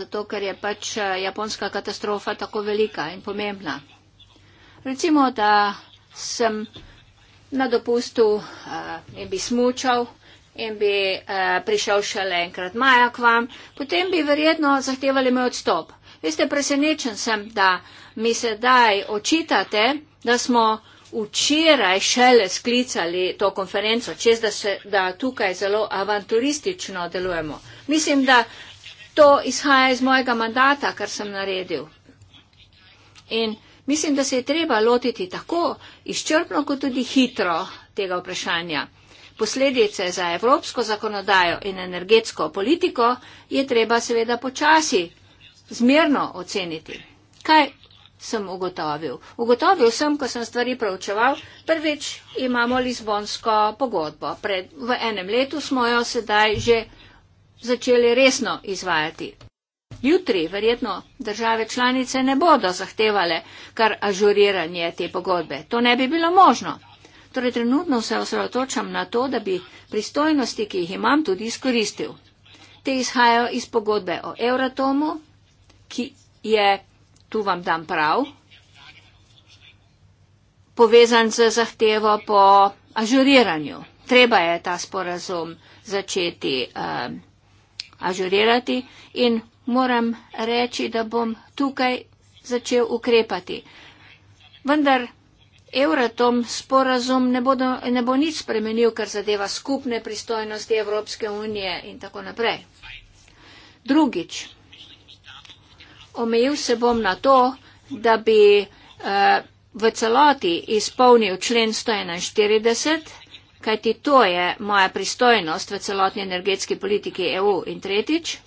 zato ker je pač eh, japonska katastrofa tako velika in pomembna. Recimo, da sem na dopustu eh, in bi smučal in bi eh, prišel šele enkrat maja k vam, potem bi verjetno zahtevali moj odstop. Veste, presenečen sem, da mi sedaj očitate, da smo včeraj šele sklicali to konferenco, čez da, se, da tukaj zelo avanturistično delujemo. Mislim, da to izhaja iz mojega mandata, kar sem naredil. In mislim, da se je treba lotiti tako izčrpno, kot tudi hitro tega vprašanja. Posledice za evropsko zakonodajo in energetsko politiko je treba seveda počasi, zmerno oceniti. Kaj sem ugotovil? Ugotovil sem, ko sem stvari preučeval, prvič imamo Lizbonsko pogodbo. Pred, v enem letu smo jo sedaj že začeli resno izvajati. Jutri verjetno države članice ne bodo zahtevale kar ažuriranje te pogodbe. To ne bi bilo možno. Torej, trenutno se osredotočam na to, da bi pristojnosti, ki jih imam, tudi izkoristil. Te izhajajo iz pogodbe o Euratomu, ki je, tu vam dam prav, povezan z zahtevo po ažuriranju. Treba je ta sporazum začeti um, ažurirati in moram reči, da bom tukaj začel ukrepati. Vendar Euratom sporazum ne, bodo, ne bo nič spremenil, kar zadeva skupne pristojnosti Evropske unije in tako naprej. Drugič, omejil se bom na to, da bi uh, v celoti izpolnil člen 141, kajti to je moja pristojnost v celotni energetski politiki EU. In tretjič,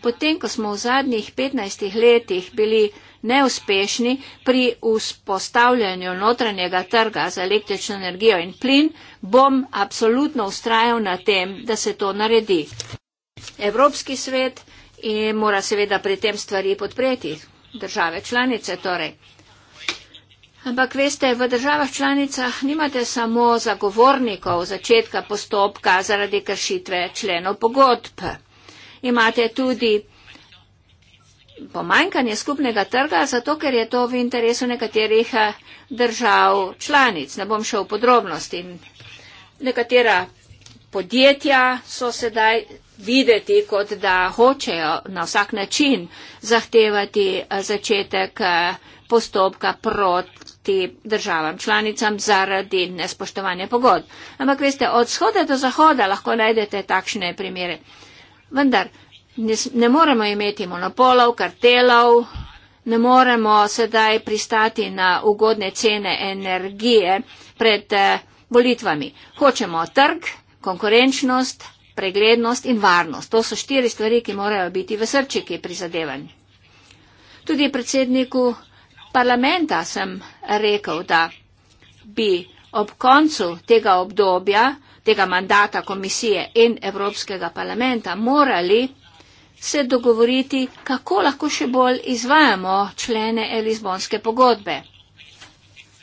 potem, ko smo v zadnjih 15 letih bili neuspešni pri vzpostavljanju notranjega trga za električno energijo in plin, bom apsolutno ustrajal na tem, da se to naredi. Evropski svet mora seveda pri tem stvari podpreti, države članice torej. Ampak veste, v državah članicah nimate samo zagovornikov začetka postopka zaradi kršitve členov pogodb imate tudi pomanjkanje skupnega trga, zato ker je to v interesu nekaterih eh, držav članic. Ne bom šel v podrobnosti. Nekatera podjetja so sedaj videti, kot da hočejo na vsak način zahtevati eh, začetek eh, postopka proti državam članicam zaradi nespoštovanja pogod. Ampak veste, od shoda do zahoda lahko najdete takšne primere vendar ne, ne moremo imeti monopolov, kartelov, ne moremo sedaj pristati na ugodne cene energije pred eh, volitvami. Hočemo trg, konkurenčnost, preglednost in varnost. To so štiri stvari, ki morajo biti v srčiki prizadevanj. Tudi predsedniku parlamenta sem rekel, da bi ob koncu tega obdobja tega mandata komisije in Evropskega parlamenta morali se dogovoriti, kako lahko še bolj izvajamo člene Lizbonske pogodbe.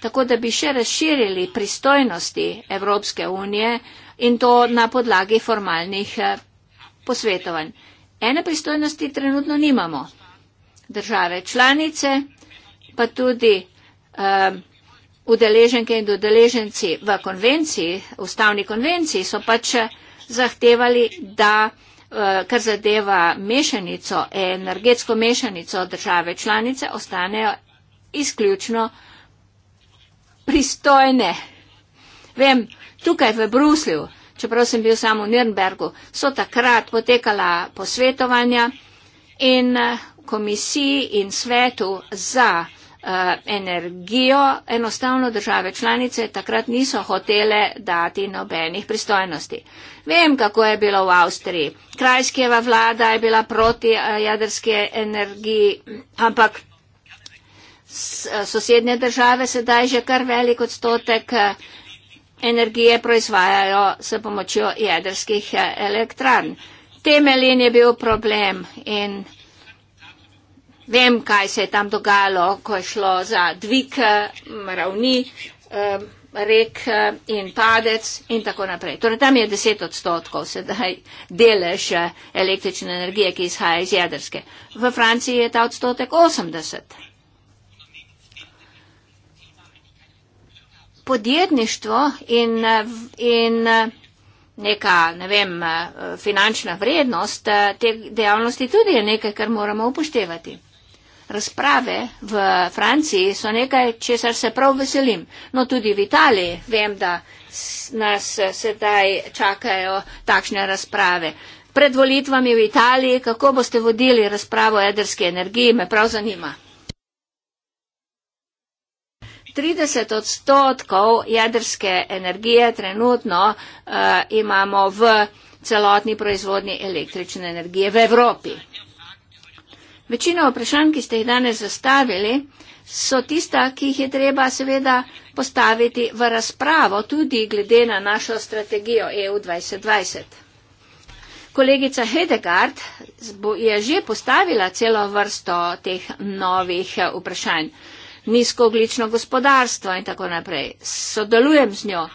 Tako da bi še razširili pristojnosti Evropske unije in to na podlagi formalnih eh, posvetovanj. Ene pristojnosti trenutno nimamo. Države članice, pa tudi. Uh, udeleženke in udeleženci v konvenciji, ustavni konvenciji, so pač eh, zahtevali, da eh, kar zadeva mešanico, energetsko mešanico države članice, ostanejo izključno pristojne. Vem, tukaj v Bruslju, čeprav sem bil samo v Nürnbergu, so takrat potekala posvetovanja in eh, komisiji in svetu za Eh, energijo, enostavno države članice takrat niso hotele dati nobenih pristojnosti. Vem, kako je bilo v Avstriji. Krajskeva vlada je bila proti eh, jadrske energiji, ampak eh, sosednje države sedaj že kar velik odstotek energije proizvajajo s pomočjo jedrskih elektran. Temeljin je bil problem in vem, kaj se je tam dogajalo, ko je šlo za dvig eh, ravni eh, rek eh, in padec in tako naprej. Torej, tam je 10 odstotkov sedaj delež električne energije, ki izhaja iz jedrske. V Franciji je ta odstotek 80. Podjetništvo in, in neka, ne vem, finančna vrednost te dejavnosti tudi je nekaj, kar moramo upoštevati razprave v Franciji so nekaj, česar se prav veselim. No tudi v Italiji vem, da nas sedaj čakajo takšne razprave. Pred volitvami v Italiji, kako boste vodili razpravo o jedrski energiji, me prav zanima. 30 odstotkov jedrske energije trenutno uh, imamo v celotni proizvodnji električne energije v Evropi. Večina vprašanj, ki ste jih danes zastavili, so tista, ki jih je treba seveda postaviti v razpravo tudi glede na našo strategijo EU 2020. Kolegica Hedegard je že postavila celo vrsto teh novih eh, vprašanj. Nizkooglično gospodarstvo in tako naprej. Sodelujem z njo.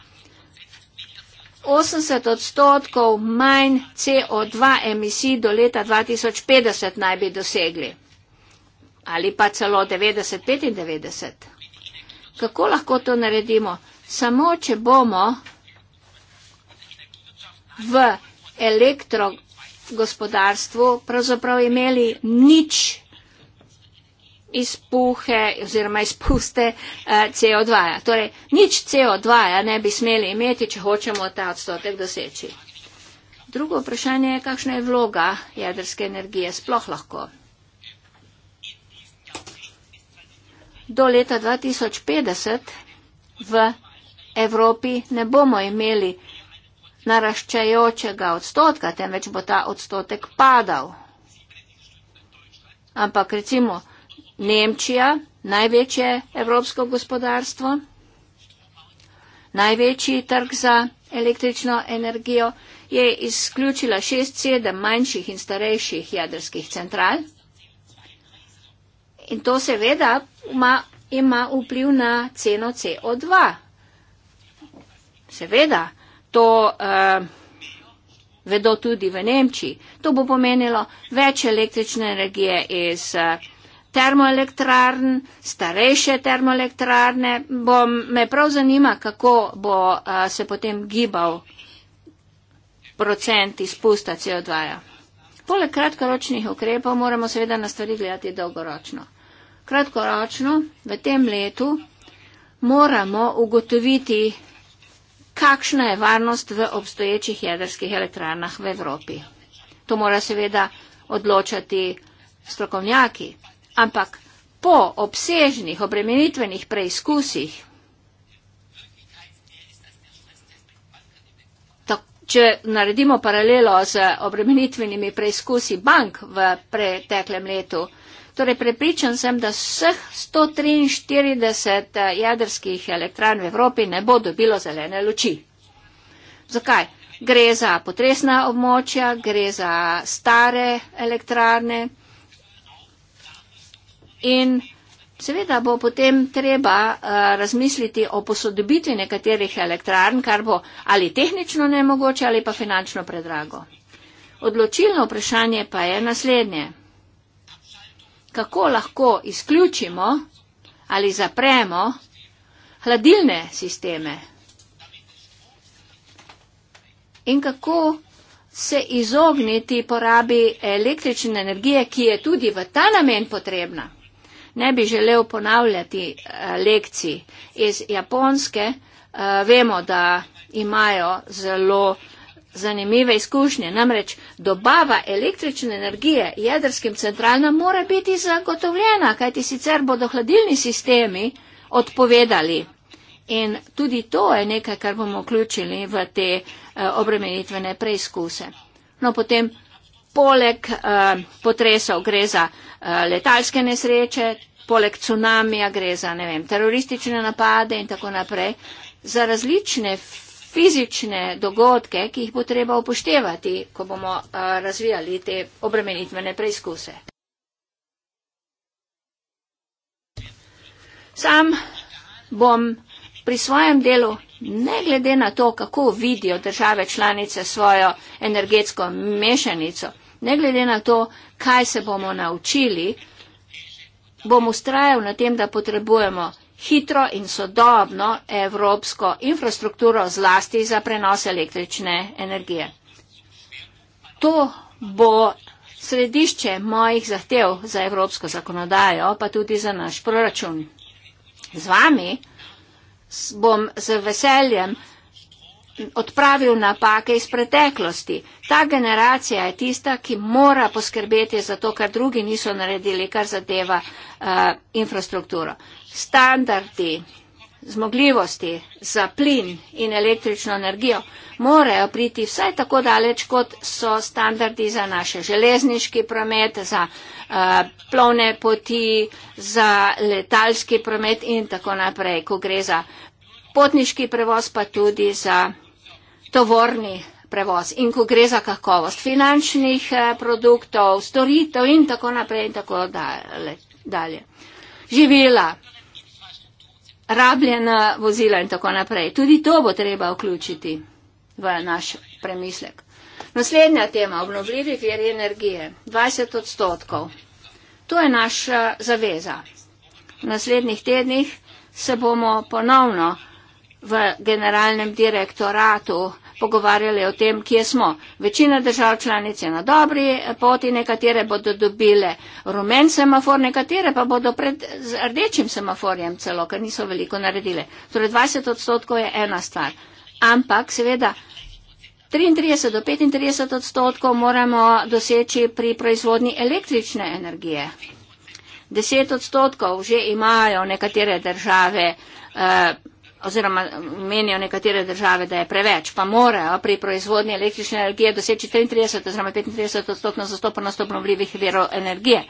80 odstotkov manj CO2 emisij do leta 2050 naj bi dosegli. Ali pa celo 90-95. Kako lahko to naredimo? Samo, če bomo v elektrogospodarstvu pravzaprav imeli nič izpuhe oziroma izpuste eh, CO2. -ja. Torej, nič CO2 -ja ne bi smeli imeti, če hočemo ta odstotek doseči. Drugo vprašanje je, kakšna je vloga jedrske energije sploh lahko. Do leta 2050 v Evropi ne bomo imeli naraščajočega odstotka, temveč bo ta odstotek padal. Ampak recimo Nemčija, največje evropsko gospodarstvo, največji trg za električno energijo, je izključila 6-7 manjših in starejših jedrskih central. In to seveda ima, ima vpliv na ceno CO2. Seveda, to uh, vedo tudi v Nemčiji. To bo pomenilo več električne energije iz. Uh, termoelektrarn, starejše termoelektrarne. Bom, me prav zanima, kako bo a, se potem gibal procent izpusta CO2. -ja. Poleg kratkoročnih ukrepov moramo seveda na stvari gledati dolgoročno. Kratkoročno v tem letu moramo ugotoviti, kakšna je varnost v obstoječih jedrskih elektrarnah v Evropi. To mora seveda odločati strokovnjaki, Ampak po obsežnih obremenitvenih preizkusih, Če naredimo paralelo z obremenitvenimi preizkusi bank v preteklem letu, torej prepričan sem, da vseh 143 eh, jadrskih elektran v Evropi ne bo dobilo zelene luči. Zakaj? Gre za potresna območja, gre za stare elektrane, In seveda bo potem treba eh, razmisliti o posodobitvi nekaterih elektrarn, kar bo ali tehnično nemogoče ali pa finančno predrago. Odločilno vprašanje pa je naslednje. Kako lahko izključimo ali zapremo hladilne sisteme? In kako se izogniti porabi električne energije, ki je tudi v ta namen potrebna? ne bi želel ponavljati eh, lekcij iz Japonske. Eh, vemo, da imajo zelo zanimive izkušnje. Namreč dobava električne energije jedrskim centralnam mora biti zagotovljena, kajti sicer bodo hladilni sistemi odpovedali. In tudi to je nekaj, kar bomo vključili v te eh, obremenitvene preizkuse. No potem, poleg eh, potresov gre za eh, letalske nesreče, poleg tsunamija gre za ne vem, teroristične napade in tako naprej, za različne fizične dogodke, ki jih bo treba upoštevati, ko bomo a, eh, razvijali te obremenitvene preizkuse. Sam bom pri svojem delu, ne glede na to, kako vidijo države članice svojo energetsko mešanico, ne glede na to, kaj se bomo naučili, bom ustrajal na tem, da potrebujemo hitro in sodobno evropsko infrastrukturo zlasti za prenos električne energije. To bo središče mojih zahtev za evropsko zakonodajo, pa tudi za naš proračun. Z vami bom z veseljem odpravil napake iz preteklosti. Ta generacija je tista, ki mora poskrbeti za to, kar drugi niso naredili, kar zadeva uh, infrastrukturo. Standardi zmogljivosti za plin in električno energijo morajo priti vsaj tako daleč, kot so standardi za naše železniški promet, za uh, plovne poti, za letalski promet in tako naprej, ko gre za potniški prevoz, pa tudi za tovorni prevoz in ko gre za kakovost finančnih eh, produktov, storitev in tako naprej in tako dalje. Živila, rabljena vozila in tako naprej. Tudi to bo treba vključiti v naš premislek. Naslednja tema, obnovljivi veri energije, 20 odstotkov. To je naša zaveza. V naslednjih tednih se bomo ponovno v generalnem direktoratu pogovarjali o tem, kje smo. Večina držav članic je na dobri poti, nekatere bodo dobile rumen semafor, nekatere pa bodo pred rdečim semaforjem celo, ker niso veliko naredile. Torej 20 odstotkov je ena stvar. Ampak seveda 33 do 35 odstotkov moramo doseči pri proizvodni električne energije. 10 odstotkov že imajo nekatere države. Eh, oziroma menijo nekatere države, da je preveč, pa morajo pri proizvodnji električne energije doseči 33 oziroma 35 odstotno zastopanost obnovljivih verov energije.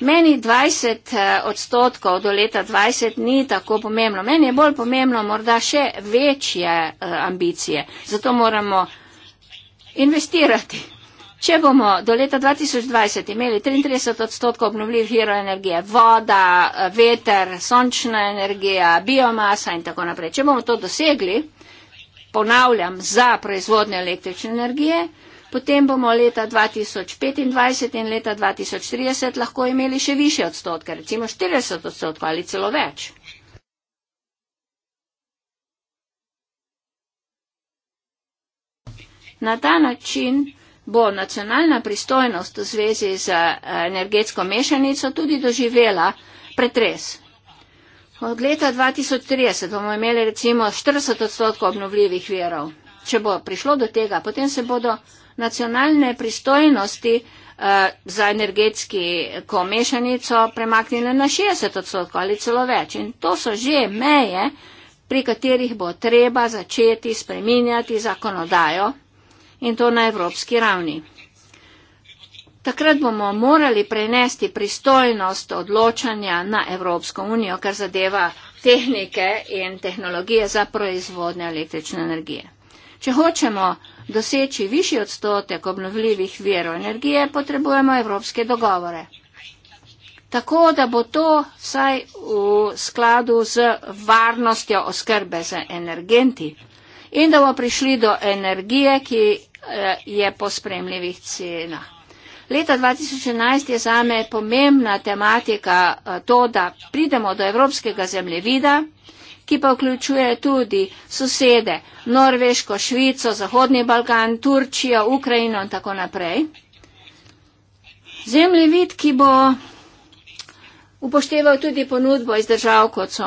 Meni 20 eh, odstotkov do leta 20 ni tako pomembno. Meni je bolj pomembno morda še večje eh, ambicije. Zato moramo investirati Če bomo do leta 2020 imeli 33 odstotkov obnovljivih virov energije, voda, veter, sončna energija, biomasa in tako naprej, če bomo to dosegli, ponavljam, za proizvodnjo električne energije, potem bomo leta 2025 in leta 2030 lahko imeli še više odstotke, recimo 40 odstotkov ali celo več. Na ta način bo nacionalna pristojnost v zvezi z eh, energetsko mešanico tudi doživela pretres. Od leta 2030 bomo imeli recimo 40 odstotkov obnovljivih verov. Če bo prišlo do tega, potem se bodo nacionalne pristojnosti eh, za energetski komešanico premaknile na 60 odstotkov ali celo več. In to so že meje, pri katerih bo treba začeti spreminjati zakonodajo in to na evropski ravni. Takrat bomo morali prenesti pristojnost odločanja na Evropsko unijo, kar zadeva tehnike in tehnologije za proizvodnje električne energije. Če hočemo doseči višji odstotek obnovljivih verov energije, potrebujemo evropske dogovore. Tako, da bo to vsaj v skladu z varnostjo oskrbe z energenti in da bo prišli do energije, ki Eh, je po spremljivih cenah. Leta 2011 je zame pomembna tematika eh, to, da pridemo do evropskega zemljevida, ki pa vključuje tudi sosede Norveško, Švico, Zahodni Balkan, Turčijo, Ukrajino in tako naprej. Zemljevid, ki bo upošteval tudi ponudbo iz držav, kot so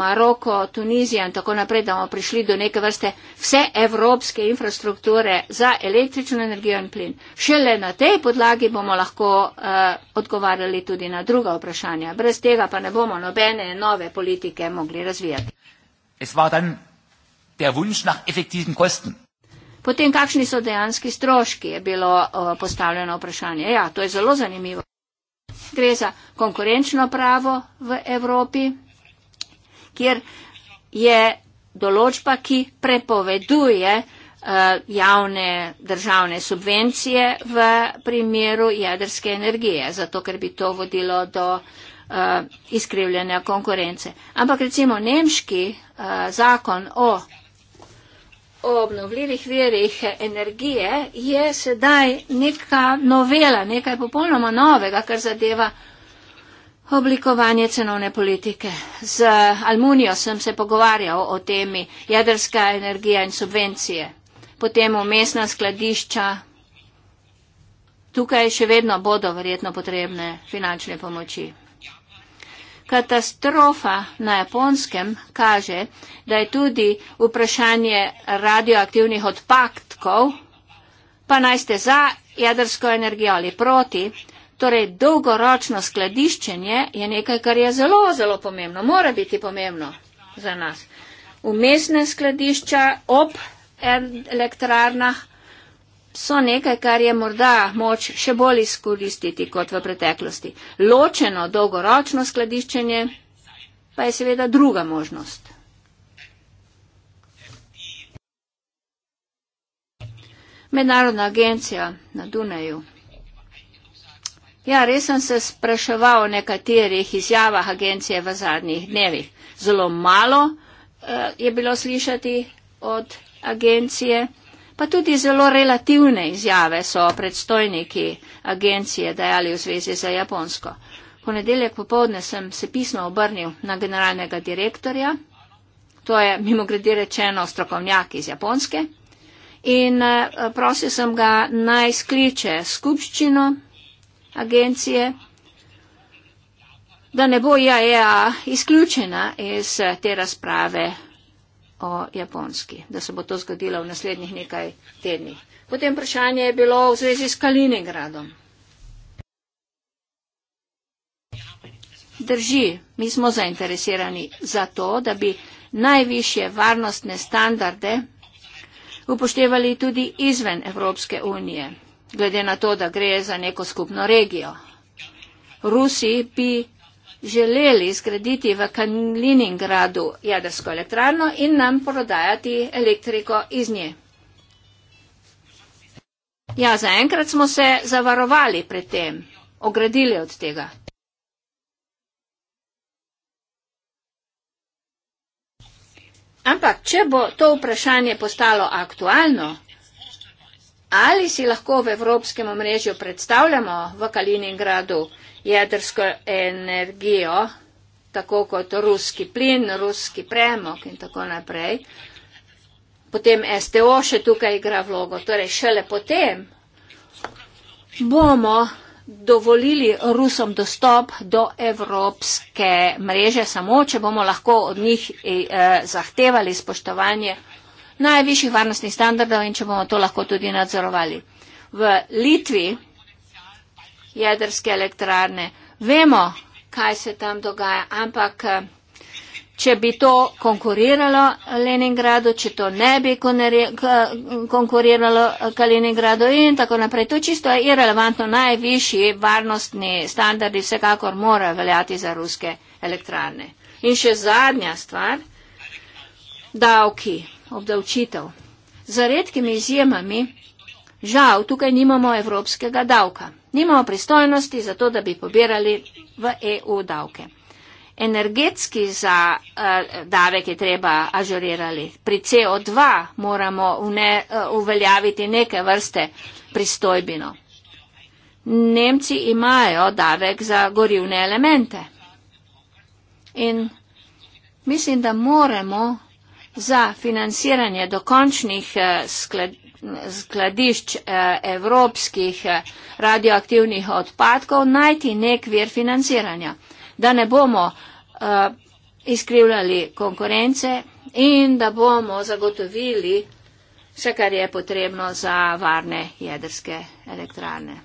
Maroko, Tunizija in tako naprej, da bomo prišli do neke vrste vse evropske infrastrukture za električno energijo in plin. Šele na tej podlagi bomo lahko uh, odgovarjali tudi na druga vprašanja. Brez tega pa ne bomo nobene nove politike mogli razvijati. Potem, kakšni so dejanski stroški, je bilo uh, postavljeno vprašanje. Ja, to je zelo zanimivo. Gre za konkurenčno pravo v Evropi, kjer je določba, ki prepoveduje eh, javne državne subvencije v primeru jedrske energije, zato ker bi to vodilo do eh, izkrivljanja konkurence. Ampak recimo nemški eh, zakon o o obnovljivih verjih energije je sedaj neka novela, nekaj popolnoma novega, kar zadeva oblikovanje cenovne politike. Z Almunijo sem se pogovarjal o temi jedrska energija in subvencije, potem umestna skladišča. Tukaj še vedno bodo verjetno potrebne finančne pomoči. Katastrofa na japonskem kaže, da je tudi vprašanje radioaktivnih odpadkov, pa naj ste za jedrsko energijo ali proti. Torej, dolgoročno skladiščenje je nekaj, kar je zelo, zelo pomembno, mora biti pomembno za nas. Umestne skladišča ob elektrarnah so nekaj, kar je morda moč še bolj izkoristiti kot v preteklosti. Ločeno dolgoročno skladiščenje pa je seveda druga možnost. Mednarodna agencija na Dunaju. Ja, res sem se spraševal o nekaterih izjavah agencije v zadnjih dnevih. Zelo malo uh, je bilo slišati od agencije pa tudi zelo relativne izjave so predstojniki agencije dajali v zvezi za Japonsko. Ponedeljek popovdne sem se pisno obrnil na generalnega direktorja, to je mimo grede rečeno strokovnjak iz Japonske, in eh, prosil sem ga naj skliče skupščino agencije, da ne bo IAEA e izključena iz eh, te razprave o Japonski, da se bo to zgodilo v naslednjih nekaj tednih. Potem vprašanje je bilo v zvezi s Kaliningradom. Drži, mi smo zainteresirani za to, da bi najviše varnostne standarde upoštevali tudi izven Evropske unije, glede na to, da gre za neko skupno regijo. Rusi bi želeli zgraditi v Kaliningradu jedrsko elektrarno in nam prodajati elektriko iz nje. Ja, zaenkrat smo se zavarovali pred tem, ogradili od tega. Ampak, če bo to vprašanje postalo aktualno, ali si lahko v Evropskem omrežju predstavljamo v Kaliningradu, jedrsko energijo, tako kot ruski plin, ruski premok in tako naprej. Potem STO še tukaj igra vlogo. Torej, šele potem bomo dovolili Rusom dostop do evropske mreže, samo če bomo lahko od njih eh, zahtevali spoštovanje najvišjih varnostnih standardov in če bomo to lahko tudi nadzorovali. V Litvi jedrske elektrarne. Vemo, kaj se tam dogaja, ampak eh, če bi to konkuriralo Leningradu, če to ne bi konkuriralo eh, Kaliningradu in tako naprej, to čisto je irrelevantno. Najvišji varnostni standardi vsekakor morajo veljati za ruske elektrarne. In še zadnja stvar, davki, obdavčitev. Za redkimi izjemami Žal, tukaj nimamo evropskega davka. Nimamo pristojnosti za to, da bi pobirali v EU davke. Energetski za uh, davek je treba ažurirali. Pri CO2 moramo vne, uh, uveljaviti neke vrste pristojbino. Nemci imajo davek za gorivne elemente. In mislim, da moramo za financiranje dokončnih uh, eh, skladov skladišč eh, evropskih eh, radioaktivnih odpadkov najti nek vir financiranja, da ne bomo eh, izkrivljali konkurence in da bomo zagotovili vse, kar je potrebno za varne jedrske elektrane.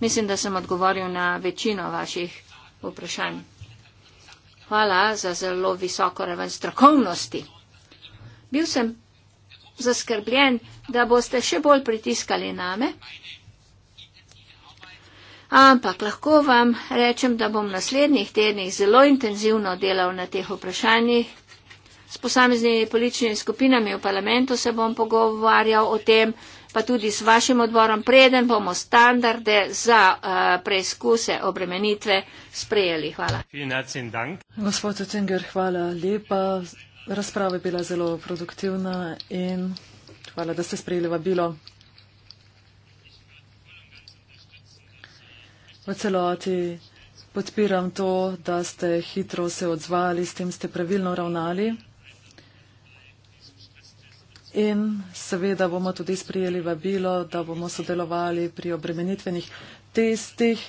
Mislim, da sem odgovoril na večino vaših vprašanj. Hvala za zelo visoko raven strokovnosti. Bil sem zaskrbljen, da boste še bolj pritiskali name. Ampak lahko vam rečem, da bom v naslednjih tednih zelo intenzivno delal na teh vprašanjih. S posameznimi političnimi skupinami v parlamentu se bom pogovarjal o tem, pa tudi s vašim odborom. Preden bomo standarde za uh, preizkuse obremenitve sprejeli. Hvala. Gospod Cengar, hvala lepa. Razprava je bila zelo produktivna in hvala, da ste sprejeli vabilo. V celoti podpiram to, da ste hitro se odzvali, s tem ste pravilno ravnali. In seveda bomo tudi sprijeli vabilo, da bomo sodelovali pri obremenitvenih testih.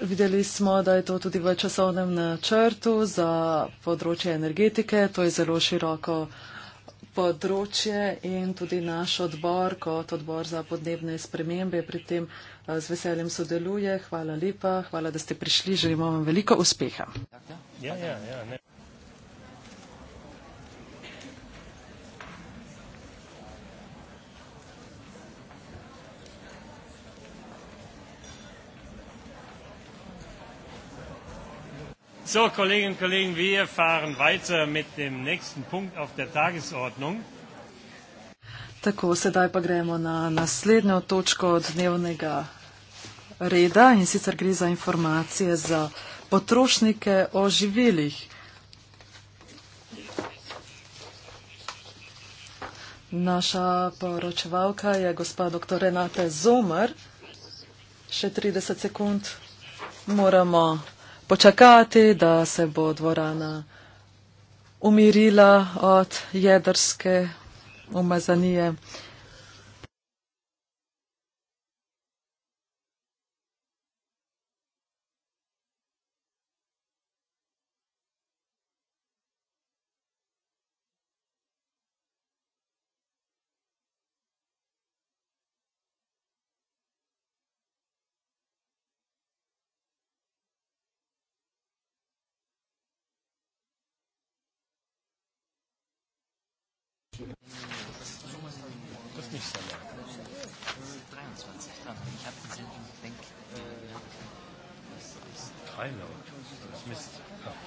Videli smo, da je to tudi v časovnem načrtu za področje energetike. To je zelo široko področje in tudi naš odbor kot odbor za podnebne spremembe pri tem eh, z veseljem sodeluje. Hvala lepa, hvala, da ste prišli. Želimo vam veliko uspeha. Ja, ja, ja, So, Kolleginnen und Kollegen, wir fahren weiter mit dem nächsten Punkt auf der Tagesordnung. Tako, sedaj pa gremo na naslednjo točko dnevnega reda in sicer gre za informacije za potrošnike o živilih. Naša poročevalka je gospa dr. Renate Zomer. Še 30 sekund moramo počakati, da se bo dvorana umirila od jedrske umazanije.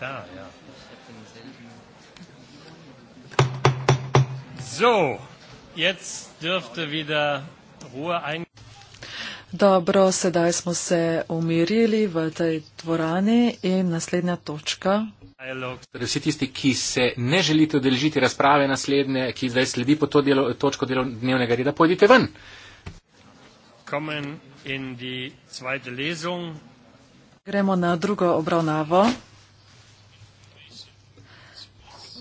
klar, ja. So, jetzt dürfte wieder Ruhe ein. Dobro, sedaj smo se umirili v tej dvorani in naslednja točka. Torej vsi tisti, ki se ne želite odeležiti razprave naslednje, ki zdaj sledi po to delo, točko delo dnevnega reda, pojdite ven. Gremo na drugo obravnavo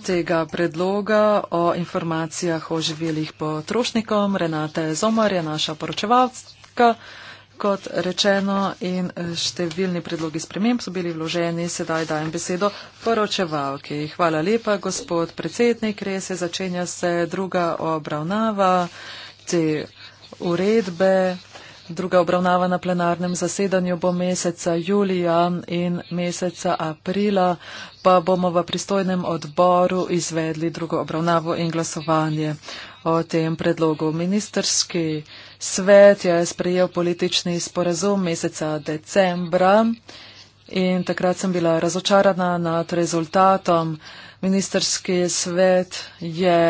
tega predloga o informacijah o živilih potrošnikom. Renate Zomar je naša poročevalka, kot rečeno, in eh, številni predlogi sprememb so bili vloženi. Sedaj dajem besedo poročevalki. Hvala lepa, gospod predsednik. Res je, začenja se druga obravnava te uredbe. Druga obravnava na plenarnem zasedanju bo meseca julija in meseca aprila, pa bomo v pristojnem odboru izvedli drugo obravnavo in glasovanje o tem predlogu. Ministerski svet je sprejel politični sporazum meseca decembra in takrat sem bila razočarana nad rezultatom. Ministerski svet je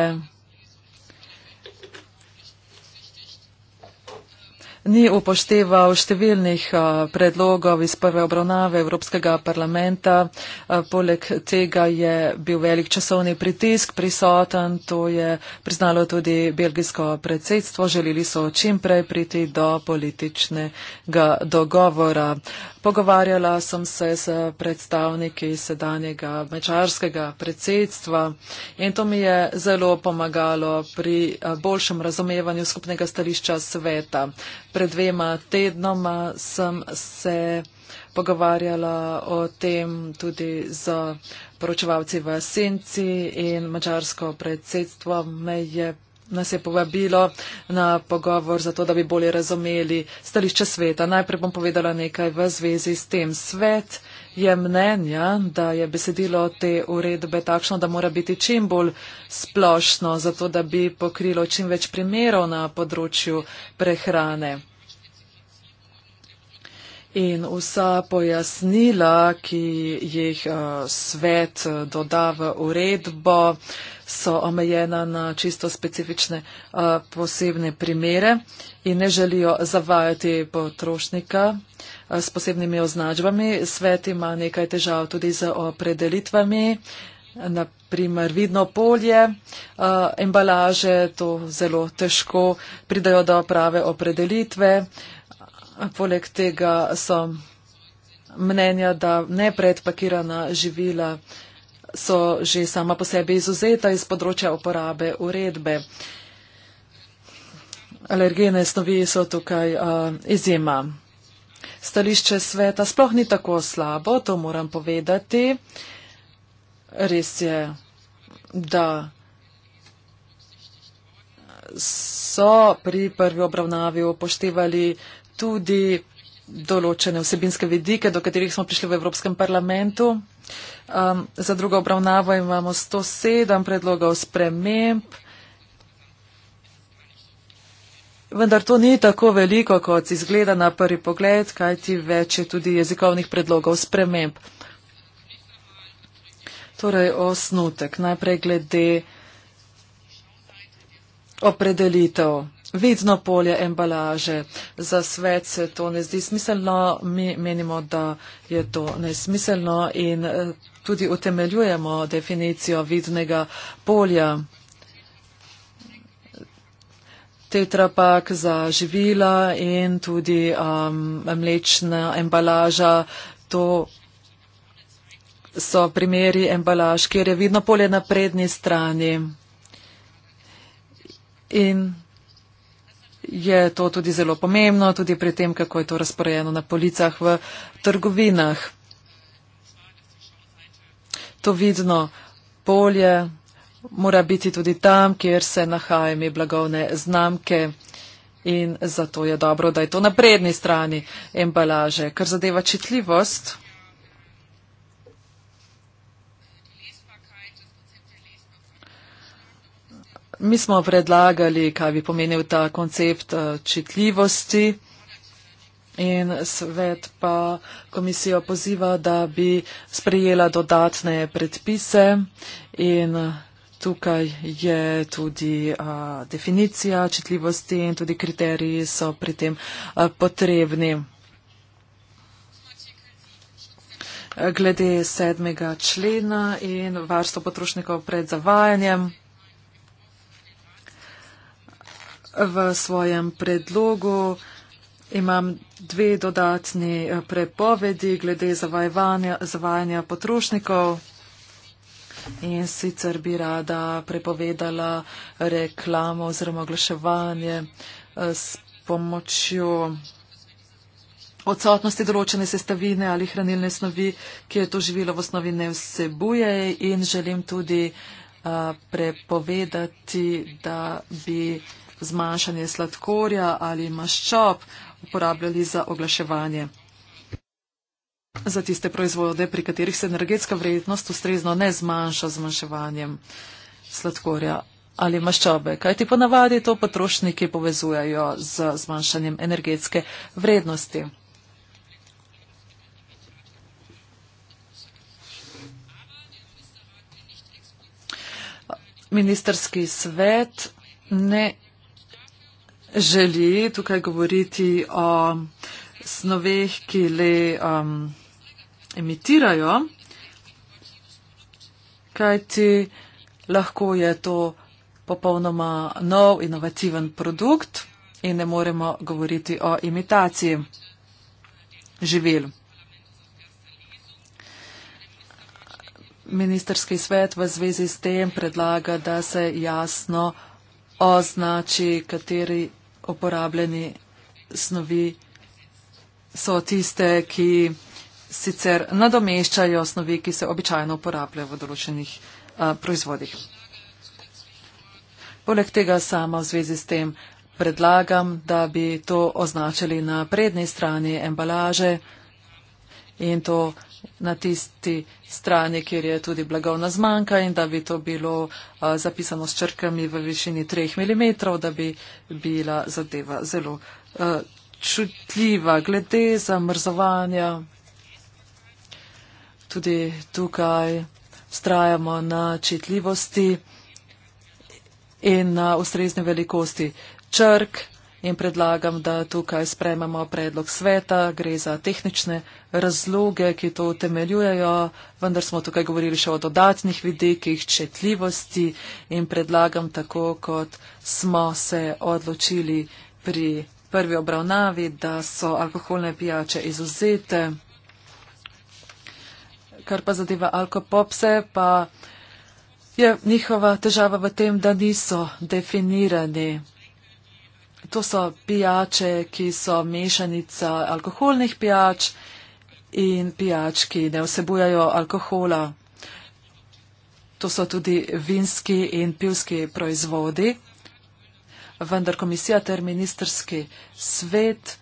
ni upošteval številnih eh, predlogov iz prve obravnave Evropskega parlamenta. Eh, poleg tega je bil velik časovni pritisk prisoten, to je priznalo tudi belgijsko predsedstvo. Želeli so čimprej priti do političnega dogovora. Pogovarjala sem se s predstavniki sedanjega mečarskega predsedstva in to mi je zelo pomagalo pri eh, boljšem razumevanju skupnega stališča sveta pred dvema tednoma sem se pogovarjala o tem tudi z poročevalci v Senci in mačarsko predsedstvo me je nas je povabilo na pogovor, zato da bi bolje razumeli stališče sveta. Najprej bom povedala nekaj v zvezi s tem. Svet je mnenja, da je besedilo te uredbe takšno, da mora biti čim bolj splošno, zato da bi pokrilo čim več primerov na področju prehrane. In vsa pojasnila, ki jih eh, svet eh, doda v uredbo, so omejena na čisto specifične a, posebne primere in ne želijo zavajati potrošnika a, s posebnimi označbami. Svet ima nekaj težav tudi z opredelitvami, naprimer vidno polje, a, embalaže, to zelo težko pridajo do prave opredelitve. Poleg tega so mnenja, da nepredpakirana živila so že sama po sebi izuzeta iz področja uporabe uredbe. Alergene snovi so tukaj uh, izjema. Stališče sveta sploh ni tako slabo, to moram povedati. Res je, da so pri prvi obravnavi upoštevali tudi določene vsebinske vidike, do katerih smo prišli v Evropskem parlamentu. Um, za drugo obravnavo imamo 107 predlogov sprememb. Vendar to ni tako veliko, kot izgleda na prvi pogled, kajti več je tudi jezikovnih predlogov sprememb. Torej, osnutek najprej glede opredelitev. Vedno polje embalaže. Za svet se to ne zdi smiselno. Mi menimo, da je to nesmiselno in eh, tudi utemeljujemo definicijo vidnega polja. Tetrapak za živila in tudi um, mlečna embalaža. To so primeri embalaž, kjer je vidno polje na prednji strani. In je to tudi zelo pomembno, tudi pri tem, kako je to razporejeno na policah v trgovinah. To vidno polje mora biti tudi tam, kjer se nahajajo mi blagovne znamke in zato je dobro, da je to na prednji strani embalaže. Kar zadeva čitljivost, Mi smo predlagali, kaj bi pomenil ta koncept eh, čitljivosti in svet pa komisijo poziva, da bi sprejela dodatne predpise in tukaj je tudi a, eh, definicija čitljivosti in tudi kriteriji so pri tem a, eh, potrebni. Glede sedmega člena in varstvo potrošnikov pred zavajanjem. v svojem predlogu. Imam dve dodatni eh, prepovedi glede zavajanja, zavajanja potrošnikov. In sicer bi rada prepovedala reklamo oziroma oglaševanje eh, s pomočjo odsotnosti določene sestavine ali hranilne snovi, ki je to živilo v osnovi ne vsebuje in želim tudi uh, prepovedati, da bi uh, zmanjšanje sladkorja ali maščob uporabljali za oglaševanje. Za tiste proizvode, pri katerih se energetska vrednost ustrezno ne zmanjša z zmanjševanjem sladkorja ali maščobe, kajti ponavadi to potrošniki povezujajo z zmanjšanjem energetske vrednosti. Ministerski svet ne želi tukaj govoriti o snoveh, ki le um, emitirajo, kajti lahko je to popolnoma nov inovativen produkt in ne moremo govoriti o imitaciji živil. Ministerski svet v zvezi s tem predlaga, da se jasno označi, kateri uporabljeni snovi so tiste, ki sicer nadomeščajo snovi, ki se običajno uporabljajo v določenih a, proizvodih. Poleg tega sama v zvezi s tem predlagam, da bi to označili na prednji strani embalaže in to na tisti, strani, kjer je tudi blagovna zmanjka in da bi to bilo zapisano s črkami v višini 3 mm, da bi bila zadeva zelo čutljiva. Glede zamrzovanja, tudi tukaj strajamo na čitljivosti in na ustrezne velikosti črk, in predlagam, da tukaj sprememo predlog sveta. Gre za tehnične razloge, ki to utemeljujejo, vendar smo tukaj govorili še o dodatnih vidikih četljivosti in predlagam tako, kot smo se odločili pri prvi obravnavi, da so alkoholne pijače izuzete. Kar pa zadeva alkopopse, pa je njihova težava v tem, da niso definirani to so pijače, ki so mešanica alkoholnih pijač in pijač, ki ne vsebujajo alkohola. To so tudi vinski in pivski proizvodi. Vendar komisija ter ministerski svet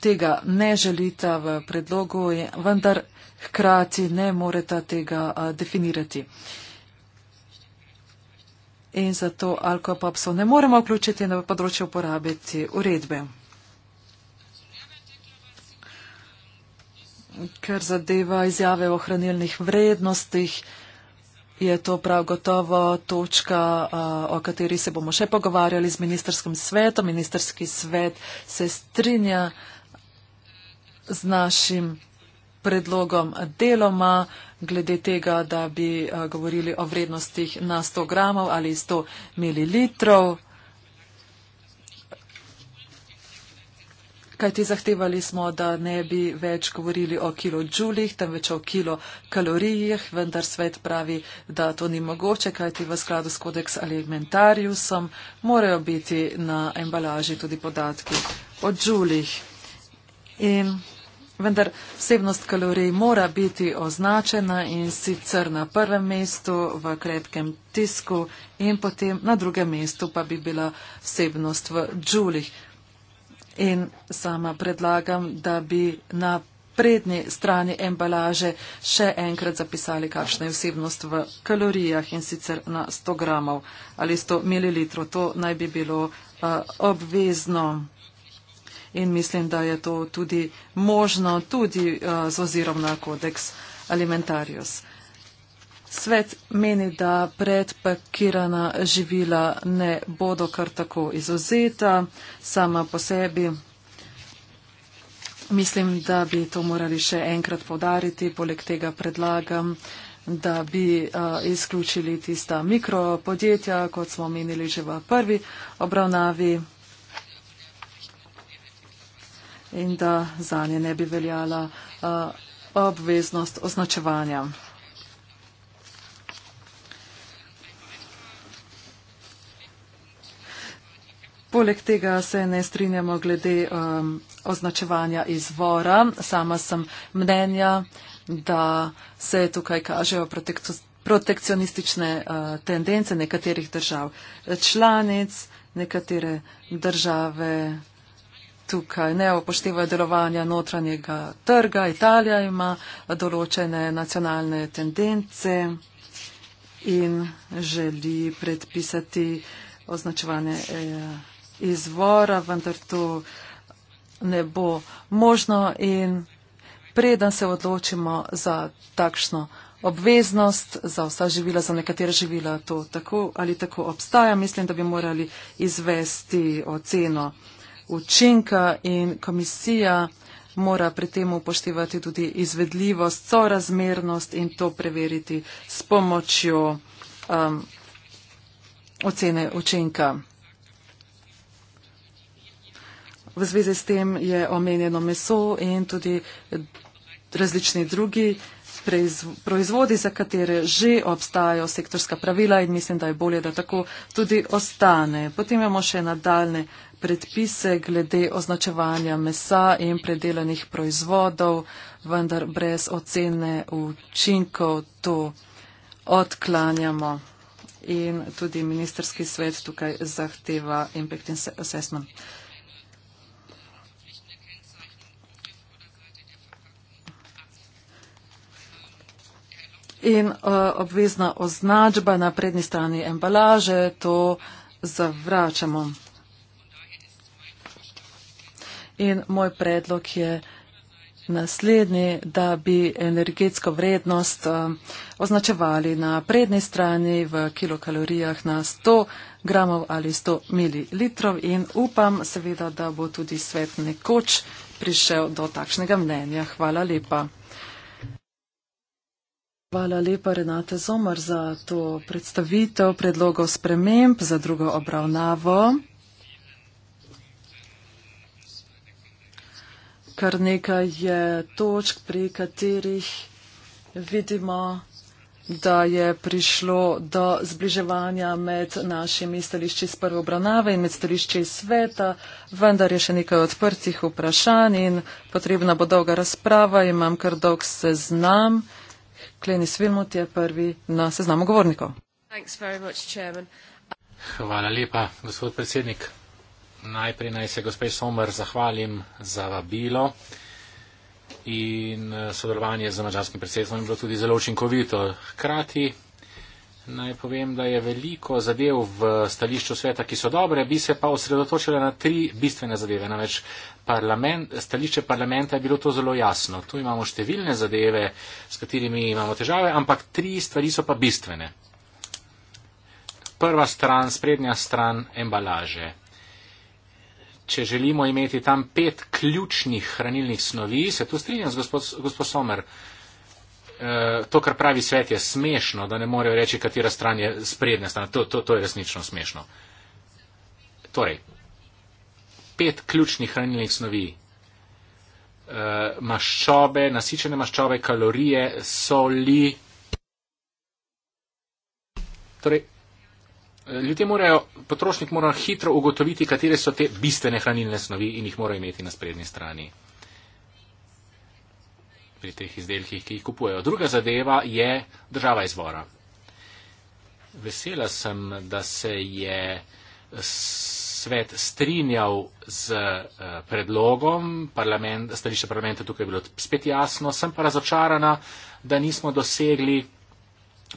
tega ne želita v predlogu, vendar hkrati ne moreta tega definirati in zato alkopapsov ne moremo vključiti na področje uporabiti uredbe. Ker zadeva izjave o hranilnih vrednostih, je to prav gotovo točka, o kateri se bomo še pogovarjali z ministerskim svetom. Ministerski svet se strinja z našim predlogom deloma glede tega, da bi eh, govorili o vrednostih na 100 gramov ali 100 mililitrov. Kajti zahtevali smo, da ne bi več govorili o kilođuljih, temveč o kilokalorijih, vendar svet pravi, da to ni mogoče, kajti v skladu s kodeks alimentariusom morajo biti na embalaži tudi podatki o džuljih. In Vendar vsebnost kalorij mora biti označena in sicer na prvem mestu v krepkem tisku in potem na drugem mestu pa bi bila vsebnost v džulih. In sama predlagam, da bi na prednji strani embalaže še enkrat zapisali, kakšna je vsebnost v kalorijah in sicer na 100 gramov ali 100 ml. To naj bi bilo uh, obvezno in mislim, da je to tudi možno, tudi uh, z ozirom na kodeks alimentarius. Svet meni, da predpakirana živila ne bodo kar tako izuzeta sama po sebi. Mislim, da bi to morali še enkrat povdariti. Poleg tega predlagam, da bi uh, izključili tista mikropodjetja, kot smo menili že v prvi obravnavi in da za nje ne bi veljala eh, obveznost označevanja. Poleg tega se ne strinjamo glede um, označevanja izvora. Sama sem mnenja, da se tukaj kažejo protek protekcionistične uh, tendence nekaterih držav članic, nekatere države tukaj, ne opošteva delovanja notranjega trga. Italija ima določene nacionalne tendence in želi predpisati označevanje eh, izvora, vendar to ne bo možno in preden se odločimo za takšno obveznost za vsa živila, za nekatera živila to tako ali tako obstaja, mislim, da bi morali izvesti oceno učinka in komisija mora pri tem upoštevati tudi izvedljivost, sorazmernost in to preveriti s pomočjo um, ocene učinka. V zvezi s tem je omenjeno meso in tudi različni drugi proizvodi, za katere že obstajajo sektorska pravila in mislim, da je bolje, da tako tudi ostane. Potem imamo še nadaljne predpise glede označevanja mesa in predelanih proizvodov, vendar brez ocene učinkov to odklanjamo. In tudi ministerski svet tukaj zahteva impact assessment. In uh, obvezna označba na prednji strani embalaže, to zavračamo. In moj predlog je naslednji, da bi energetsko vrednost um, označevali na prednji strani v kilokalorijah na 100 gramov ali 100 mililitrov in upam seveda, da bo tudi svet nekoč prišel do takšnega mnenja. Hvala lepa. Hvala lepa, Renate Zomar, za to predstavitev predlogov sprememb za drugo obravnavo. kar nekaj je točk, pri katerih vidimo, da je prišlo do zbliževanja med našimi stališči iz prve obravnave in med stališči iz sveta, vendar je še nekaj odprtih vprašanj in potrebna bo dolga razprava. Imam kar dolg seznam. Klenis Vilmut je prvi na seznamu govornikov. Hvala lepa, gospod predsednik. Najprej naj se gospe Somer zahvalim za vabilo in eh, sodelovanje z mačarskim predsedstvom je bilo tudi zelo učinkovito. Hkrati naj povem, da je veliko zadev v stališču sveta, ki so dobre, bi se pa osredotočila na tri bistvene zadeve. Namreč parlament, stališče parlamenta je bilo to zelo jasno. Tu imamo številne zadeve, s katerimi imamo težave, ampak tri stvari so pa bistvene. Prva stran, sprednja stran embalaže če želimo imeti tam pet ključnih hranilnih snovi, se tu strinjam z gospod, gospod Somer, e, to, kar pravi svet, je smešno, da ne morejo reči, katera stran je sprednja stran. To, to, to je resnično smešno. Torej, pet ključnih hranilnih snovi. E, maščobe, nasičene maščobe, kalorije, soli. Torej, ljudje morajo, potrošnik mora hitro ugotoviti, katere so te bistvene hranilne snovi in jih mora imeti na sprednji strani pri teh izdelkih, ki jih kupujejo. Druga zadeva je država izvora. Vesela sem, da se je svet strinjal z eh, predlogom, parlament, stališče parlamenta tukaj je bilo spet jasno, sem pa razočarana, da nismo dosegli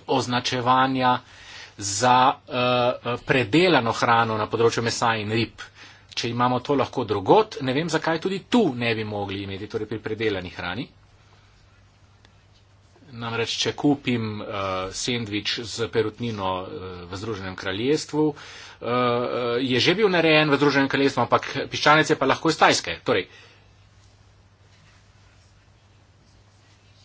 označevanja eh, za uh, predelano hrano na področju mesa in rib. Če imamo to lahko drugot, ne vem, zakaj tudi tu ne bi mogli imeti, torej pri predelani hrani. Namreč, če kupim uh, sendvič z perutnino uh, v Združenem kraljestvu, uh, je že bil narejen v Združenem kraljestvu, ampak piščanec je pa lahko iz Tajske. Torej,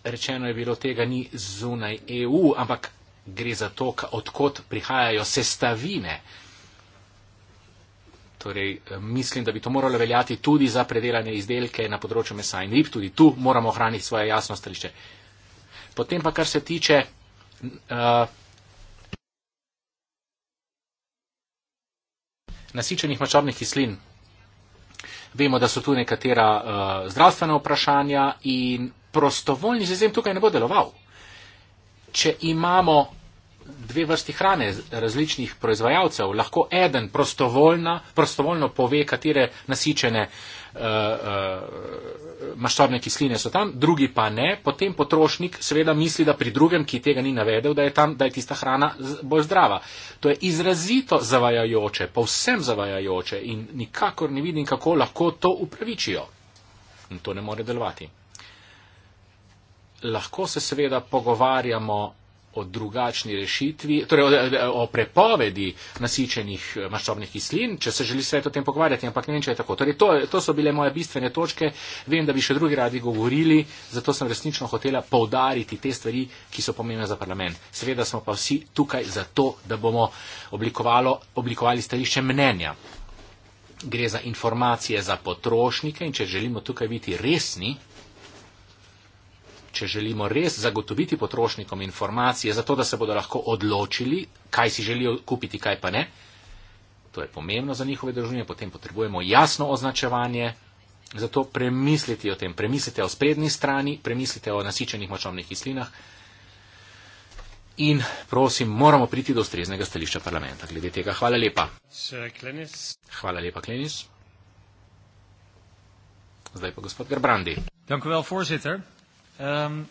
rečeno je bilo, tega ni zunaj EU, ampak gre za to, odkot prihajajo sestavine. Torej, eh, mislim, da bi to moralo veljati tudi za predelane izdelke na področju mesa in rib, tudi tu moramo ohraniti svoje jasno stališče. Potem pa, kar se tiče. Uh, nasičenih mačobnih kislin. Vemo, da so tu nekatera uh, zdravstvena vprašanja in prostovoljni sistem tukaj ne bo deloval. Če imamo dve vrsti hrane različnih proizvajalcev. Lahko eden prostovoljno pove, katere nasičene uh, uh, maščobne kisline so tam, drugi pa ne. Potem potrošnik seveda misli, da pri drugem, ki tega ni navedel, da je, tam, da je tista hrana bolj zdrava. To je izrazito zavajajoče, povsem zavajajoče in nikakor ne vidim, kako lahko to upravičijo. In to ne more delovati. Lahko se seveda pogovarjamo o drugačni rešitvi, torej o, o prepovedi nasičenih eh, maščobnih kislin, če se želi svet o tem pogovarjati, ampak ne vem, če je tako. Torej, to, to so bile moje bistvene točke, vem, da bi še drugi radi govorili, zato sem resnično hotela povdariti te stvari, ki so pomembne za parlament. Seveda smo pa vsi tukaj zato, da bomo oblikovali stališče mnenja. Gre za informacije za potrošnike in če želimo tukaj biti resni, če želimo res zagotoviti potrošnikom informacije, zato da se bodo lahko odločili, kaj si želijo kupiti, kaj pa ne, to je pomembno za njihove družine, potem potrebujemo jasno označevanje, zato premislite o tem, premislite o sprednji strani, premislite o nasičenih močovnih kislinah in prosim, moramo priti do ustreznega stališča parlamenta. Glede tega, hvala lepa. Hvala lepa, Klenis. Zdaj pa gospod Gerbrandi. Dank u wel, voorzitter. Um,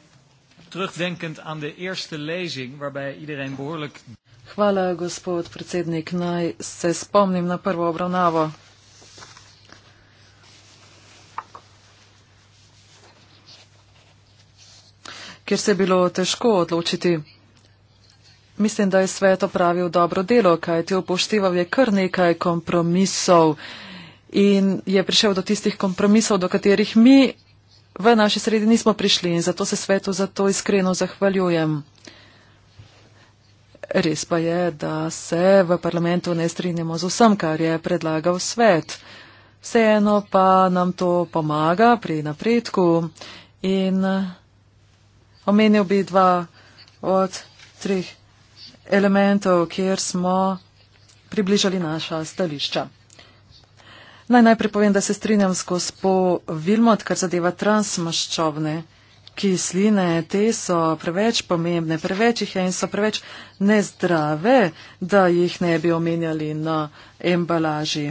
terugdenkend aan de eerste lezing, waarbij iedereen behoorlijk. Hvala, gospod predsednik. Naj se spomnim na prvo obravnavo. Ker se je bilo težko odločiti. Mislim, da je svet opravil dobro delo, kaj ti upošteval je kar nekaj kompromisov in je prišel do tistih kompromisov, do katerih mi v naši sredi nismo prišli in zato se svetu za to iskreno zahvaljujem. Res pa je, da se v parlamentu ne strinjamo z vsem, kar je predlagal svet. Vseeno pa nam to pomaga pri napredku in omenil bi dva od treh elementov, kjer smo približali naša stališča. Naj najprej povem, da se strinjam s gospo Vilmot, kar zadeva transmaščovne kisline. Te so preveč pomembne, preveč jih je in so preveč nezdrave, da jih ne bi omenjali na embalaži.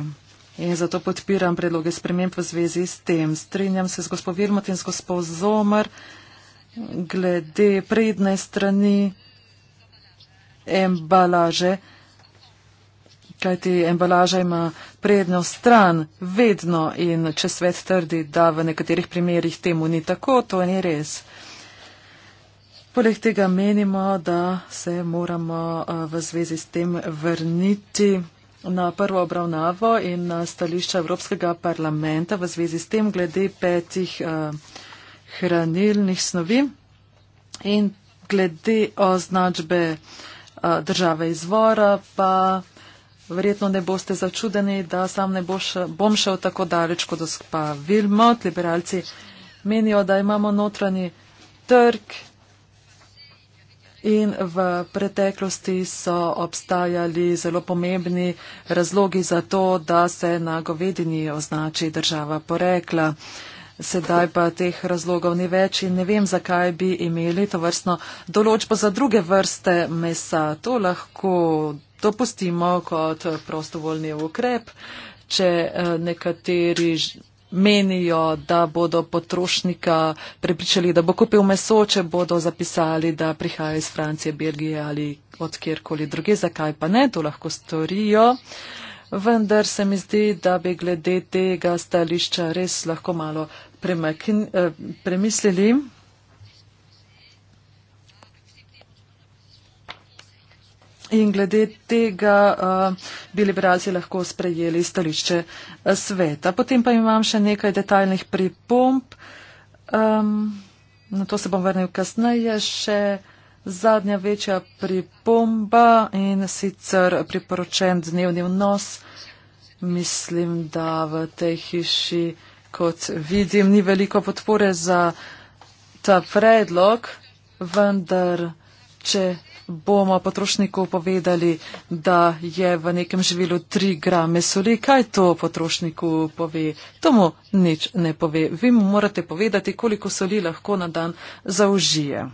In zato podpiram predloge sprememb v zvezi s tem. Strinjam se z gospo Vilmot in z gospo Zomar glede predne strani embalaže kajti embalaža ima prednost stran vedno in če svet trdi, da v nekaterih primerjih temu ni tako, to ni res. Poleg tega menimo, da se moramo eh, v zvezi s tem vrniti na prvo obravnavo in na stališča Evropskega parlamenta v zvezi s tem glede petih eh, hranilnih snovi in glede označbe eh, države izvora pa Verjetno ne boste začudeni, da sam ne boš, bom šel tako daleč kot gospa Vilmot. Liberalci menijo, da imamo notranji trg in v preteklosti so obstajali zelo pomembni razlogi za to, da se na govedini označi država porekla. Sedaj pa teh razlogov ni več in ne vem, zakaj bi imeli to vrstno določbo za druge vrste mesa. To lahko to postimo kot prostovoljni ukrep. Če eh, nekateri menijo, da bodo potrošnika prepričali, da bo kupil meso, če bodo zapisali, da prihaja iz Francije, Belgije ali od kjerkoli druge, zakaj pa ne, to lahko storijo. Vendar se mi zdi, da bi glede tega stališča res lahko malo eh, premislili. In glede tega uh, bi liberalci lahko sprejeli stališče eh, sveta. Potem pa imam še nekaj detaljnih pripomp. Um, na to se bom vrnil kasneje. Še zadnja večja pripomba in sicer priporočen dnevni vnos. Mislim, da v tej hiši, kot vidim, ni veliko podpore za ta predlog, vendar če bomo potrošniku povedali, da je v nekem živilu 3 grame soli. Kaj to potrošniku pove? To mu nič ne pove. Vi mu morate povedati, koliko soli lahko na dan zaužije.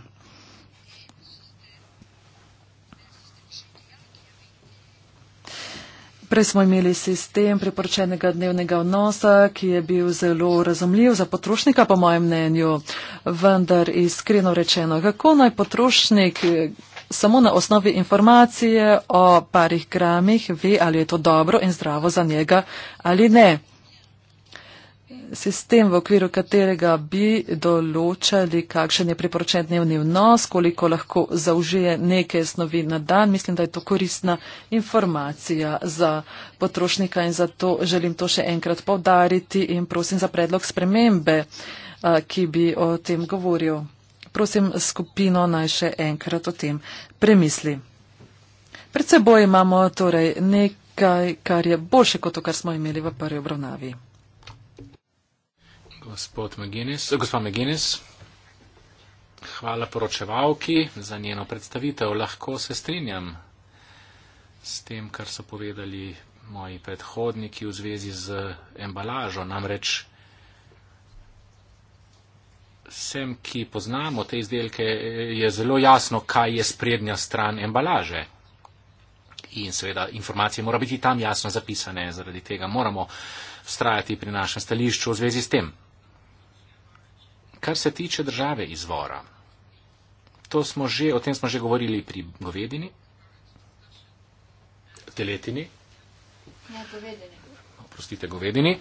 Prej smo imeli sistem priporočenega dnevnega vnosa, ki je bil zelo razumljiv za potrošnika, po mojem mnenju, vendar iskreno rečeno, kako naj potrošnik samo na osnovi informacije o parih gramih ve, ali je to dobro in zdravo za njega ali ne. Sistem, v okviru katerega bi določali, kakšen je priporočen dnevni vnos, koliko lahko zaužije neke snovi na dan, mislim, da je to koristna informacija za potrošnika in zato želim to še enkrat povdariti in prosim za predlog spremembe, ki bi o tem govoril prosim skupino naj še enkrat o tem premisli. Pred seboj imamo torej nekaj, kar je boljše kot to, kar smo imeli v prvi obravnavi. Meginis, gospa Meginis, hvala poročevalki za njeno predstavitev. Lahko se strinjam s tem, kar so povedali moji predhodniki v zvezi z embalažo. Namreč vsem, ki poznamo te izdelke, je zelo jasno, kaj je sprednja stran embalaže. In seveda informacije mora biti tam jasno zapisane, zaradi tega moramo vztrajati pri našem stališču v zvezi s tem. Kar se tiče države izvora, smo že, o tem smo že govorili pri govedini, teletini. Ne, govedini. Prostite, govedini.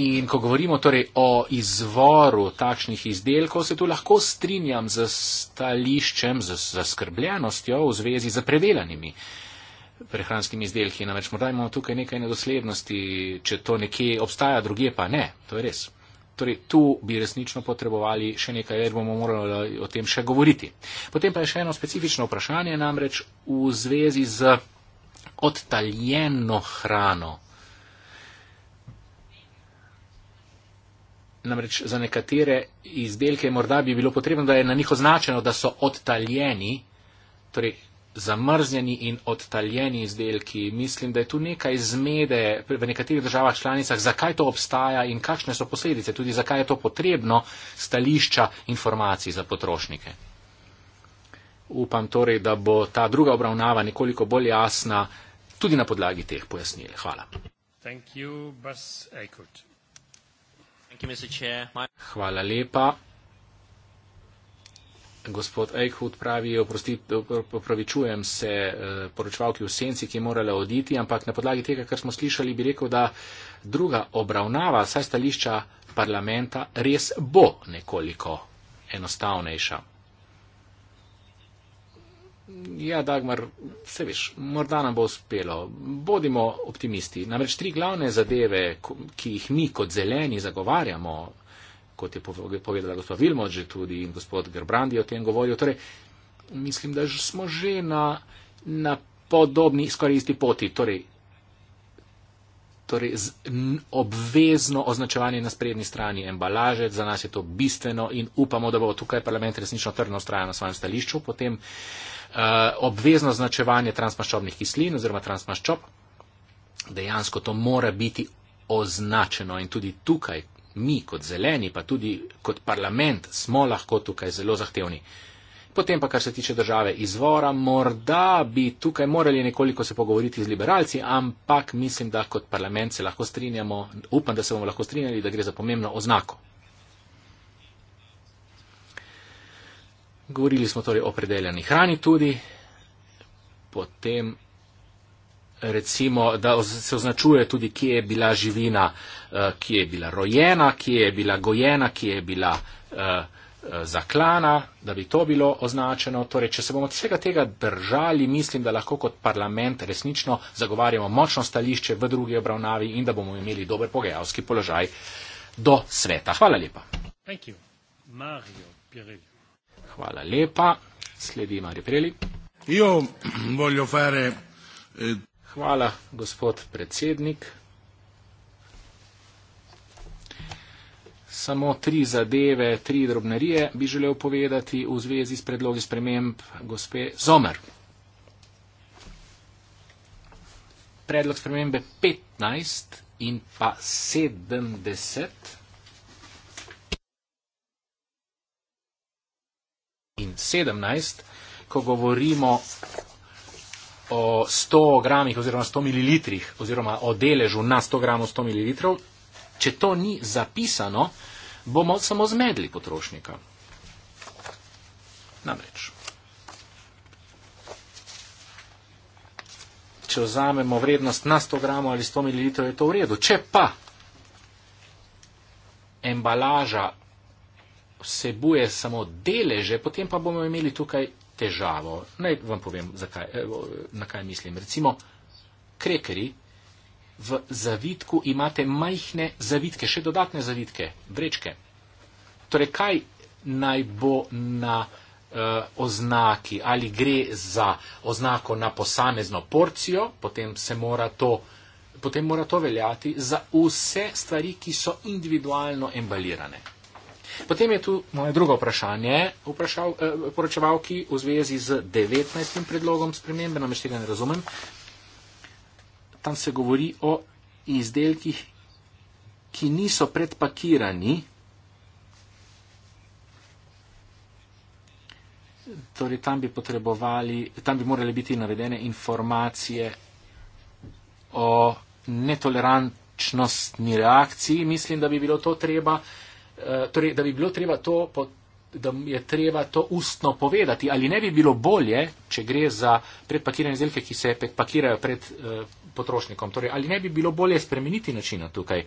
In ko govorimo torej o izvoru takšnih izdelkov, se tu lahko strinjam z stališčem, z zaskrbljenostjo v zvezi z predelanimi prehranskimi izdelki. Namreč morda imamo tukaj nekaj nedoslednosti, če to nekje obstaja, druge pa ne. To je res. Torej, tu bi resnično potrebovali še nekaj, ker bomo morali o tem še govoriti. Potem pa je še eno specifično vprašanje, namreč v zvezi z odtaljeno hrano Namreč za nekatere izdelke morda bi bilo potrebno, da je na njih označeno, da so odtaljeni, torej zamrznjeni in odtaljeni izdelki. Mislim, da je tu nekaj zmede v nekaterih državah članicah, zakaj to obstaja in kakšne so posledice, tudi zakaj je to potrebno stališča informacij za potrošnike. Upam torej, da bo ta druga obravnava nekoliko bolj jasna tudi na podlagi teh pojasnil. Hvala. Thank you, Bas Eikut ki mi se če. Hvala lepa. Gospod Eichhut pravi, opravičujem se eh, poročevalki v senci, ki je morala oditi, ampak na podlagi tega, kar smo slišali, bi rekel, da druga obravnava, saj stališča parlamenta, res bo nekoliko enostavnejša. Ja, Dagmar, vse veš, morda nam bo uspelo. Bodimo optimisti. Namreč tri glavne zadeve, ki jih mi kot zeleni zagovarjamo, kot je povedala gospod Vilmoč že tudi in gospod Gerbrandi o tem govoril, torej mislim, da smo že na, na podobni, skoraj isti poti, torej, torej z, n, obvezno označevanje na sprednji strani embalaže, za nas je to bistveno in upamo, da bo tukaj parlament resnično trdno ustrajal na svojem stališču. Potem, Eh, obvezno značevanje transmaščobnih kislin oziroma transmaščob, dejansko to mora biti označeno in tudi tukaj mi kot zeleni, pa tudi kot parlament smo lahko tukaj zelo zahtevni. Potem pa, kar se tiče države izvora, morda bi tukaj morali nekoliko se pogovoriti z liberalci, ampak mislim, da kot parlament se lahko strinjamo, upam, da se bomo lahko strinjali, da gre za pomembno oznako. govorili smo torej o predeljeni hrani tudi, potem recimo, da se označuje tudi, kje je bila živina, eh, kje je bila rojena, kje je bila gojena, kje je bila eh, eh, zaklana, da bi to bilo označeno. Torej, če se bomo od vsega tega držali, mislim, da lahko kot parlament resnično zagovarjamo močno stališče v drugi obravnavi in da bomo imeli dober pogajalski položaj do sveta. Hvala lepa. Thank you. Mario Pirelli. Hvala lepa. Sledi Mari Preli. Jo, voljo fare. Eh, Hvala, gospod predsednik. Samo tri zadeve, tri drobnerije bi želel povedati v zvezi s predlogi sprememb gospe Zomer. Predlog spremembe 15 in pa 70 in 17, ko govorimo o 100 gramih oziroma 100 mililitrih oziroma o deležu na 100 gramov 100 mililitrov, če to ni zapisano, bomo samo zmedli potrošnika. Namreč. Če vzamemo vrednost na 100 gramov ali 100 mililitrov, je to v redu. Če pa embalaža vsebuje samo deleže, potem pa bomo imeli tukaj težavo. Naj vam povem, zakaj, eh, na kaj mislim. Recimo, krekeri v zavitku imate majhne zavitke, še dodatne zavitke, vrečke. Torej, kaj naj bo na uh, oznaki, ali gre za oznako na posamezno porcijo, potem se mora to. Potem mora to veljati za vse stvari, ki so individualno embalirane. Potem je tu moje drugo vprašanje vprašal, eh, poročevalki v zvezi z 19. predlogom spremembe, namreč tega ne razumem. Tam se govori o izdelkih, ki niso predpakirani, torej tam bi potrebovali, tam bi morali biti navedene informacije o netolerančnostni reakciji. Mislim, da bi bilo to treba. Eh, torej, da bi bilo treba to, da je treba to ustno povedati. Ali ne bi bilo bolje, če gre za predpakirane izdelke, ki se predpakirajo pred eh, potrošnikom? Torej, ali ne bi bilo bolje spremeniti načina tukaj?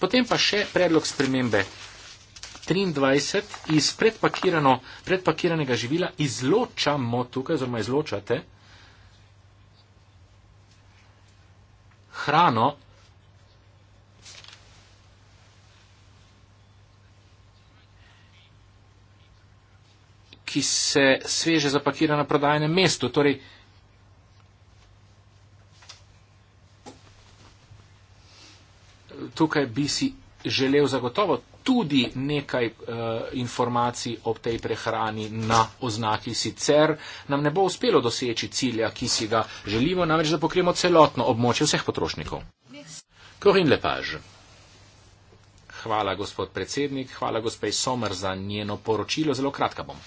Potem pa še predlog spremembe. 23 iz predpakiranega živila izločamo tukaj, oziroma izločate hrano ki se sveže zapakira na prodajnem mestu. Torej, tukaj bi si želel zagotovo tudi nekaj uh, informacij o tej prehrani na oznaki sicer. Nam ne bo uspelo doseči cilja, ki si ga želimo, namreč da pokrijemo celotno območje vseh potrošnikov. Korin Lepaž. Hvala, gospod predsednik, hvala, gospej Somer, za njeno poročilo. Zelo kratka bom.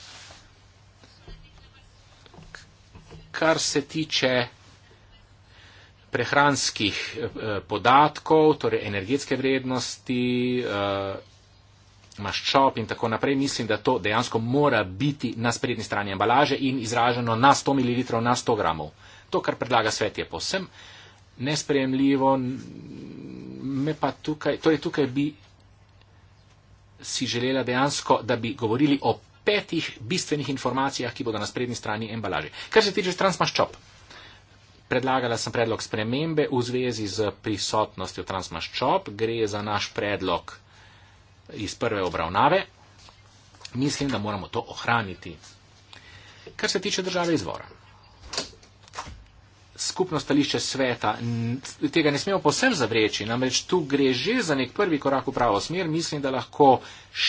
kar se tiče prehranskih eh, podatkov, torej energetske vrednosti, eh, maščob in tako naprej, mislim, da to dejansko mora biti na sprednji strani embalaže in izraženo na 100 ml na 100 g. To, kar predlaga svet, je posem nesprejemljivo. Tukaj, torej tukaj bi si želela dejansko, da bi govorili o petih bistvenih informacijah, ki bodo na sprednji strani embalaže. Kar se tiče transmaščob, predlagala sem predlog spremembe v zvezi z prisotnostjo transmaščob, gre za naš predlog iz prve obravnave. Mislim, da moramo to ohraniti. Kar se tiče države izvora. Skupno stališče sveta, tega ne smemo posebno zavreči, namreč tu gre že za nek prvi korak v pravo smer, mislim, da lahko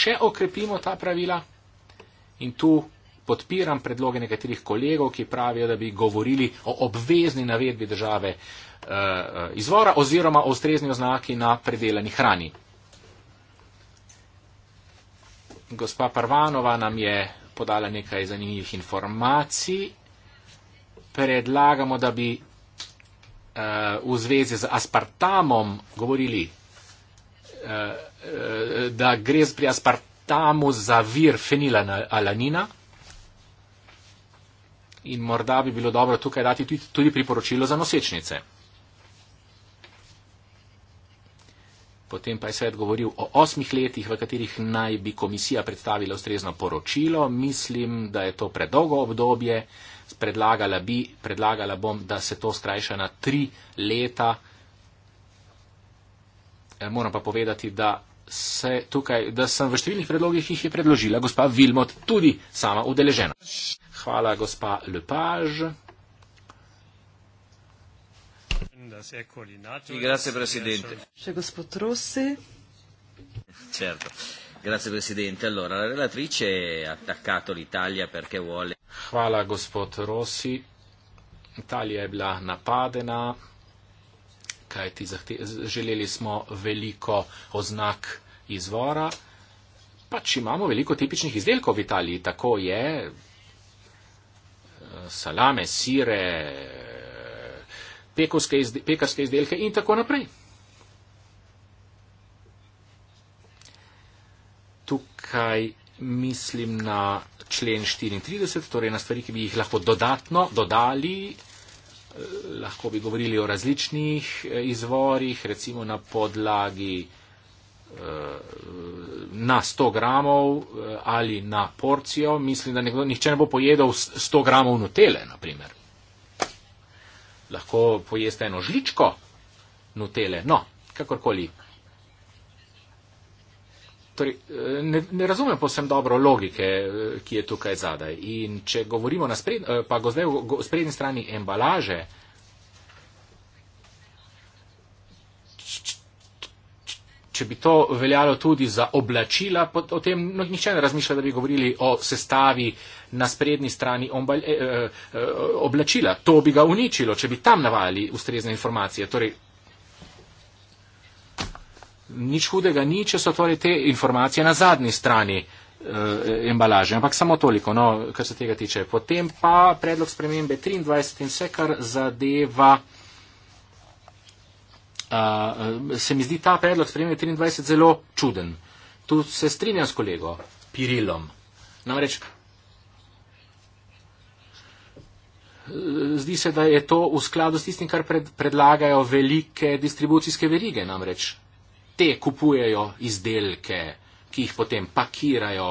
še okrepimo ta pravila in tu podpiram predloge nekaterih kolegov, ki pravijo, da bi govorili o obvezni navedbi države eh, eh, izvora oziroma o ustrezni oznaki na predelani hrani. Gospa Parvanova nam je podala nekaj zanimivih informacij. Predlagamo, da bi eh, v zvezi z aspartamom govorili, da gre pri aspartamu damo za vir fenilalanina. In morda bi bilo dobro tukaj dati tudi priporočilo za nosečnice. Potem pa je svet govoril o osmih letih, v katerih naj bi komisija predstavila ustrezno poročilo. Mislim, da je to predolgo obdobje. Predlagala, bi, predlagala bom, da se to skrajša na tri leta. E, moram pa povedati, da se tukaj, da sem v številnih predlogih, ki jih je predložila gospa Vilmot, tudi sama udeležena. Hvala, gospa Lepaž. Grazie, presidente. Še gospod Rossi. Certo. Grazie, presidente. Allora, la relatrice je attaccato l'Italia perché vuole. Hvala, gospod Rossi. Italija je bila napadena kajti zahte, želeli smo veliko oznak izvora. Pač imamo veliko tipičnih izdelkov v Italiji, tako je eh, salame, sire, izde, pekarske izdelke in tako naprej. Tukaj mislim na člen 34, torej na stvari, ki bi jih lahko dodatno dodali lahko bi govorili o različnih eh, izvorih, recimo na podlagi eh, na 100 gramov eh, ali na porcijo. Mislim, da nekdo, nihče ne bo pojedel 100 gramov nutele, naprimer. Lahko pojeste eno žličko nutele. No, kakorkoli. Torej, eh, ne, ne razumem posem dobro logike, eh, ki je tukaj zadaj. In če govorimo na spred, eh, pa go zdaj o sprednji strani embalaže, če bi to veljalo tudi za oblačila, o tem no, nihče ne razmišlja, da bi govorili o sestavi na sprednji strani ombal, eh, eh, oblačila. To bi ga uničilo, če bi tam navajali ustrezne informacije. Torej, nič hudega ni, če so torej te informacije na zadnji strani eh, embalaže. Ampak samo toliko, no, kar se tega tiče. Potem pa predlog spremembe 23 in vse, kar zadeva. Uh, se mi zdi ta predlog spremembe 23 zelo čuden. Tu se strinjam s kolego Pirilom. Namreč, zdi se, da je to v skladu s tistim, kar pred, predlagajo velike distribucijske verige. Namreč, te kupujejo izdelke, ki jih potem pakirajo,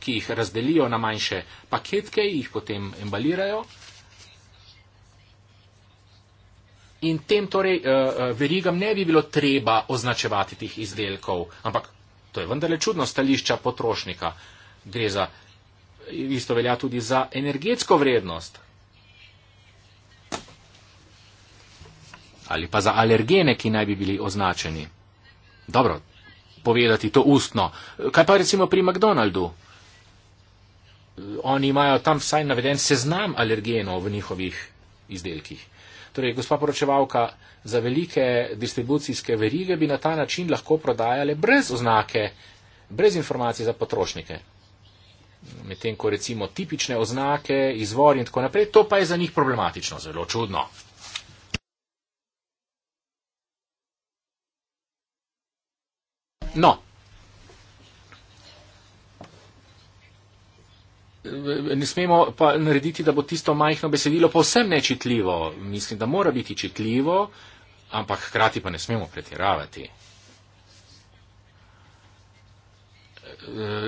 ki jih razdelijo na manjše paketke, jih potem embalirajo. In tem torej eh, eh, verigam ne bi bilo treba označevati teh izdelkov, ampak to je vendarle čudno stališča potrošnika. Gre za, isto velja tudi za energetsko vrednost. Ali pa za alergene, ki naj bi bili označeni. Dobro, povedati to ustno. Kaj pa recimo pri McDonald'u? Oni imajo tam vsaj naveden seznam alergenov v njihovih izdelkih. Torej, gospa poročevalka, za velike distribucijske verige bi na ta način lahko prodajale brez oznake, brez informacij za potrošnike. Medtem ko recimo tipične oznake, izvor in tako naprej, to pa je za njih problematično, zelo čudno. No. Ne smemo pa narediti, da bo tisto majhno besedilo povsem nečitljivo. Mislim, da mora biti čitljivo, ampak hkrati pa ne smemo pretiravati.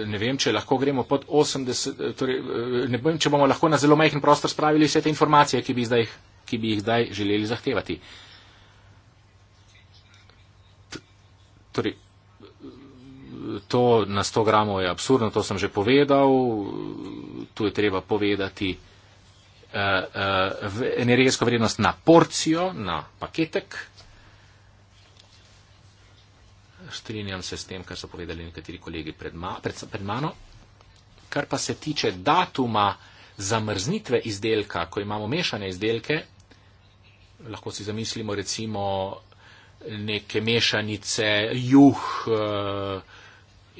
Ne vem, če lahko gremo pod 80, torej, ne vem, če bomo lahko na zelo majhen prostor spravili vse te informacije, ki bi, zdaj, ki bi jih zdaj želeli zahtevati. T torej, to na 100 gramov je absurdno, to sem že povedal, tu je treba povedati uh, uh, energetsko vrednost na porcijo, na paketek. Strinjam se s tem, kar so povedali nekateri kolegi pred, ma, pred, pred mano. Kar pa se tiče datuma zamrznitve izdelka, ko imamo mešane izdelke, lahko si zamislimo recimo neke mešanice, juh, uh,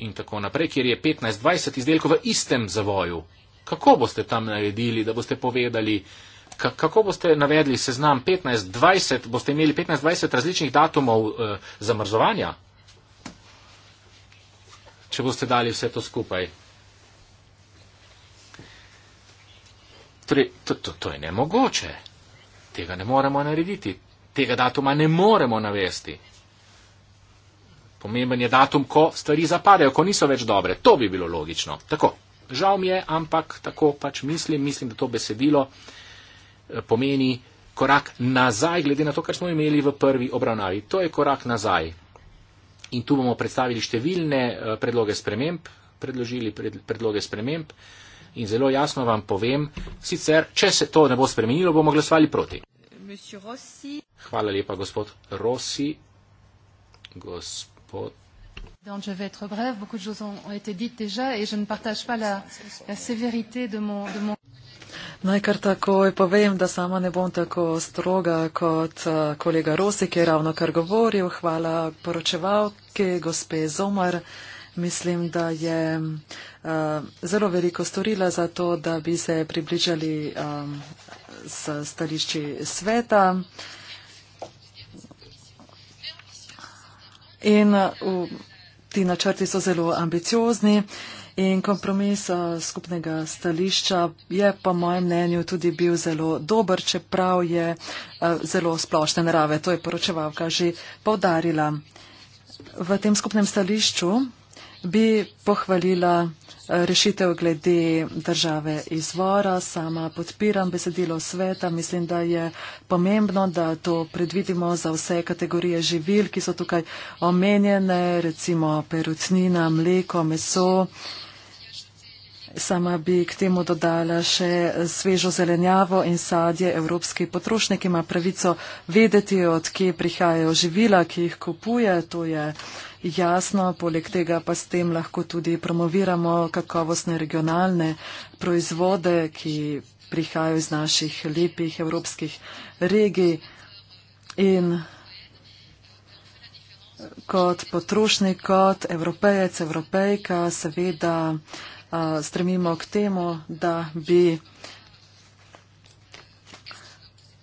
in tako naprej, kjer je 15-20 izdelkov v istem zavoju. Kako boste tam naredili, da boste povedali, kako boste navedli seznam 15-20, boste imeli 15-20 različnih datumov eh, zamrzovanja, če boste dali vse to skupaj. Torej, to, to, to je nemogoče. Tega ne moremo narediti. Tega datuma ne moremo navesti. Pomemben je datum, ko stvari zapadejo, ko niso več dobre. To bi bilo logično. Tako. Žal mi je, ampak tako pač mislim. Mislim, da to besedilo eh, pomeni korak nazaj, glede na to, kar smo imeli v prvi obravnavi. To je korak nazaj. In tu bomo predstavili številne eh, predloge sprememb, predložili predloge sprememb in zelo jasno vam povem, sicer, če se to ne bo spremenilo, bomo glasovali proti. Hvala lepa, gospod Rossi. Gospod pot. Donc je vais être bref, beaucoup de choses ont, ont été dites déjà et je ne partage pas la, la sévérité de mon. De mon... Naj kar takoj povem, da sama ne bom tako stroga kot eh, kolega Rosi, ki je ravno kar govoril. Hvala poročevalki, gospe Zomar. Mislim, da je uh, zelo veliko storila za to, da bi se približali um, s stališči sveta. Uh, In uh, ti načrti so zelo ambiciozni in kompromis uh, skupnega stališča je po mojem mnenju tudi bil zelo dober, čeprav je uh, zelo splošne narave. To je poročevalka že povdarila. V tem skupnem stališču bi pohvalila eh, rešitev glede države izvora. Sama podpiram besedilo sveta. Mislim, da je pomembno, da to predvidimo za vse kategorije živil, ki so tukaj omenjene, recimo perutnina, mleko, meso. Sama bi k temu dodala še svežo zelenjavo in sadje. Evropski potrošnik ima pravico vedeti, odkje prihajajo živila, ki jih kupuje. To je uh, Jasno, poleg tega pa s tem lahko tudi promoviramo kakovostne regionalne proizvode, ki prihajajo iz naših lepih evropskih regij. In kot potrošnik, kot evropejec, evropejka, seveda stremimo k temu, da bi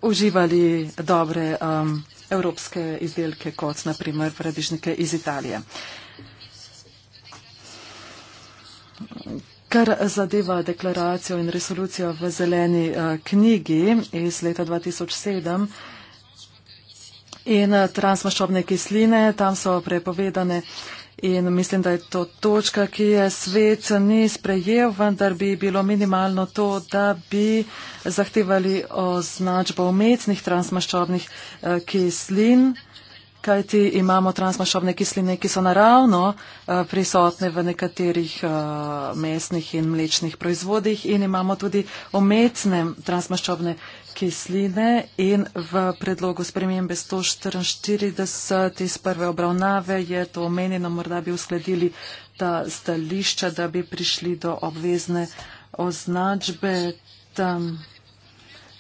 uživali dobre um, evropske izdelke, kot naprimer paradižnike iz Italije. Kar zadeva deklaracijo in resolucijo v zeleni eh, knjigi iz leta 2007 in transmaščobne kisline, tam so prepovedane In mislim, da je to točka, ki je svet ni sprejel, vendar bi bilo minimalno to, da bi zahtevali označbo umetnih transmaščobnih eh, kislin, kajti imamo transmaščobne kisline, ki so naravno eh, prisotne v nekaterih eh, mesnih in mlečnih proizvodih in imamo tudi umetne transmaščobne kisline in v predlogu spremembe 144 iz prve obravnave je to omenjeno, morda bi uskladili ta stališča, da bi prišli do obvezne označbe. Tam,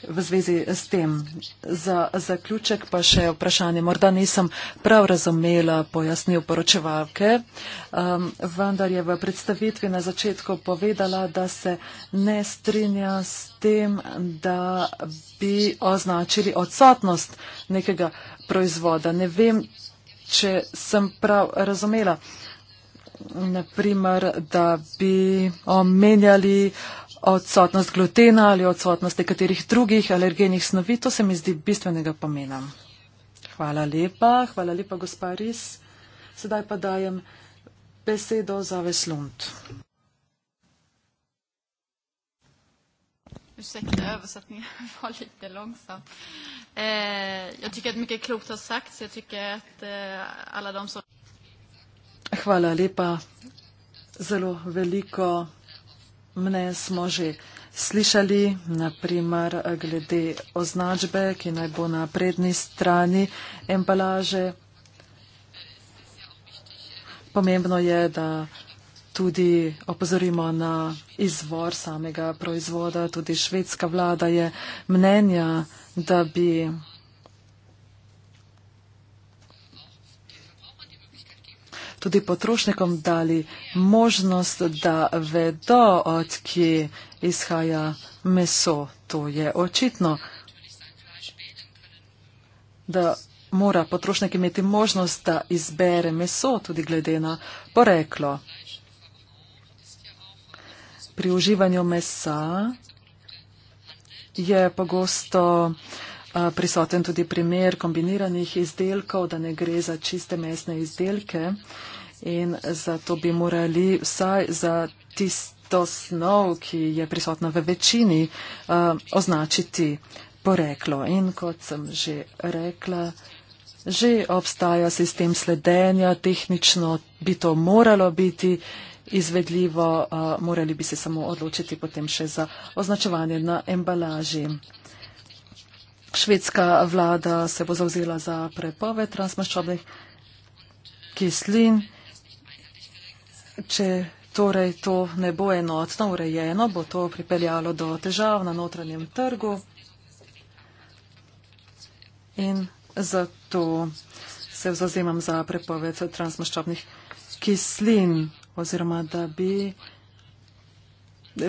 v zvezi s tem. Za zaključek pa še vprašanje. Morda nisem prav razumela pojasnil poročevalke, um, vendar je v predstavitvi na začetku povedala, da se ne strinja s tem, da bi označili odsotnost nekega proizvoda. Ne vem, če sem prav razumela. Naprimer, da bi omenjali. Um, odsotnost glutena ali odsotnost nekaterih drugih alergenih snovi, to se mi zdi bistvenega pomena. Hvala lepa, hvala lepa, gospa Ris. Sedaj pa dajem besedo za Veslund. Ursäkta översättningen, det var lite långsamt. Eh, jag tycker att mycket klokt har sagt, så jag tycker att eh, alla de som... Hvala lepa. Zelo veliko mnen smo že slišali, naprimer glede označbe, ki naj bo na prednji strani embalaže. Pomembno je, da tudi opozorimo na izvor samega proizvoda. Tudi švedska vlada je mnenja, da bi tudi potrošnikom dali možnost, da vedo, od kje izhaja meso. To je očitno, da mora potrošnik imeti možnost, da izbere meso tudi glede na poreklo. Pri uživanju mesa je pogosto prisoten tudi primer kombiniranih izdelkov, da ne gre za čiste mesne izdelke. Uh, in zato bi morali vsaj za tisto snov, ki je prisotna v večini, eh, označiti poreklo. In kot sem že rekla, že obstaja sistem sledenja, tehnično bi to moralo biti izvedljivo, eh, morali bi se samo odločiti potem še za označevanje na embalaži. Švedska vlada se bo zauzela za prepoved transmaščobnih kislin. Če torej to ne bo enotno urejeno, bo to pripeljalo do težav na notranjem trgu. In zato se zazemam za prepoved transmaščobnih kislin oziroma da bi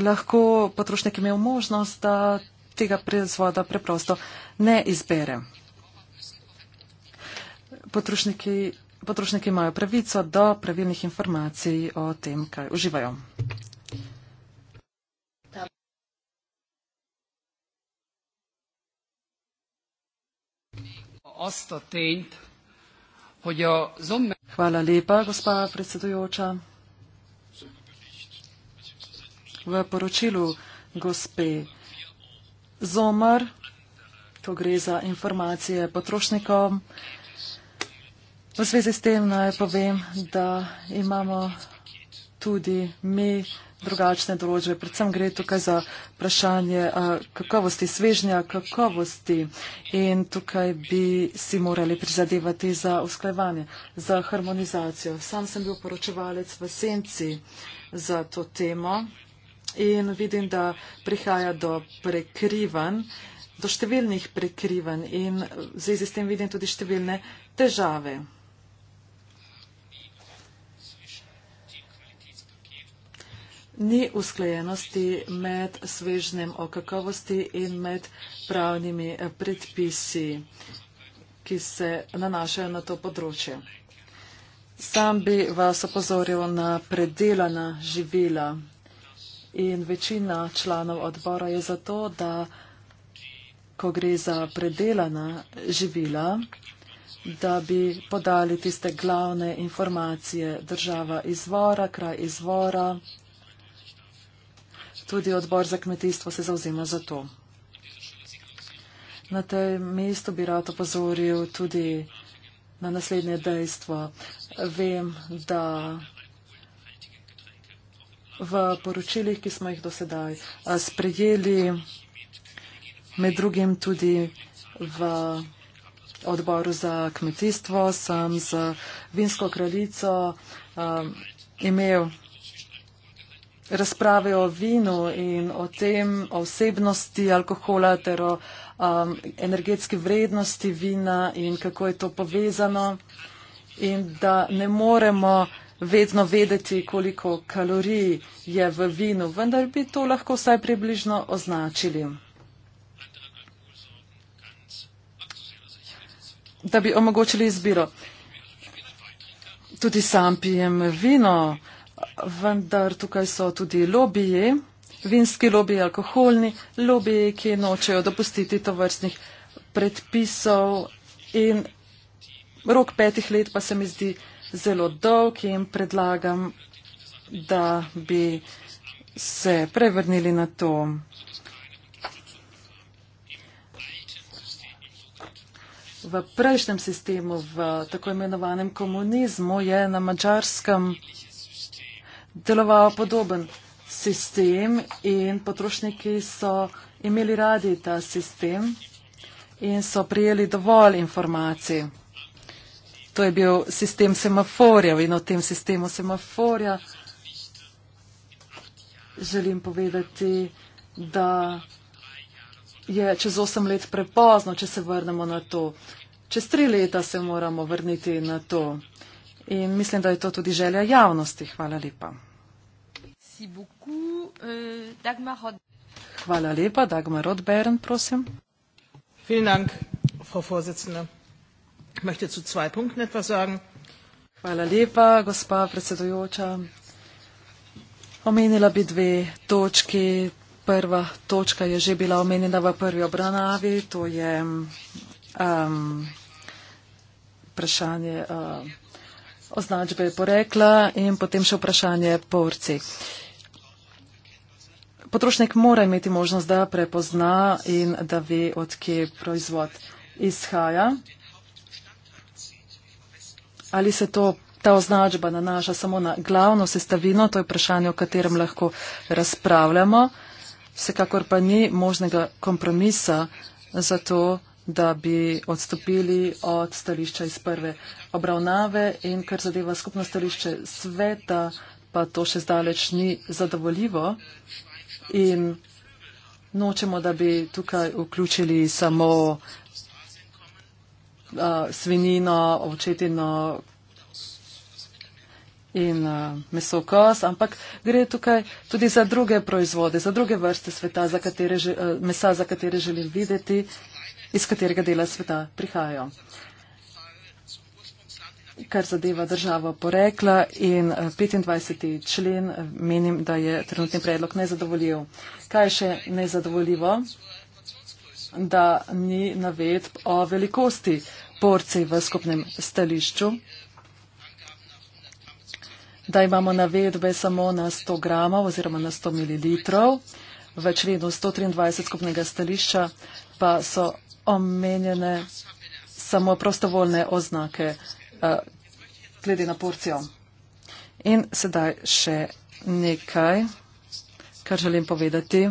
lahko potrošnik imel možnost, da tega proizvoda preprosto ne izbere. Potrošniki potrošniki imajo pravico do pravilnih informacij o tem, kaj uživajo. Hvala lepa, gospa predsedujoča. V poročilu gospe Zomar, to gre za informacije potrošnikov, V zvezi s tem naj povem, da imamo tudi mi drugačne določbe. Predvsem gre tukaj za vprašanje kakovosti svežnja, kakovosti in tukaj bi si morali prizadevati za usklajevanje, za harmonizacijo. Sam sem bil poročevalec v senci za to temo in vidim, da prihaja do prekrivan, do številnih prekrivan in v zvezi s tem vidim tudi številne težave. ni usklajenosti med svežnem o kakovosti in med pravnimi eh, predpisi, ki se nanašajo na to področje. Sam bi vas opozoril na predelana živila in večina članov odbora je zato, da ko gre za predelana živila, da bi podali tiste glavne informacije država izvora, kraj izvora, Tudi odbor za kmetijstvo se zauzema za to. Na tej mestu bi rad opozoril tudi na naslednje dejstvo. Vem, da v poročilih, ki smo jih dosedaj sprejeli, med drugim tudi v odboru za kmetijstvo, sem z vinsko kraljico imel razprave o vinu in o tem, o osebnosti alkohola ter o um, energetski vrednosti vina in kako je to povezano in da ne moremo vedno vedeti, koliko kalorij je v vinu, vendar bi to lahko vsaj približno označili. Da bi omogočili izbiro. Tudi sam pijem vino vendar tukaj so tudi lobiji, vinski lobiji, alkoholni lobiji, ki nočejo dopustiti to vrstnih predpisov in rok petih let pa se mi zdi zelo dolg in predlagam, da bi se prevrnili na to. V prejšnjem sistemu, v tako imenovanem komunizmu, je na mačarskem deloval podoben sistem in potrošniki so imeli radi ta sistem in so prijeli dovolj informacij. To je bil sistem semaforjev in o tem sistemu semaforja želim povedati, da je čez osem let prepozno, če se vrnemo na to. Čez tri leta se moramo vrniti na to. In mislim, da je to tudi želja javnosti. Hvala lepa. Merci beaucoup. Uh, Dagmar Hod Hvala lepa. Dagmar Rodbern, prosim. Vielen Dank, Frau Vorsitzende. Ich möchte zu zwei Punkten etwas sagen. Hvala lepa, gospa predsedujoča. Omenila bi dve točki. Prva točka je že bila omenjena v prvi obravnavi, to je um, vprašanje uh, označbe porekla in potem še vprašanje porci. Po potrošnik mora imeti možnost, da prepozna in da ve, odkje proizvod izhaja. Ali se to, ta označba nanaša samo na glavno sestavino, to je vprašanje, o katerem lahko razpravljamo. Vsekakor pa ni možnega kompromisa za to, da bi odstopili od stališča iz prve obravnave in kar zadeva skupno stališče sveta, pa to še zdaleč ni zadovoljivo in nočemo, da bi tukaj vključili samo uh, svinino, očetino in uh, meso kos, ampak gre tukaj tudi za druge proizvode, za druge vrste sveta, za katere, uh, mesa, za katere želim videti, iz katerega dela sveta prihajajo kar zadeva državo porekla in 25. Eh, člen eh, menim, da je trenutni predlog nezadovoljiv. Kaj je še nezadovoljivo? Da ni navedb o velikosti porcij v skupnem stališču, da imamo navedbe samo na 100 gramov oziroma na 100 mililitrov, v členu 123 skupnega stališča pa so omenjene samo prostovoljne oznake Eh, glede na porcijo. In sedaj še nekaj, kar želim povedati.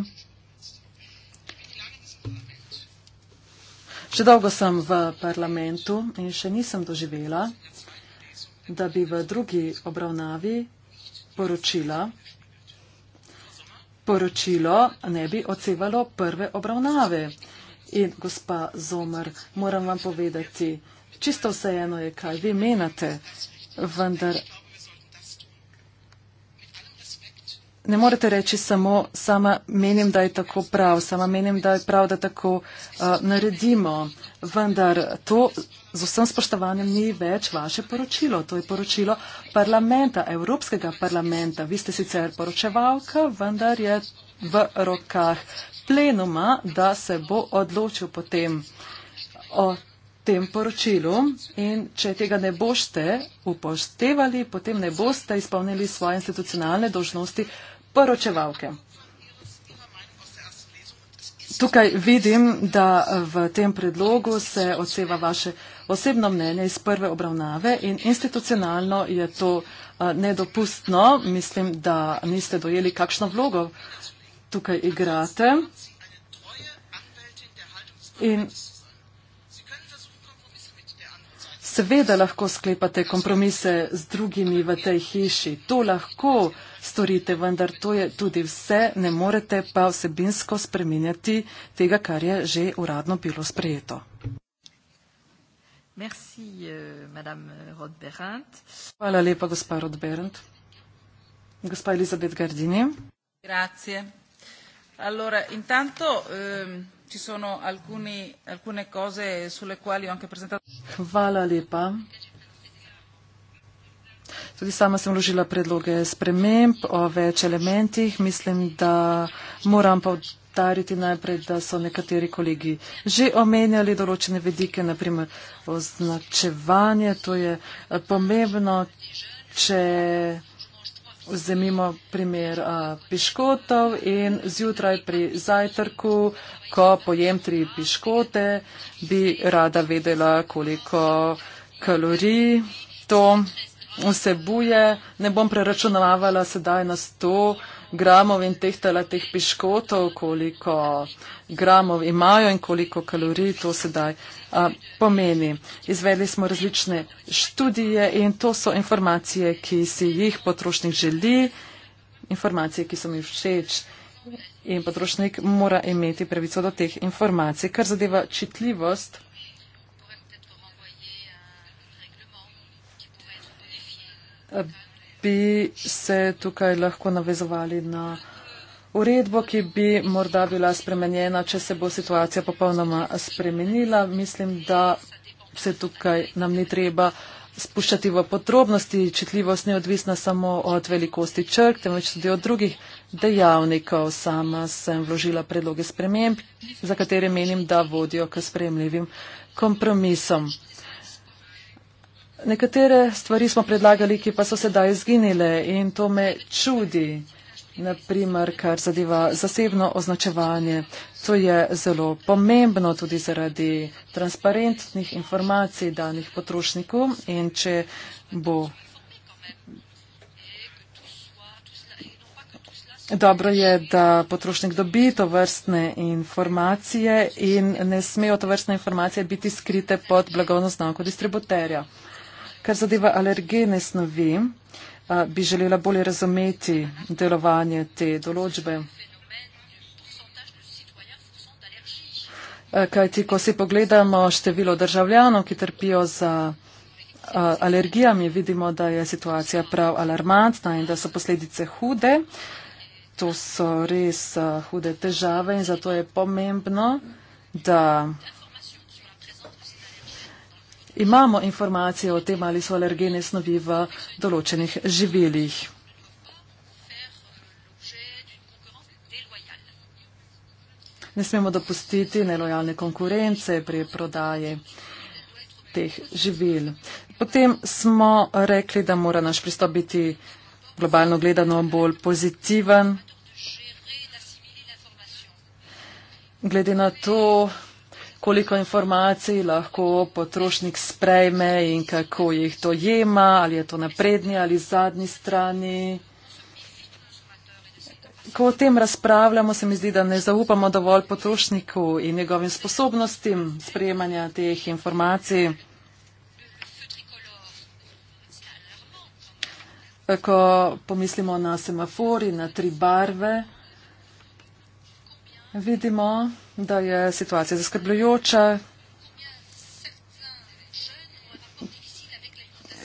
Še dolgo sem v parlamentu in še nisem doživela, da bi v drugi obravnavi poročila, poročilo ne bi odsevalo prve obravnave. In gospa Zomer, moram vam povedati, Čisto vseeno je, kaj vi menate, vendar ne morete reči samo, sama menim, da je tako prav, sama menim, da je prav, da tako uh, naredimo, vendar to z vsem spoštovanjem ni več vaše poročilo. To je poročilo parlamenta, Evropskega parlamenta. Vi ste sicer poročevalka, vendar je v rokah plenuma, da se bo odločil potem o tem poročilu in če tega ne boste upoštevali, potem ne boste izpolnili svoje institucionalne dožnosti poročevalke. Tukaj vidim, da v tem predlogu se odseva vaše osebno mnenje iz prve obravnave in institucionalno je to nedopustno. Mislim, da niste dojeli, kakšno vlogo tukaj igrate. In Seveda lahko sklepate kompromise z drugimi v tej hiši. To lahko storite, vendar to je tudi vse. Ne morete pa vsebinsko spreminjati tega, kar je že uradno bilo sprejeto. Merci, uh, Hvala lepa, gospa Rodberant. Gospa Elizabet Gardini. Grazie. Allora, intanto, um... Ci sono alcuni, alcune cose sulle quali ho anche presentato. Hvala lepa. Tudi sama sem vložila predloge sprememb o več elementih. Mislim, da moram povdariti najprej, da so nekateri kolegi že omenjali določene vedike, naprimer označevanje. To je pomembno, če vzemimo primer a, piškotov in zjutraj pri zajtrku, ko pojem tri piškote, bi rada vedela, koliko kalorij to vsebuje. Ne bom preračunavala sedaj na 100 kalorij gramov in tehtala teh piškotov, koliko gramov imajo in koliko kalorij to sedaj a, pomeni. Izvedli smo različne študije in to so informacije, ki si jih potrošnik želi, informacije, ki so mi všeč in potrošnik mora imeti pravico do teh informacij, kar zadeva čitljivost. A, bi se tukaj lahko navezovali na uredbo, ki bi morda bila spremenjena, če se bo situacija popolnoma spremenila. Mislim, da se tukaj nam ni treba spuščati v podrobnosti. Čitljivost ni odvisna samo od velikosti črk, temveč tudi od drugih dejavnikov. Sama sem vložila predloge sprememb, za katere menim, da vodijo k spremljivim kompromisom. Nekatere stvari smo predlagali, ki pa so sedaj izginile in to me čudi, naprimer, kar zadeva zasebno označevanje. To je zelo pomembno tudi zaradi transparentnih informacij danih potrošnikov in če bo dobro je, da potrošnik dobi to vrstne informacije in ne smejo to vrstne informacije biti skrite pod blagovno znako distributerja. Kar zadeva alergene snovi, bi želela bolje razumeti delovanje te določbe. Kajti, ko si pogledamo število državljanov, ki trpijo za alergijami, vidimo, da je situacija prav alarmantna in da so posledice hude. To so res hude težave in zato je pomembno, da imamo informacije o tem, ali so alergene snovi v določenih živelih. Ne smemo dopustiti nelojalne konkurence pri prodaji teh živil. Potem smo rekli, da mora naš pristop biti globalno gledano bolj pozitiven. Glede na to, koliko informacij lahko potrošnik sprejme in kako jih to jema, ali je to na prednji ali zadnji strani. Ko o tem razpravljamo, se mi zdi, da ne zaupamo dovolj potrošniku in njegovim sposobnostim sprejemanja teh informacij. Ko pomislimo na semafori, na tri barve, vidimo, da je situacija zaskrbljujoča.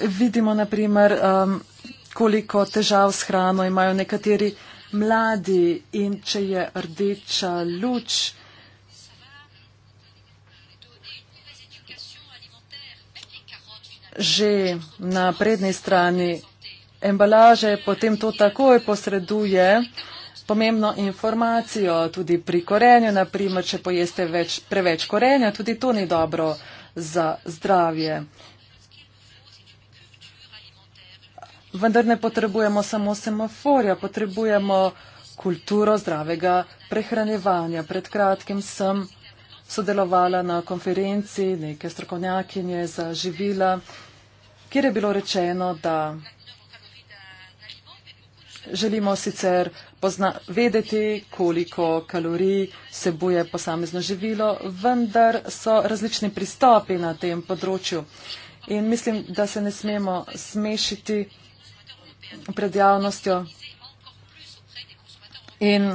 Vidimo naprimer, um, koliko težav s hrano imajo nekateri mladi in če je rdeča luč. Že na prednji strani embalaže potem to takoj posreduje pomembno informacijo tudi pri korenju, naprimer, če pojeste več, preveč korenja, tudi to ni dobro za zdravje. Vendar ne potrebujemo samo semaforja, potrebujemo kulturo zdravega prehranjevanja. Pred kratkim sem sodelovala na konferenci neke strokovnjakinje za živila, kjer je bilo rečeno, da želimo sicer pozna, vedeti, koliko kalorij sebuje posamezno živilo, vendar so različni pristopi na tem področju. In mislim, da se ne smemo smešiti pred javnostjo. In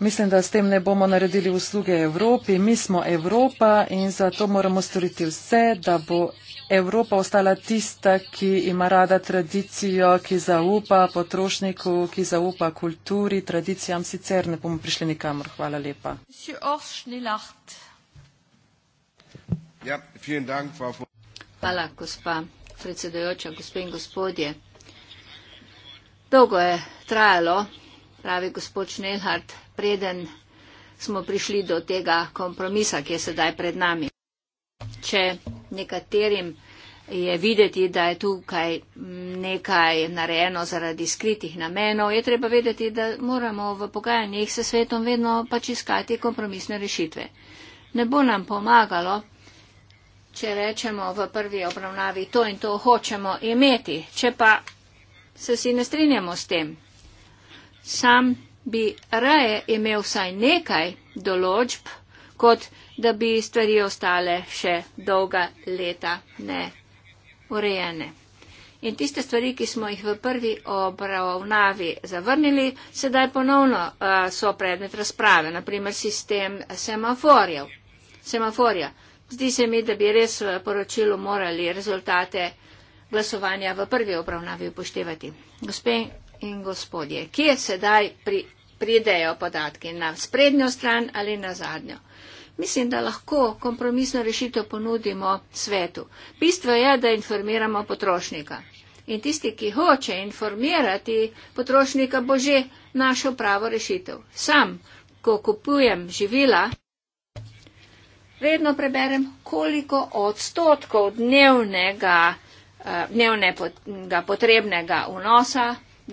mislim, da s tem ne bomo naredili usluge Evropi. Mi smo Evropa in zato moramo storiti vse, da bo Evropa ostala tista, ki ima rada tradicijo, ki zaupa potrošniku, ki zaupa kulturi, tradicijam sicer ne bomo prišli nikamor. Hvala lepa. Ja, Hvala, gospa predsedojoča, gospe in gospodje. Dolgo je trajalo, pravi gospod Šnehart, preden smo prišli do tega kompromisa, ki je sedaj pred nami. Če nekaterim je videti, da je tukaj nekaj narejeno zaradi skritih namenov, je treba vedeti, da moramo v pogajanjih s svetom vedno pač iskati kompromisne rešitve. Ne bo nam pomagalo, če rečemo v prvi obravnavi to in to hočemo imeti, če pa se si ne strinjamo s tem. Sam bi raje imel vsaj nekaj določb, kot da bi stvari ostale še dolga leta neurejene. In tiste stvari, ki smo jih v prvi obravnavi zavrnili, sedaj ponovno uh, so predmet razprave, naprimer sistem semaforjev. semaforja. Zdi se mi, da bi res v eh, poročilu morali rezultate glasovanja v prvi obravnavi upoštevati. Gospe in gospodje, kje sedaj pri, pridejo podatki? Na sprednjo stran ali na zadnjo? mislim, da lahko kompromisno rešitev ponudimo svetu. Bistvo je, da informiramo potrošnika. In tisti, ki hoče informirati potrošnika, bo že našel pravo rešitev. Sam, ko kupujem živila, vedno preberem, koliko odstotkov dnevnega, eh, dnevnega potrebnega vnosa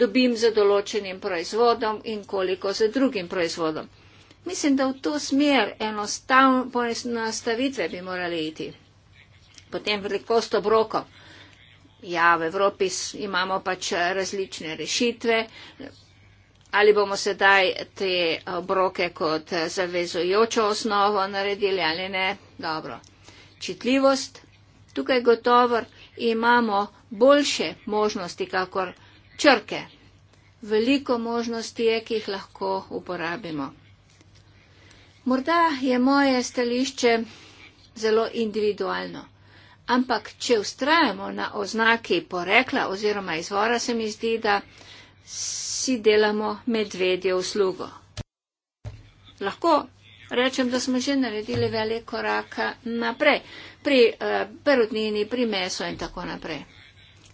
dobim za določenim proizvodom in koliko za drugim proizvodom. Mislim, da v to smer enostavno poenostavitve bi morali iti. Potem velikost obroka. Ja, v Evropi imamo pač različne rešitve. Ali bomo sedaj te obroke kot zavezojočo osnovo naredili ali ne? Dobro. Čitljivost. Tukaj gotovo imamo boljše možnosti, kakor črke. Veliko možnosti je, ki jih lahko uporabimo. Morda je moje stališče zelo individualno, ampak če ustrajamo na oznaki porekla oziroma izvora, se mi zdi, da si delamo medvedje uslugo. Lahko rečem, da smo že naredili velik korak naprej pri eh, perutnini, pri meso in tako naprej.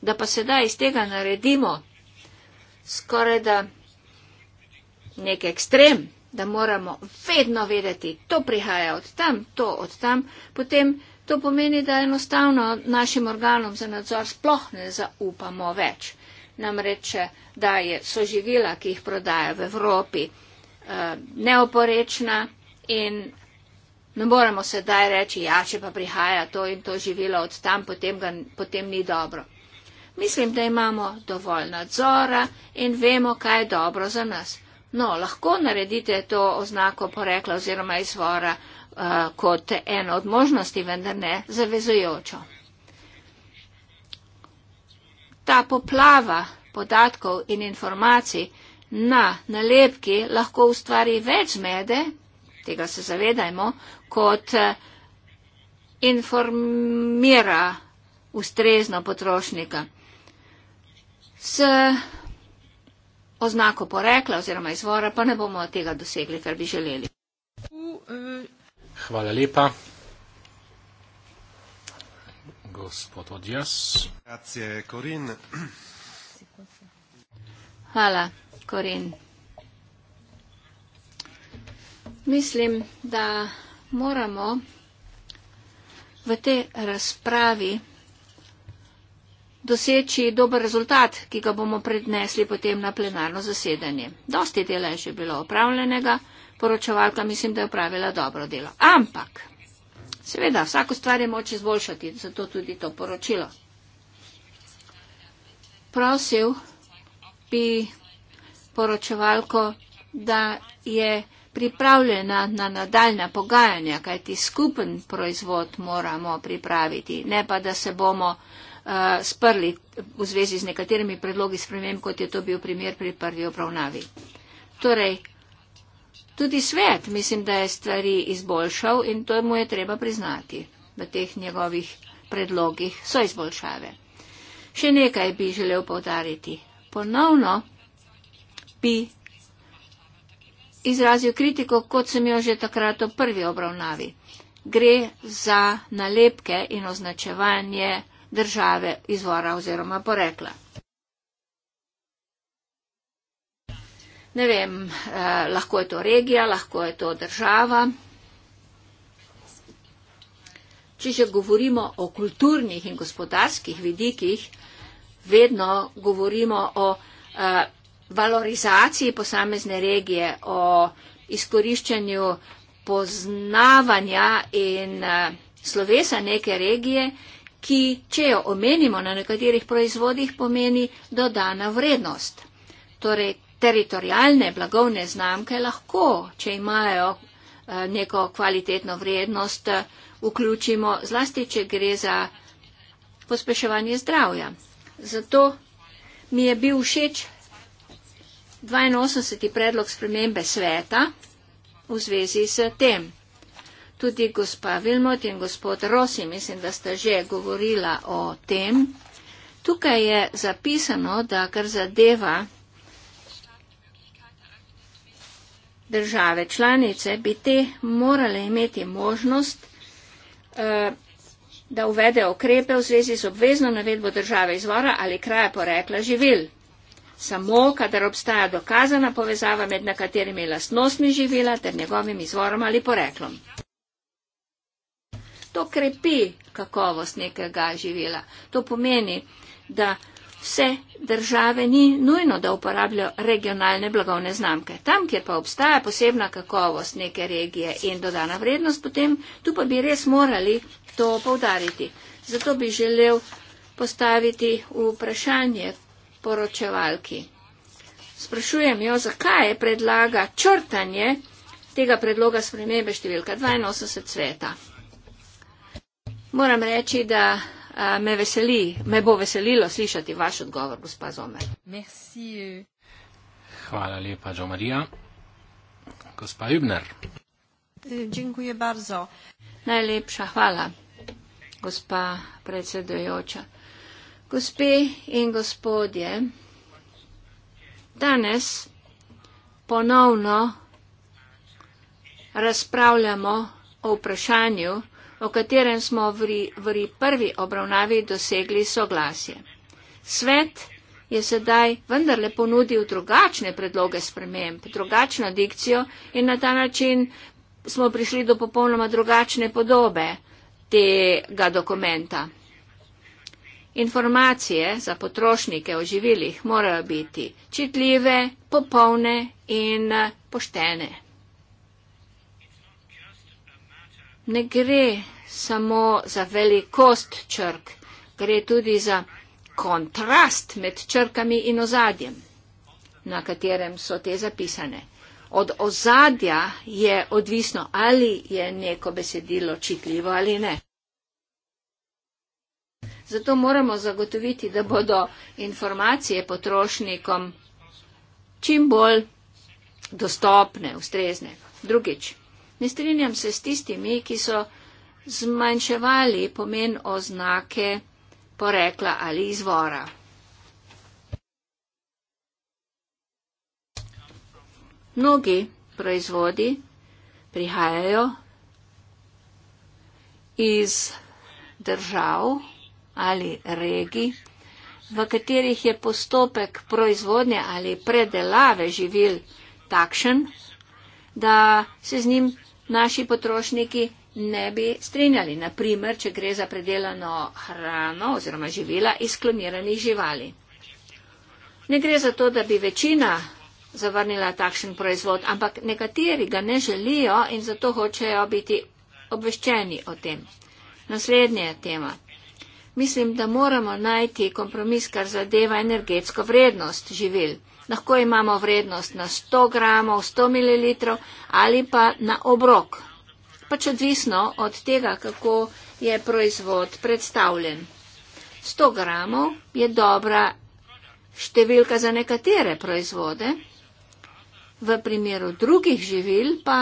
Da pa sedaj iz tega naredimo skoraj da nek ekstrem da moramo vedno vedeti, to prihaja od tam, to od tam, potem to pomeni, da enostavno našim organom za nadzor sploh ne zaupamo več. Namreč, da je soživila, ki jih prodaja v Evropi, eh, neoporečna in ne moremo sedaj reči, ja, če pa prihaja to in to živilo od tam, potem, ga, potem ni dobro. Mislim, da imamo dovolj nadzora in vemo, kaj je dobro za nas. No, lahko naredite to oznako porekla oziroma izvora uh, kot eno od možnosti, vendar ne zavezujočo. Ta poplava podatkov in informacij na nalepki lahko ustvari več mede, tega se zavedajmo, kot eh, informira ustrezno potrošnika. S oznako porekla oziroma izvora, pa ne bomo tega dosegli, kar bi želeli. Hvala lepa. Gospod Odjas. Grazie, Corin. Hvala, Korin. Mislim, da moramo v tej razpravi doseči dober rezultat, ki ga bomo prednesli potem na plenarno zasedanje. Dosti dela je že bilo opravljenega, poročevalka mislim, da je upravila dobro delo. Ampak, seveda, vsako stvar je moče zboljšati, zato tudi to poročilo. Prosil bi poročevalko, da je pripravljena na nadaljna pogajanja, kajti skupen proizvod moramo pripraviti, ne pa da se bomo uh, sprli v zvezi z nekaterimi predlogi sprememb, kot je to bil primer pri prvi obravnavi. Torej, tudi svet mislim, da je stvari izboljšal in to mu je treba priznati v teh njegovih predlogih so izboljšave. Še nekaj bi želel povdariti. Ponovno bi izrazil kritiko, kot sem jo že takrat v prvi obravnavi. Gre za nalepke in označevanje države izvora oziroma porekla. Ne vem, eh, lahko je to regija, lahko je to država. Če že govorimo o kulturnih in gospodarskih vidikih, vedno govorimo o eh, valorizaciji posamezne regije, o izkoriščanju poznavanja in eh, slovesa neke regije ki, če jo omenimo na nekaterih proizvodih, pomeni dodana vrednost. Torej, teritorijalne blagovne znamke lahko, če imajo eh, neko kvalitetno vrednost, eh, vključimo, zlasti, če gre za pospeševanje zdravja. Zato mi je bil všeč 82. predlog spremembe sveta v zvezi s tem tudi gospa Vilmot in gospod Rosi, mislim, da sta že govorila o tem. Tukaj je zapisano, da kar zadeva države članice, bi te morale imeti možnost, eh, da uvede okrepe v zvezi z obvezno navedbo države izvora ali kraja porekla živil. Samo, kadar obstaja dokazana povezava med nekaterimi lastnostmi živila ter njegovim izvorom ali poreklom to krepi kakovost nekega živila. To pomeni, da vse države ni nujno, da uporabljajo regionalne blagovne znamke. Tam, kjer pa obstaja posebna kakovost neke regije in dodana vrednost, potem tu pa bi res morali to povdariti. Zato bi želel postaviti vprašanje poročevalki. Sprašujem jo, zakaj predlaga črtanje tega predloga spremembe številka 82 sveta. Moram reči, da me veseli, me bo veselilo slišati vaš odgovor, gospa Zomer. Merci. Hvala lepa, Džo Marija. Gospa Hübner. Dziękuję bardzo. Najlepša hvala, gospa predsedujoča. Gospe in gospodje, danes ponovno razpravljamo o vprašanju, o katerem smo v prvi obravnavi dosegli soglasje. Svet je sedaj vendarle ponudil drugačne predloge sprememb, drugačno dikcijo in na ta način smo prišli do popolnoma drugačne podobe tega dokumenta. Informacije za potrošnike o živilih morajo biti čitljive, popolne in poštene. ne gre samo za velikost črk, gre tudi za kontrast med črkami in ozadjem, na katerem so te zapisane. Od ozadja je odvisno, ali je neko besedilo čitljivo ali ne. Zato moramo zagotoviti, da bodo informacije potrošnikom čim bolj dostopne, ustrezne. Drugič. Ne strinjam se s tistimi, ki so zmanjševali pomen oznake porekla ali izvora. Mnogi proizvodi prihajajo iz držav ali regij, v katerih je postopek proizvodnje ali predelave živil takšen, da se z njim naši potrošniki ne bi strinjali, naprimer, če gre za predelano hrano oziroma živila iz kloniranih živali. Ne gre za to, da bi večina zavrnila takšen proizvod, ampak nekateri ga ne želijo in zato hočejo biti obveščeni o tem. Naslednja tema. Mislim, da moramo najti kompromis, kar zadeva energetsko vrednost živil. Lahko imamo vrednost na 100 gramov, 100 ml ali pa na obrok. Pač odvisno od tega, kako je proizvod predstavljen. 100 gramov je dobra številka za nekatere proizvode, v primeru drugih živil pa,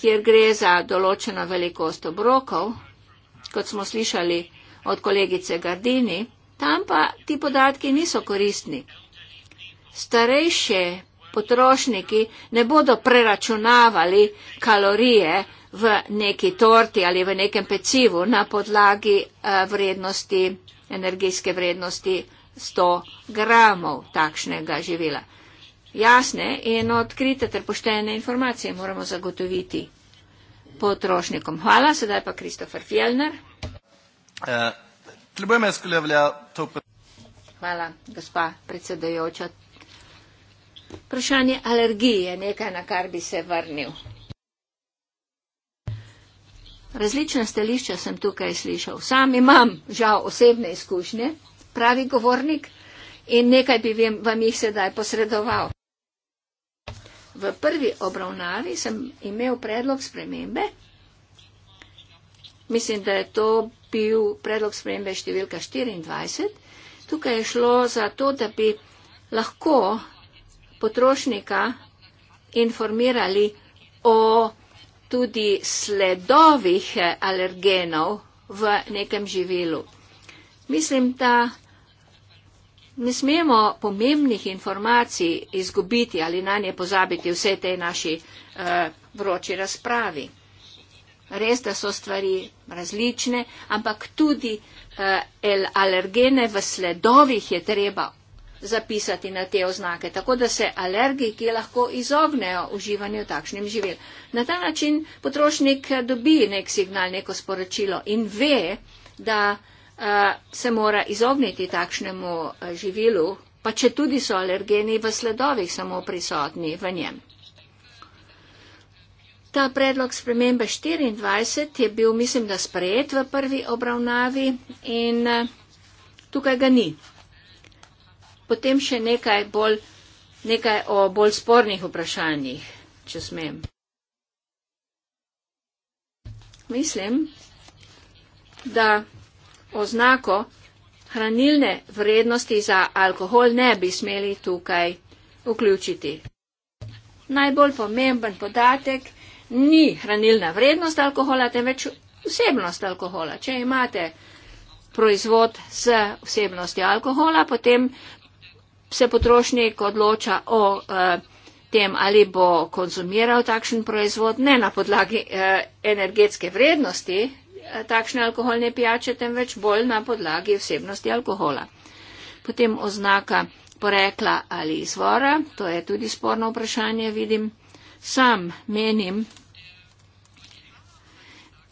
kjer gre za določeno velikost obrokov, kot smo slišali od kolegice Gardini, tam pa ti podatki niso koristni starejši potrošniki ne bodo preračunavali kalorije v neki torti ali v nekem pecivu na podlagi eh, vrednosti, energijske vrednosti 100 gramov takšnega živila. Jasne in odkrite ter poštene informacije moramo zagotoviti potrošnikom. Hvala, sedaj pa Kristofer Fjellner. Eh, Hvala, gospa predsedajoča. Vprašanje alergije je nekaj, na kar bi se vrnil. Različna stališča sem tukaj slišal. Sam imam žal osebne izkušnje, pravi govornik, in nekaj bi vam jih sedaj posredoval. V prvi obravnavi sem imel predlog spremembe. Mislim, da je to bil predlog spremembe številka 24. Tukaj je šlo za to, da bi lahko potrošnika informirali o tudi sledovih eh, alergenov v nekem živilu. Mislim, da ne smemo pomembnih informacij izgubiti ali na nje pozabiti vse tej naši uh, vroči razpravi. Res, da so stvari različne, ampak tudi uh, alergene v sledovih je treba zapisati na te oznake, tako da se alergiki lahko izognejo uživanju takšnim živil. Na ta način potrošnik dobi nek signal, neko sporočilo in ve, da uh, se mora izogniti takšnemu eh, živilu, pa če tudi so alergeni v sledovih samo prisotni v njem. Ta predlog spremembe 24 je bil, mislim, da sprejet v prvi obravnavi in eh, tukaj ga ni potem še nekaj, bolj, nekaj o bolj spornih vprašanjih, če smem. Mislim, da oznako hranilne vrednosti za alkohol ne bi smeli tukaj vključiti. Najbolj pomemben podatek ni hranilna vrednost alkohola, temveč vsebnost alkohola. Če imate proizvod z vsebnostjo alkohola, potem se potrošnik odloča o eh, tem, ali bo konzumiral takšen proizvod, ne na podlagi eh, energetske vrednosti eh, takšne alkoholne pijače, temveč bolj na podlagi vsebnosti alkohola. Potem oznaka porekla ali izvora, to je tudi sporno vprašanje, vidim. Sam menim,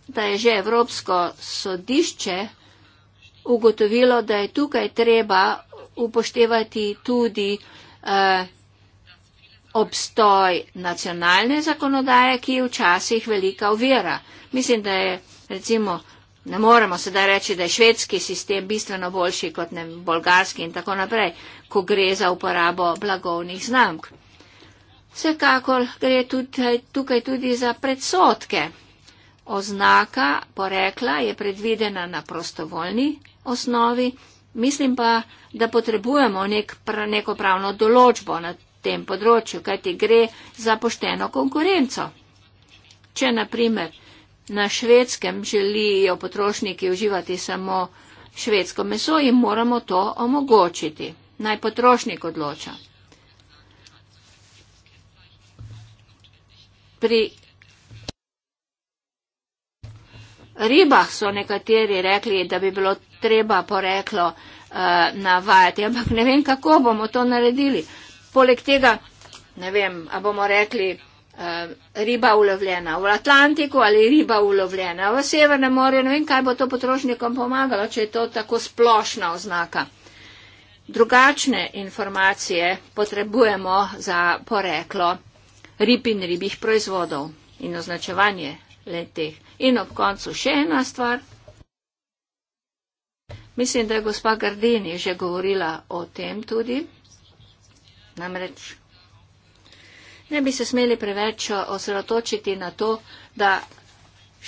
da je že Evropsko sodišče ugotovilo, da je tukaj treba upoštevati tudi eh, obstoj nacionalne zakonodaje, ki je včasih velika ovira. Mislim, da je recimo, ne moremo sedaj reči, da je švedski sistem bistveno boljši kot ne bolgarski in tako naprej, ko gre za uporabo blagovnih znamk. Vsekakor gre tudi, tukaj tudi za predsotke. Oznaka porekla je predvidena na prostovoljni osnovi, Mislim pa, da potrebujemo nek, neko pravno določbo na tem področju, kaj ti gre za pošteno konkurenco. Če naprimer na švedskem želijo potrošniki uživati samo švedsko meso, jim moramo to omogočiti. Naj potrošnik odloča. Pri ribah so nekateri rekli, da bi bilo treba poreklo uh, navajati. Ampak ne vem, kako bomo to naredili. Poleg tega, ne vem, a bomo rekli uh, riba ulovljena v Atlantiku ali riba ulovljena v Severnem morju, ne vem, kaj bo to potrošnikom pomagalo, če je to tako splošna oznaka. Drugačne informacije potrebujemo za poreklo rib in ribih proizvodov in označevanje le teh. In ob koncu še ena stvar. Mislim, da je gospa Gardini že govorila o tem tudi. Namreč ne bi se smeli preveč osredotočiti na to, da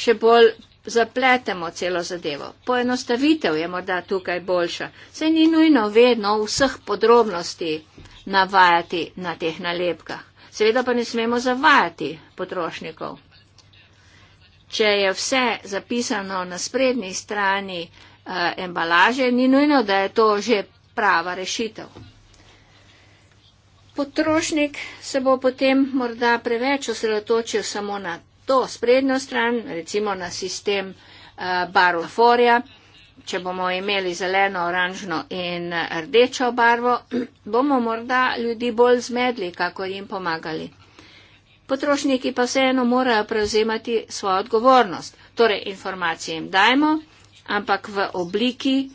še bolj zapletemo celo zadevo. Poenostavitev je morda tukaj boljša. Se ni nujno vedno vseh podrobnosti navajati na teh nalepkah. Seveda pa ne smemo zavajati potrošnikov. Če je vse zapisano na sprednji strani, uh, embalaže, ni nujno, da je to že prava rešitev. Potrošnik se bo potem morda preveč osredotočil samo na to sprednjo stran, recimo na sistem uh, barva forja. Če bomo imeli zeleno, oranžno in eh, rdečo barvo, bomo morda ljudi bolj zmedli, kako jim pomagali. Potrošniki pa vseeno morajo prevzemati svojo odgovornost. Torej, informacije jim dajmo, ampak v obliki,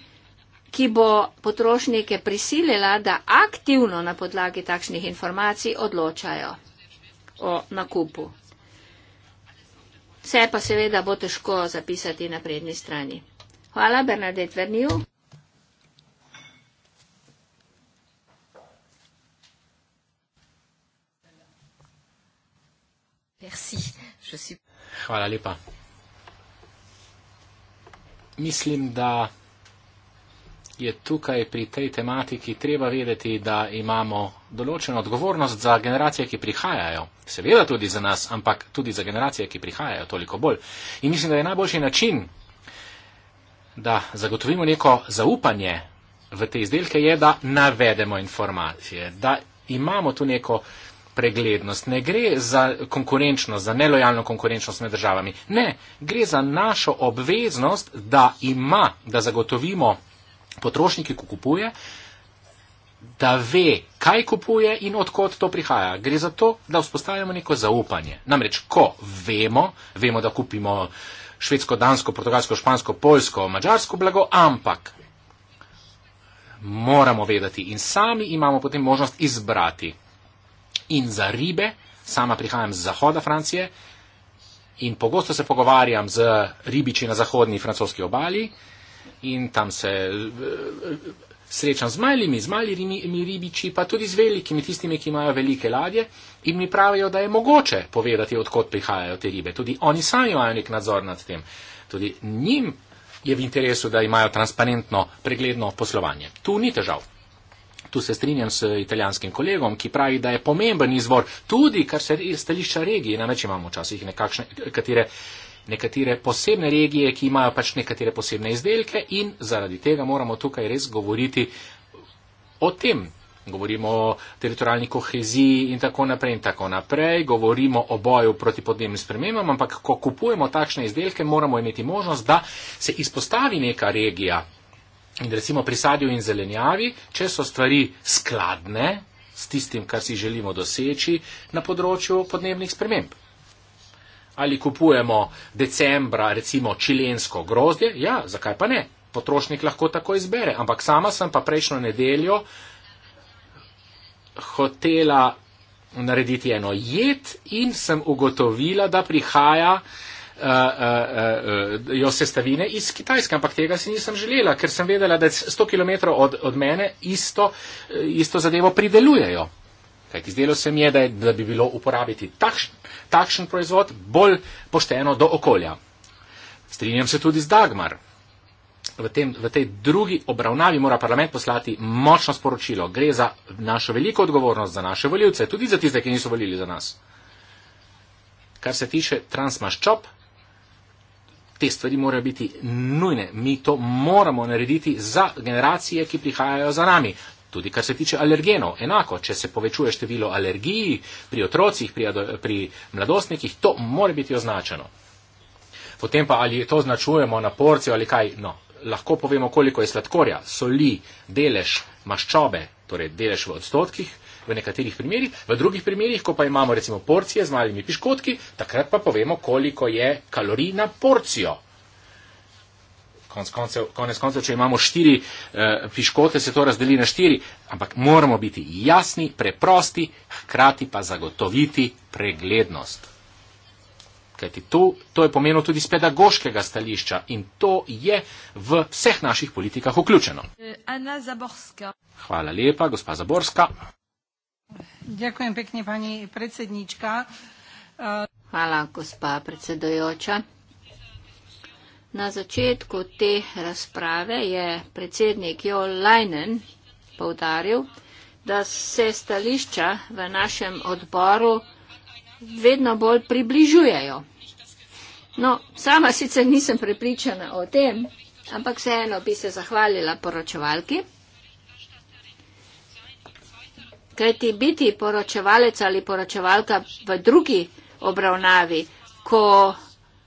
ki bo potrošnike prisilila, da aktivno na podlagi takšnih informacij odločajo o nakupu. Vse pa seveda bo težko zapisati na prednji strani. Hvala, Bernadette Verniu. Hvala lepa mislim, da je tukaj pri tej tematiki treba vedeti, da imamo določeno odgovornost za generacije, ki prihajajo. Seveda tudi za nas, ampak tudi za generacije, ki prihajajo toliko bolj. In mislim, da je najboljši način, da zagotovimo neko zaupanje v te izdelke, je, da navedemo informacije, da imamo tu neko uh, preglednost, ne gre za konkurenčnost, za nelojalno konkurenčnost med državami. Ne, gre za našo obveznost, da ima, da zagotovimo potrošniki, ko kupuje, da ve, kaj kupuje in odkot to prihaja. Gre za to, da vzpostavljamo neko zaupanje. Namreč, ko vemo, vemo, da kupimo švedsko, dansko, portugalsko, špansko, polsko, mađarsko blago, ampak moramo vedeti in sami imamo potem možnost izbrati in za ribe. Sama prihajam z zahoda Francije in pogosto se pogovarjam z ribiči na zahodni francoski obali in tam se eh, srečam z malimi, z malimi ribiči, pa tudi z velikimi, tistimi, ki imajo velike ladje in mi pravijo, da je mogoče povedati, odkot prihajajo te ribe. Tudi oni sami imajo nek nadzor nad tem. Tudi njim je v interesu, da imajo transparentno, pregledno poslovanje. Tu ni težav tu se strinjam s italijanskim kolegom, ki pravi, da je pomemben izvor tudi, kar se stališča regije, namreč imamo včasih nekakšne, katere, nekatere posebne regije, ki imajo pač nekatere posebne izdelke in zaradi tega moramo tukaj res govoriti o tem. Govorimo o teritorijalni koheziji in tako naprej in tako naprej, govorimo o boju proti podnebnim spremembam, ampak ko kupujemo takšne izdelke, moramo imeti možnost, da se izpostavi neka regija In recimo pri sadju in zelenjavi, če so stvari skladne s tistim, kar si želimo doseči na področju podnebnih sprememb. Ali kupujemo decembra recimo čilensko grozdje? Ja, zakaj pa ne? Potrošnik lahko tako izbere. Ampak sama sem pa prejšnjo nedeljo hotela narediti eno jed in sem ugotovila, da prihaja uh, uh, uh, sestavine iz Kitajske, ampak tega si nisem želela, ker sem vedela, da 100 km od, od mene isto, eh, isto zadevo pridelujejo. Kajti zdelo se mi je, da, da bi bilo uporabiti takšen, takšen proizvod bolj pošteno do okolja. Strinjam se tudi z Dagmar. V, tem, v tej drugi obravnavi mora parlament poslati močno sporočilo. Gre za našo veliko odgovornost, za naše voljivce, tudi za tiste, ki niso volili za nas. Kar se tiče transmaščop, Te stvari morajo biti nujne. Mi to moramo narediti za generacije, ki prihajajo za nami. Tudi kar se tiče alergenov. Enako, če se povečuje število alergij pri otrocih, pri, pri mladostnikih, to mora biti označeno. Potem pa ali to označujemo na porcijo ali kaj. No, lahko povemo, koliko je sladkorja, soli, delež maščobe, torej delež v odstotkih, v nekaterih primerjih, v drugih primerjih, ko pa imamo recimo porcije z malimi piškotki, takrat pa povemo, koliko je kalorij na porcijo. Konec koncev, konec koncev, če imamo štiri eh, piškote, se to razdeli na štiri, ampak moramo biti jasni, preprosti, hkrati pa zagotoviti preglednost. Ker ti to, to je pomenilo tudi z pedagoškega stališča in to je v vseh naših politikah vključeno. Hvala lepa, gospa Zaborska. Ďakujem pekne, pani predsedníčka. Hvala, gospa predsedujoča. Na začetku te razprave je predsednik Jo Leinen povdaril, da se stališča v našem odboru vedno bolj približujejo. No, sama sicer nisem prepričana o tem, ampak vseeno bi se zahvalila poročevalki. Kajti biti poročevalec ali poročevalka v drugi obravnavi, ko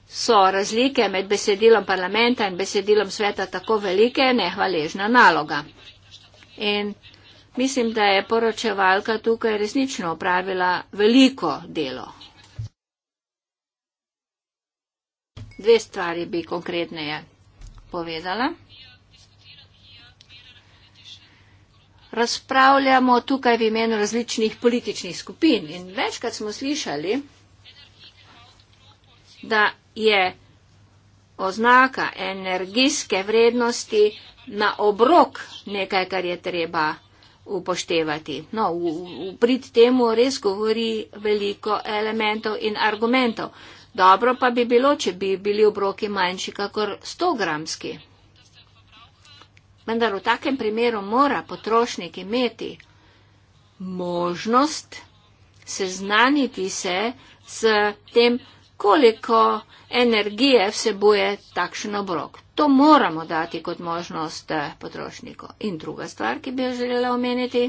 so razlike med besedilom parlamenta in besedilom sveta tako velike, je nehvaležna naloga. In mislim, da je poročevalka tukaj resnično opravila veliko delo. Dve stvari bi konkretneje povedala. razpravljamo tukaj v imenu različnih političnih skupin. In večkrat smo slišali, da je oznaka energijske vrednosti na obrok nekaj, kar je treba upoštevati. No, v, v prid temu res govori veliko elementov in argumentov. Dobro pa bi bilo, če bi bili obroki manjši kakor 100 gramski vendar v takem primeru mora potrošnik imeti možnost seznaniti se s tem, koliko energije vsebuje takšen obrok. To moramo dati kot možnost eh, potrošniku. In druga stvar, ki bi jo želela omeniti,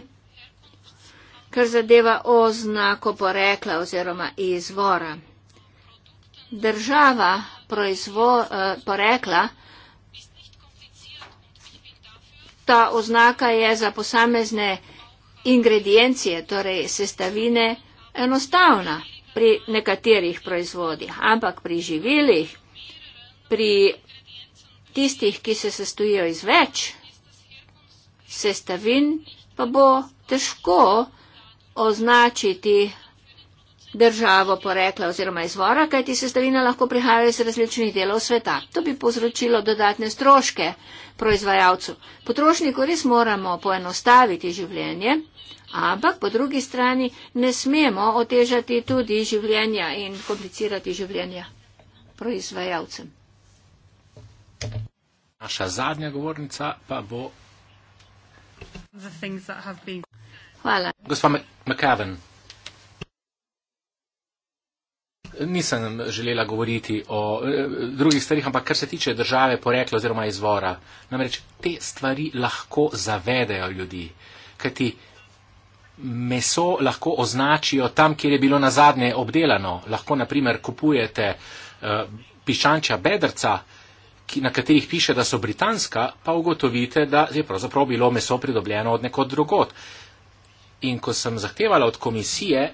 kar zadeva oznako porekla oziroma izvora. Država proizvo, eh, porekla Žolta oznaka je za posamezne ingredijencije, torej sestavine, enostavna pri nekaterih proizvodih, ampak pri živilih, pri tistih, ki se sestojijo iz več sestavin, pa bo težko označiti državo porekla oziroma izvora, kajti sestavina lahko prihaja iz različnih delov sveta. To bi povzročilo dodatne stroške proizvajalcu. Potrošniku res moramo poenostaviti življenje, ampak po drugi strani ne smemo otežati tudi življenja in komplicirati življenja proizvajalcem. Naša zadnja govornica pa bo. Hvala. Gospod McCavan. Nisem želela govoriti o eh, drugih stvarih, ampak kar se tiče države, porekla oziroma izvora. Namreč te stvari lahko zavedajo ljudi, kajti meso lahko označijo tam, kjer je bilo na zadnje obdelano. Lahko naprimer kupujete uh, piščančja bedrca, ki, na katerih piše, da so britanska, pa ugotovite, da je pravzaprav bilo meso pridobljeno od nekod drugot. In ko sem zahtevala od komisije,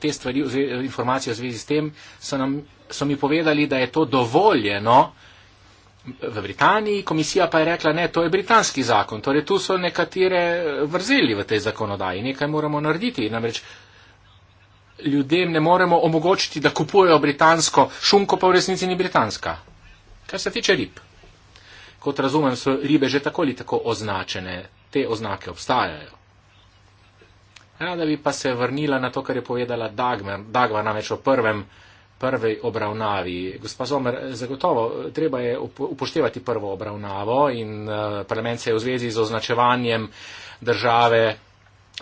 te stvari, informacije v zvezi s tem, so, nam, so mi povedali, da je to dovoljeno v Britaniji, komisija pa je rekla, ne, to je britanski zakon, torej tu so nekatere vrzeli v tej zakonodaji, nekaj moramo narediti, namreč ljudem ne moremo omogočiti, da kupujejo britansko šunko, pa v resnici ni britanska. Kar se tiče rib, kot razumem, so ribe že tako ali tako označene, te oznake obstajajo. Rada bi pa se vrnila na to, kar je povedala Dagmar, Dagmar namreč o prvem, prvej obravnavi. Gospa Zomer, zagotovo treba je upoštevati prvo obravnavo in eh, parlament se je v zvezi z označevanjem države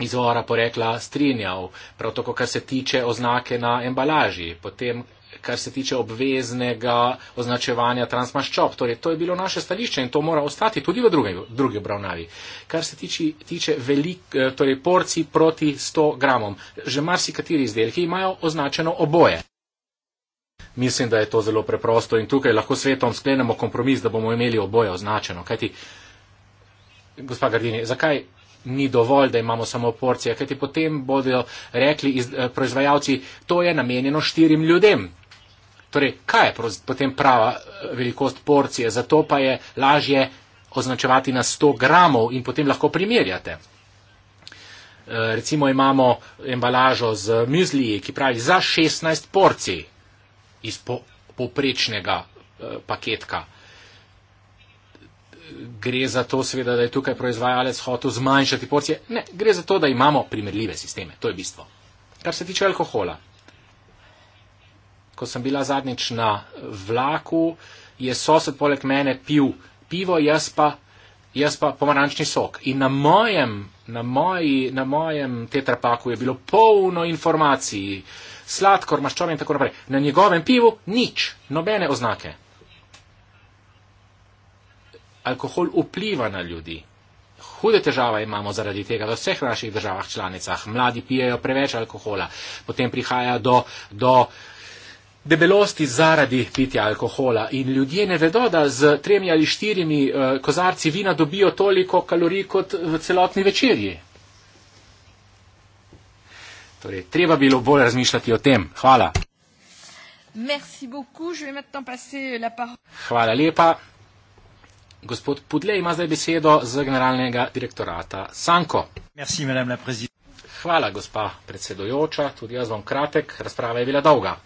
izvora porekla strinjal, prav tako kar se tiče oznake na embalaži. Potem kar se tiče obveznega označevanja transmaščob. Torej, to je bilo naše stališče in to mora ostati tudi v drugi obravnavi. Kar se tiče, tiče velik, eh, torej porci proti 100 gramom, že marsikateri izdelki imajo označeno oboje. Mislim, da je to zelo preprosto in tukaj lahko svetom sklenemo kompromis, da bomo imeli oboje označeno. Kajti, gospa Gardini, zakaj ni dovolj, da imamo samo porcije? Kajti potem bodo rekli iz, eh, proizvajalci, to je namenjeno štirim ljudem, Torej, kaj je potem prava eh, velikost porcije? Zato pa je lažje označevati na 100 gramov in potem lahko primerjate. Eh, recimo imamo embalažo z mizliji, ki pravi za 16 porcij iz po, poprečnega eh, paketka. Gre za to, seveda, da je tukaj proizvajalec hotel zmanjšati porcije. Ne, gre za to, da imamo primerljive sisteme. To je bistvo. Kar se tiče alkohola ko sem bila zadnjič na vlaku, je sosed poleg mene pil pivo, jaz pa, jaz pa pomarančni sok. In na mojem, na moji, na mojem tetrapaku je bilo polno informacij, sladkor, maščobe in tako naprej. Na njegovem pivu nič, nobene oznake. Alkohol vpliva na ljudi. Hude težave imamo zaradi tega v vseh naših državah članicah. Mladi pijejo preveč alkohola, potem prihaja do, do uh, debelosti zaradi pitja alkohola in ljudje ne vedo, da z tremi ali štirimi eh, kozarci vina dobijo toliko kalorij kot v celotni večerji. Torej, treba bi bilo bolj razmišljati o tem. Hvala. Hvala lepa. Gospod Pudle ima zdaj besedo z generalnega direktorata Sanko. Hvala, gospa predsedojoča. Tudi jaz bom kratek. Razprava je bila dolga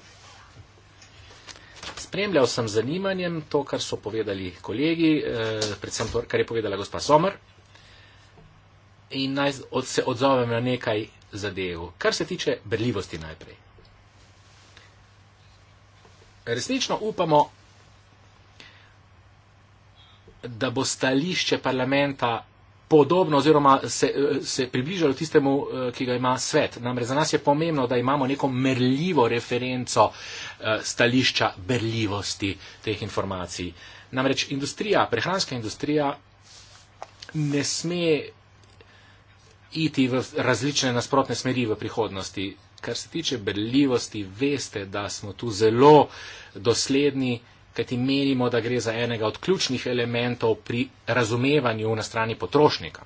spremljal sem zanimanjem to, kar so povedali kolegi, eh, predvsem to, kar je povedala gospa Somer. In naj se odzovem na nekaj zadev, kar se tiče brljivosti najprej. Resnično upamo, da bo stališče parlamenta podobno oziroma se, se približalo tistemu, eh, ki ga ima svet. Namreč za nas je pomembno, da imamo neko merljivo referenco eh, stališča berljivosti teh informacij. Namreč industrija, prehranska industrija ne sme iti v različne nasprotne smeri v prihodnosti. Kar se tiče berljivosti, veste, da smo tu zelo dosledni kajti menimo, da gre za enega od ključnih elementov pri razumevanju na strani potrošnika.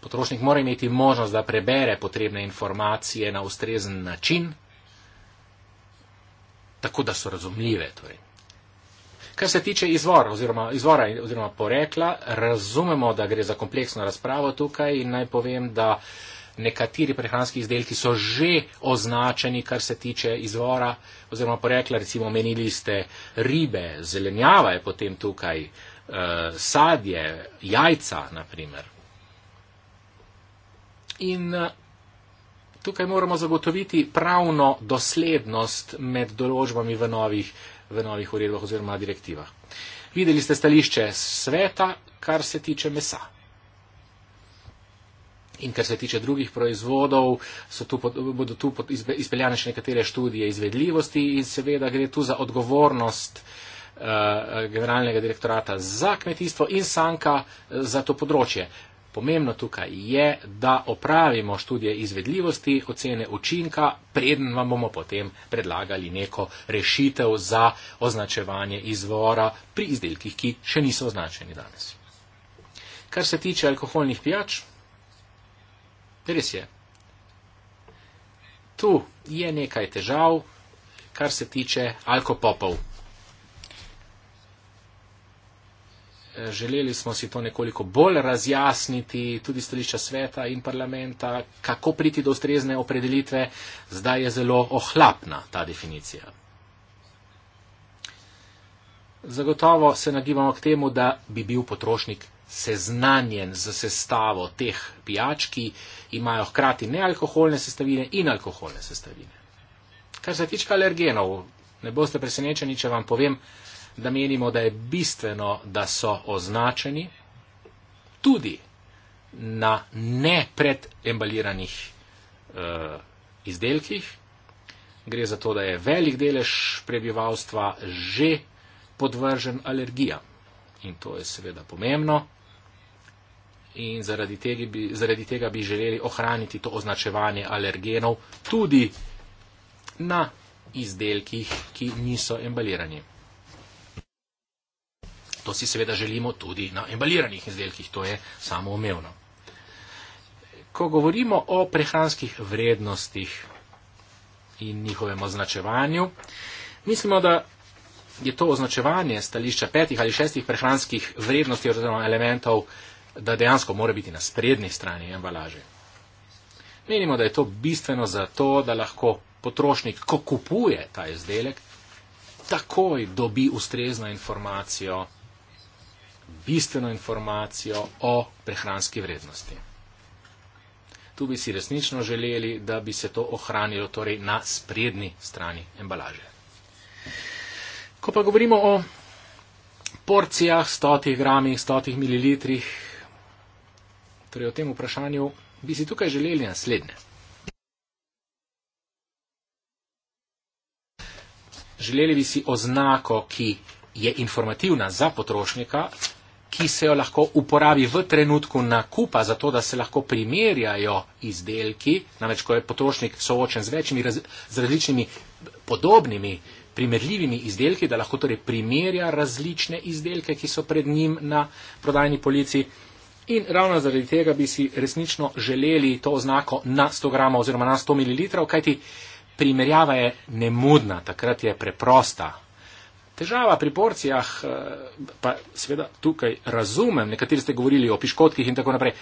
Potrošnik mora imeti možnost, da prebere potrebne informacije na ustrezen način, tako da so razumljive. Torej. Kar se tiče izvora oziroma, izvora oziroma porekla, razumemo, da gre za kompleksno razpravo tukaj in naj povem, da. Uh, nekateri prehranski izdelki so že označeni, kar se tiče izvora oziroma porekla, recimo omenili ste ribe, zelenjava je potem tukaj, eh, sadje, jajca naprimer. In eh, tukaj moramo zagotoviti pravno doslednost med določbami v novih, v novih uredbah oziroma direktivah. Videli ste stališče sveta, kar se tiče mesa. In kar se tiče drugih proizvodov, tu pod, bodo tu izpeljane še nekatere študije izvedljivosti in seveda gre tu za odgovornost eh, generalnega direktorata za kmetijstvo in sanka eh, za to področje. Pomembno tukaj je, da opravimo študije izvedljivosti, ocene učinka, preden vam bomo potem predlagali neko rešitev za označevanje izvora pri izdelkih, ki še niso označeni danes. Kar se tiče alkoholnih pijač, Res je. Tu je nekaj težav, kar se tiče alkopopov. Želeli smo si to nekoliko bolj razjasniti, tudi stališča sveta in parlamenta, kako priti do ustrezne opredelitve. Zdaj je zelo ohlapna ta definicija. Zagotovo se nagibamo k temu, da bi bil potrošnik seznanjen z sestavo teh pijač, ki imajo hkrati nealkoholne sestavine in alkoholne sestavine. Kar se tiče alergenov, ne boste presenečeni, če vam povem, da menimo, da je bistveno, da so označeni tudi na ne predembaliranih uh, eh, izdelkih. Gre za to, da je velik delež prebivalstva že podvržen alergijam in to je seveda pomembno. In zaradi tega, bi, zaradi tega bi želeli ohraniti to označevanje alergenov tudi na izdelkih, ki niso embalirani. To si seveda želimo tudi na embaliranih izdelkih, to je samoumevno. Ko govorimo o prehranskih vrednostih in njihovem označevanju, mislimo, da je to označevanje stališča petih ali šestih prehranskih vrednosti oziroma elementov, da dejansko mora biti na sprednji strani embalaže. Menimo, da je to bistveno zato, da lahko potrošnik, ko kupuje ta izdelek, takoj dobi ustrezno informacijo, bistveno informacijo o prehranski vrednosti. Tu bi si resnično želeli, da bi se to ohranilo torej na sprednji strani embalaže. Ko pa govorimo o porcijah, stotih gramih, stotih mililitrih, torej o tem vprašanju, bi si tukaj želeli naslednje. Želeli bi si oznako, ki je informativna za potrošnika, ki se jo lahko uporabi v trenutku nakupa, zato da se lahko primerjajo izdelki, namreč ko je potrošnik soočen z, raz, z različnimi podobnimi primerljivimi izdelki, da lahko torej primerja različne izdelke, ki so pred njim na prodajni polici. In ravno zaradi tega bi si resnično želeli to oznako na 100 gramov oziroma na 100 ml, kajti primerjava je nemudna, takrat je preprosta. Težava pri porcijah, eh, pa seveda tukaj razumem, nekateri ste govorili o piškotkih in tako naprej.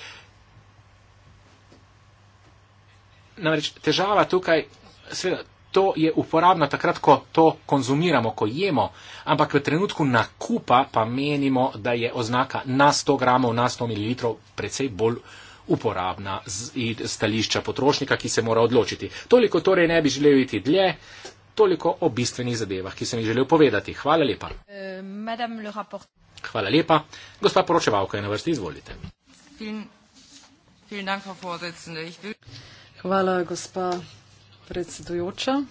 Namreč težava tukaj, seveda to je uporabno takrat, ko to konzumiramo, ko jemo, ampak v trenutku nakupa pa menimo, da je oznaka na 100 gramov, na 100 ml precej bolj uporabna iz stališča potrošnika, ki se mora odločiti. Toliko torej ne bi želel iti dlje. Toliko o bistvenih zadevah, ki sem jih želel povedati. Hvala lepa. Uh, Hvala lepa. Gospa poročevalka je na vrsti, izvolite. Vielen, vielen Dank, Hvala, gospa predsedujoča.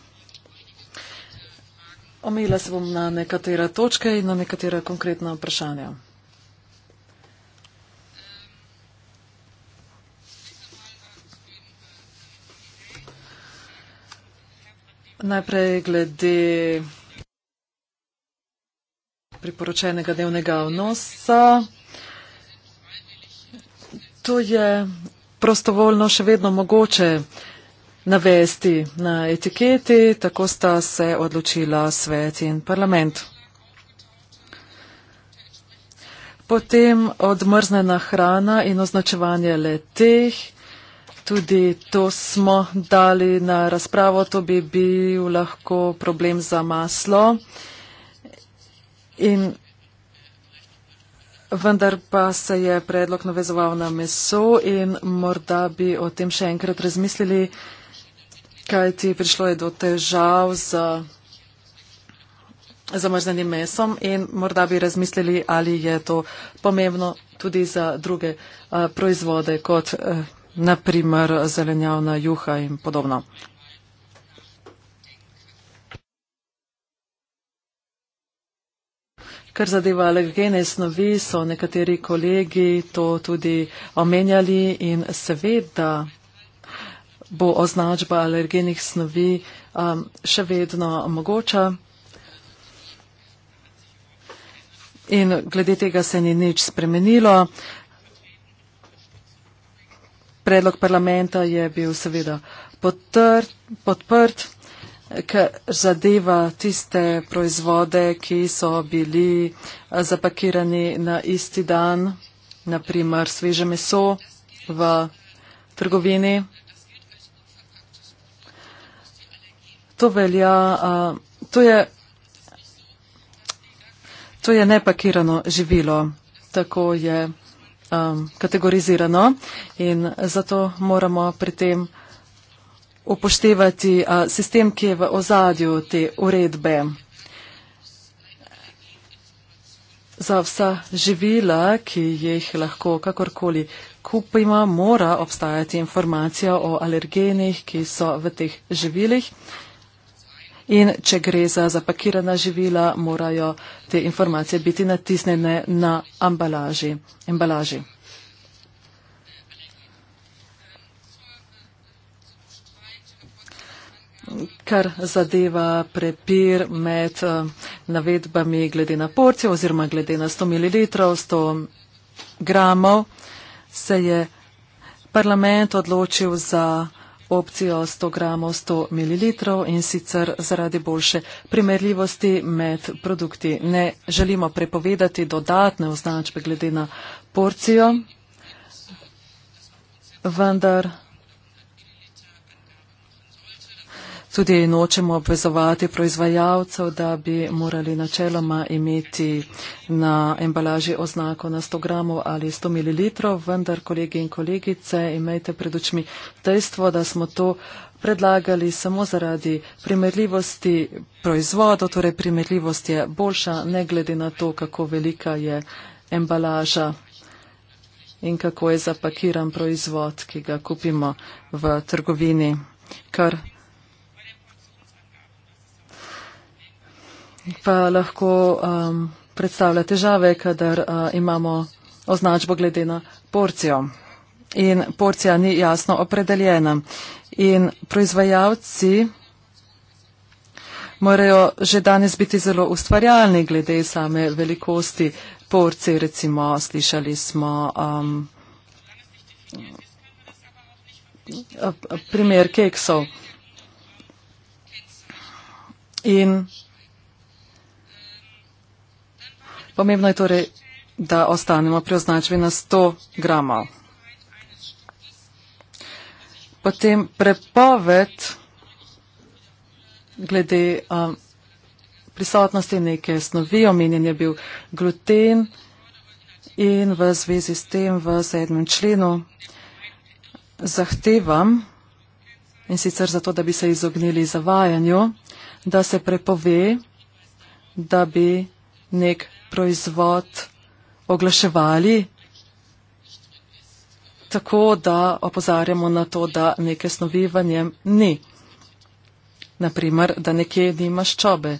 Omejila se bom na nekatere točke in na nekatere konkretna vprašanja. Najprej glede priporočenega dnevnega vnosa. To je prostovoljno še vedno mogoče navesti na etiketi, tako sta se odločila svet in parlament. Potem odmrznena hrana in označevanje le teh. Tudi to smo dali na razpravo, to bi bil lahko problem za maslo. In vendar pa se je predlog navezoval na meso in morda bi o tem še enkrat razmislili kaj ti prišlo je do težav z zamrznjenim mesom in morda bi razmislili, ali je to pomembno tudi za druge a, eh, proizvode, kot a, eh, naprimer zelenjavna juha in podobno. Kar zadeva alergene snovi, so nekateri kolegi to tudi omenjali in seveda bo označba alergenih snovi um, še vedno mogoča. In glede tega se ni nič spremenilo. Predlog parlamenta je bil seveda potr, podprt, ker zadeva tiste proizvode, ki so bili eh, zapakirani na isti dan, naprimer sveže meso v trgovini. to velja, uh, to, je, to je nepakirano živilo, tako je um, kategorizirano in zato moramo pri tem upoštevati uh, sistem, ki je v ozadju te uredbe. Za vsa živila, ki jih lahko kakorkoli kupimo, mora obstajati informacija o alergenih, ki so v teh živilih. In če gre za zapakirana živila, morajo te informacije biti natisnjene na ambalaži. embalaži. Kar zadeva prepir med eh, navedbami glede na porcijo oziroma glede na 100 ml, 100 gramov, se je parlament odločil za opcijo 100 gramov 100 ml in sicer zaradi boljše primerljivosti med produkti. Ne želimo prepovedati dodatne označbe glede na porcijo, vendar Tudi nočemo obvezovati proizvajalcev, da bi morali načeloma imeti na embalaži oznako na 100 gramov ali 100 ml, vendar kolegi in kolegice, imejte pred očmi dejstvo, da smo to predlagali samo zaradi primerljivosti proizvodov, torej primerljivost je boljša, ne glede na to, kako velika je embalaža in kako je zapakiran proizvod, ki ga kupimo v trgovini. Kar pa lahko um, predstavlja težave, kadar uh, imamo označbo glede na porcijo. In porcija ni jasno opredeljena. In proizvajalci morajo že danes biti zelo ustvarjalni glede same velikosti porcije. Recimo slišali smo um, primer keksov. In Pomembno je torej, da ostanemo pri označbi na 100 gramov. Potem prepoved glede um, prisotnosti neke snovi, omenjen je bil gluten in v zvezi s tem v sedmem členu zahtevam in sicer zato, da bi se izognili zavajanju, da se prepove, da bi nek proizvod oglaševali, tako da opozarjamo na to, da neke snovi v njem ni. Naprimer, da nekje nimaš čobe,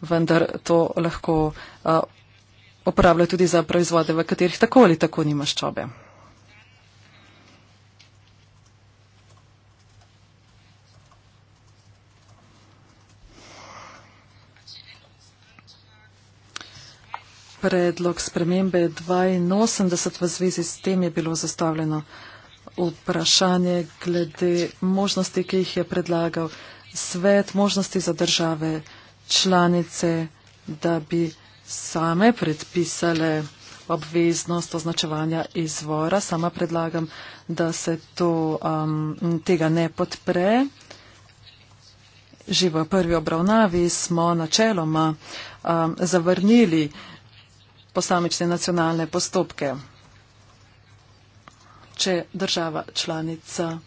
vendar to lahko uh, uporabljajo tudi za proizvode, v katerih tako ali tako nimaš čobe. predlog spremembe 82 v zvezi s tem je bilo zastavljeno vprašanje glede možnosti, ki jih je predlagal svet, možnosti za države članice, da bi same predpisale obveznost označevanja izvora. Sama predlagam, da se to, um, tega ne podpre. Že v prvi obravnavi smo načeloma um, zavrnili uh, posamične nacionalne postopke. Če država članica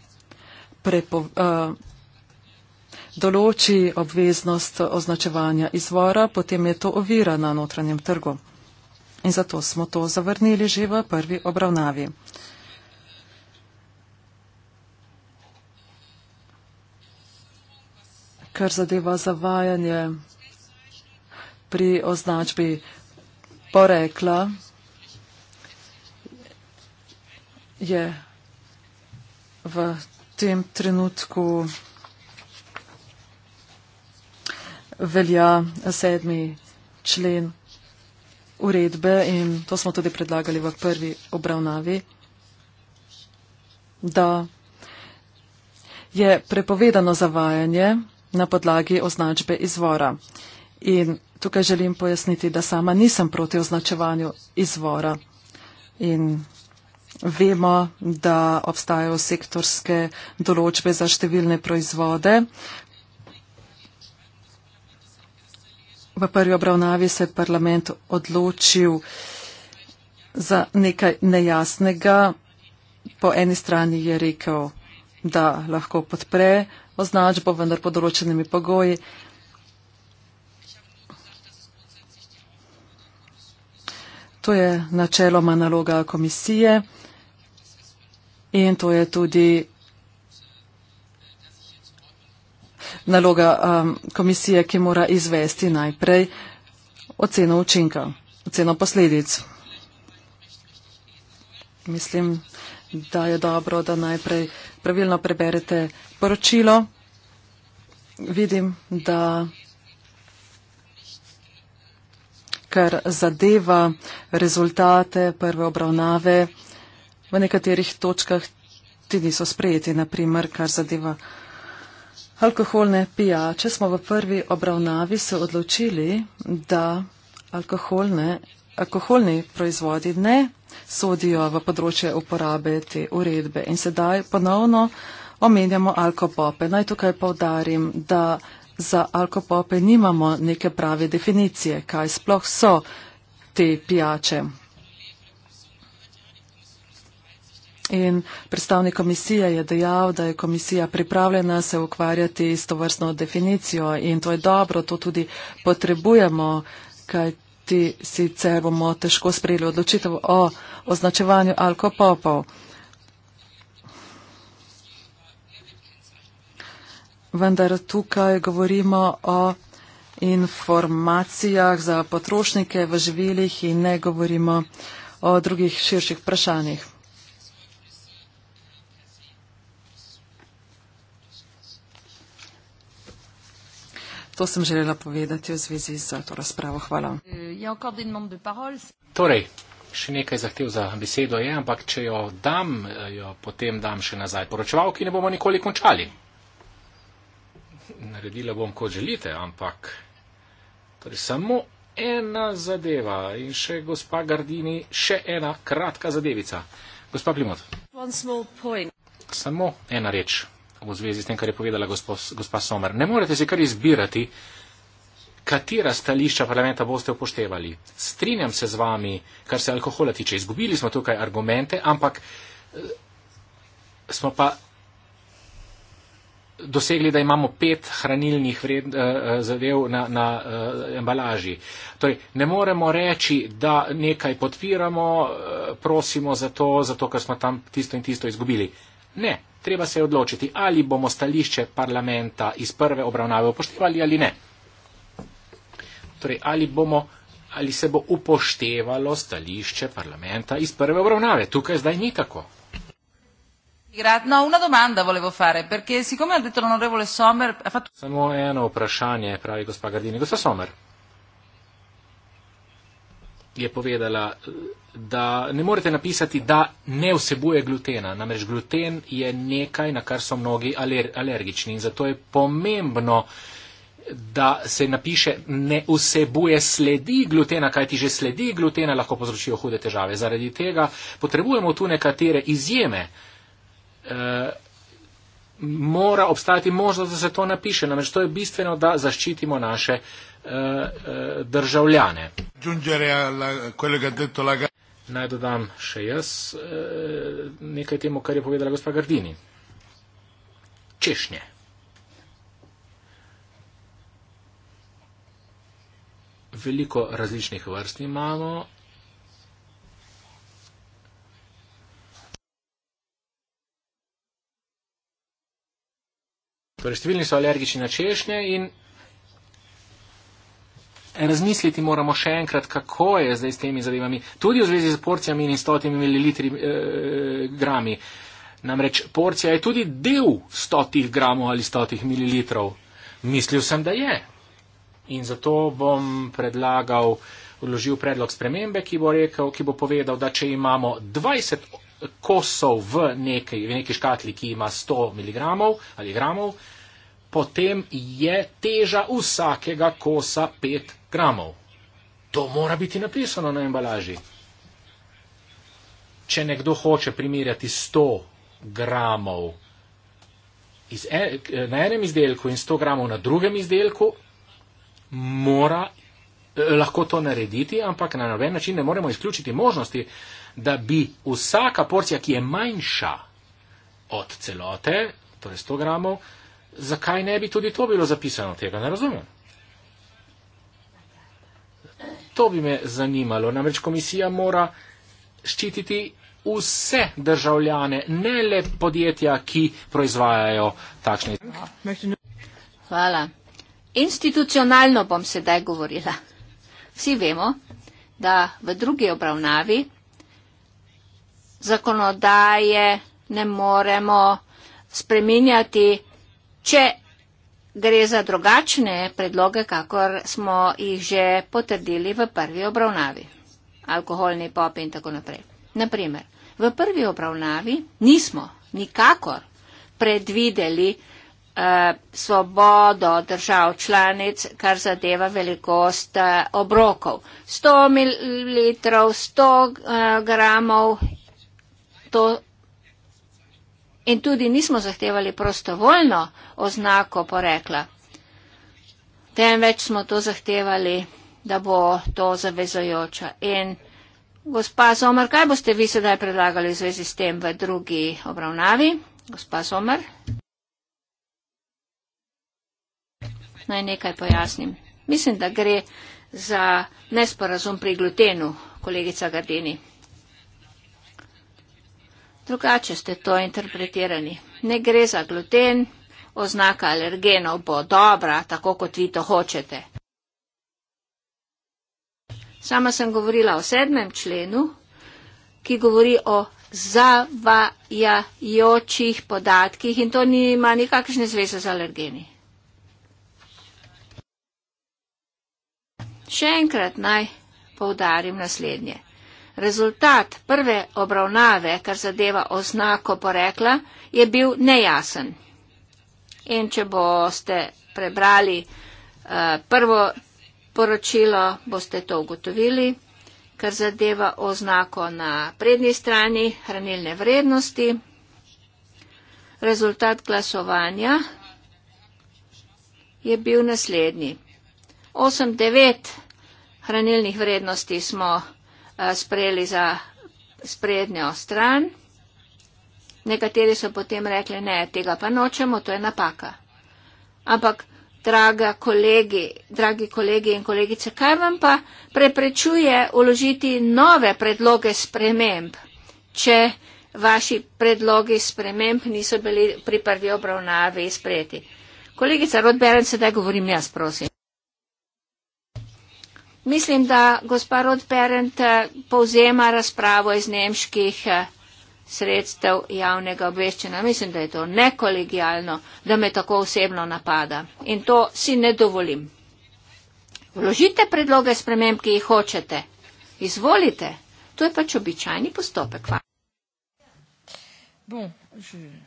prepo, eh, določi obveznost označevanja izvora, potem je to ovira na notranjem trgu. In zato smo to zavrnili že v prvi obravnavi. Kar zadeva zavajanje pri označbi porekla je v tem trenutku velja sedmi člen uredbe in to smo tudi predlagali v prvi obravnavi, da je prepovedano zavajanje na podlagi označbe izvora. In tukaj želim pojasniti, da sama nisem proti označevanju izvora. In vemo, da obstajajo sektorske določbe za številne proizvode. V prvi obravnavi se je parlament odločil za nekaj nejasnega. Po eni strani je rekel, da lahko podpre označbo, vendar pod določenimi pogoji. To je načeloma naloga komisije in to je tudi naloga um, komisije, ki mora izvesti najprej oceno učinka, oceno posledic. Mislim, da je dobro, da najprej pravilno preberete poročilo. Vidim, da kar zadeva rezultate prve obravnave. V nekaterih točkah ti niso sprejeti, naprimer, kar zadeva alkoholne pijače. Smo v prvi obravnavi se odločili, da alkoholne, alkoholni proizvodi ne sodijo v področje uporabe te uredbe. In sedaj ponovno omenjamo alkopope. Naj tukaj povdarim, da za alkopope nimamo neke prave definicije, kaj sploh so te pijače. In predstavnik komisije je dejal, da je komisija pripravljena se ukvarjati s to vrstno definicijo in to je dobro, to tudi potrebujemo, kaj ti sicer bomo težko sprejeli odločitev o označevanju alkopopov. vendar tukaj govorimo o informacijah za potrošnike v živilih in ne govorimo o drugih širših vprašanjih. To sem želela povedati v zvezi z to razpravo. Hvala. Ja, torej, še nekaj zahtev za besedo je, ampak če jo dam, jo potem dam še nazaj poročevalki, ne bomo nikoli končali naredila bom, kot želite, ampak torej, samo ena zadeva in še gospa Gardini, še ena kratka zadevica. Gospa Plimot. Samo ena reč v zvezi s tem, kar je povedala gospa, gospa Somer. Ne morete si kar izbirati, katera stališča parlamenta boste upoštevali. Strinjam se z vami, kar se alkohola tiče. Izgubili smo tukaj argumente, ampak eh, smo pa dosegli, da imamo pet hranilnih vred, uh, zadev na, na uh, embalaži. Torej, ne moremo reči, da nekaj podpiramo, uh, prosimo za to, zato ker smo tam tisto in tisto izgubili. Ne, treba se odločiti, ali bomo stališče parlamenta iz prve obravnave upoštevali ali ne. Torej, ali, bomo, ali se bo upoštevalo stališče parlamenta iz prve obravnave. Tukaj zdaj ni tako. No, una domanda volevo fare, perché siccome ha detto l'onorevole Sommer... Ha fatto... Samo eno vprašanje, pravi gospa Gardini. Gospa Sommer je povedala, da ne morete napisati, da ne vsebuje glutena. Namreč gluten je nekaj, na kar so mnogi aler, alergični in zato je pomembno, da se napiše ne vsebuje sledi glutena, kajti že sledi glutena lahko povzročijo hude težave. Zaradi tega potrebujemo tu nekatere izjeme. Eh, mora obstajati možnost, da se to napiše. Namreč to je bistveno, da zaščitimo naše eh, eh, državljane. Naj dodam še jaz nekaj temu, kar je povedala gospa Gardini. Češnje. Veliko različnih vrst imamo, Torej, številni so alergični na češnje in razmisliti moramo še enkrat, kako je zdaj s temi zadevami, tudi v zvezi z porcijami in 100 ml eh, grami. Namreč porcija je tudi del 100 gramov ali 100 ml. Mislil sem, da je. In zato bom predlagal, odložil predlog spremembe, ki bo, rekel, ki bo povedal, da če imamo 20 gramov, kosov v neki, v neki škatli, ki ima 100 mg ali gramov, potem je teža vsakega kosa 5 gramov. To mora biti napisano na embalaži. Če nekdo hoče primerjati 100 gramov iz, e, na enem izdelku in 100 gramov na drugem izdelku, mora eh, lahko to narediti, ampak na noben način ne moremo izključiti možnosti, da bi vsaka porcija, ki je manjša od celote, torej 100 gramov, zakaj ne bi tudi to bilo zapisano? Tega ne razumem. To bi me zanimalo. Namreč komisija mora ščititi vse državljane, ne le podjetja, ki proizvajajo takšne. Hvala. Institucionalno bom sedaj govorila. Vsi vemo, da v drugi obravnavi zakonodaje ne moremo spreminjati, če gre za drugačne predloge, kakor smo jih že potrdili v prvi obravnavi. Alkoholni pop in tako naprej. Naprimer, v prvi obravnavi nismo nikakor predvideli eh, svobodo držav članic, kar zadeva velikost eh, obrokov. 100 ml, 100 eh, gramov zato in tudi nismo zahtevali prostovoljno oznako porekla. Temveč smo to zahtevali, da bo to zavezojoča. In gospa Somer, kaj boste vi sedaj predlagali v zvezi s tem v drugi obravnavi? Gospa Somer? Naj nekaj pojasnim. Mislim, da gre za nesporazum pri glutenu, kolegica Gardini. Drugače ste to interpretirali. Ne gre za gluten, oznaka alergenov bo dobra, tako kot vi to hočete. Sama sem govorila o sedmem členu, ki govori o zavajajočih podatkih in to nima nikakšne zveze z alergeni. Še enkrat naj povdarim naslednje. Rezultat prve obravnave, kar zadeva oznako porekla, je bil nejasen. In če boste prebrali uh, prvo poročilo, boste to ugotovili, kar zadeva oznako na prednji strani hranilne vrednosti. Rezultat glasovanja je bil naslednji. 8-9 hranilnih vrednosti smo Eh, sprejeli za sprednjo stran. Nekateri so potem rekli, ne, tega pa nočemo, to je napaka. Ampak, draga kolegi, dragi kolegi in kolegice, kaj vam pa preprečuje uložiti nove predloge sprememb, če vaši predlogi sprememb niso bili pri prvi obravnavi sprejeti? Kolegica Rodberen, sedaj govorim jaz, prosim. Mislim, da gospa Rodperent eh, povzema razpravo iz nemških eh, sredstev javnega obveščena. Mislim, da je to nekolegijalno, da me tako osebno napada. In to si ne dovolim. Vložite predloge sprememb, ki jih hočete. Izvolite. To je pač običajni postopek. Hvala. Bon, je...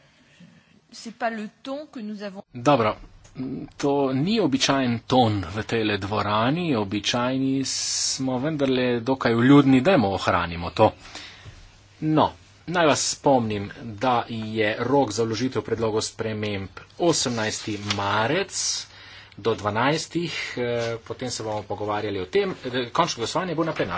Dobro, to ni običajen ton v tele dvorani, običajni smo vendarle dokaj vljudni, da mu ohranimo to. No, naj vas spomnim, da je rok za vložitev predlogov sprememb 18. marec do 12. Eh, potem se bomo pogovarjali o tem. Eh, končno glasovanje bo na plenar.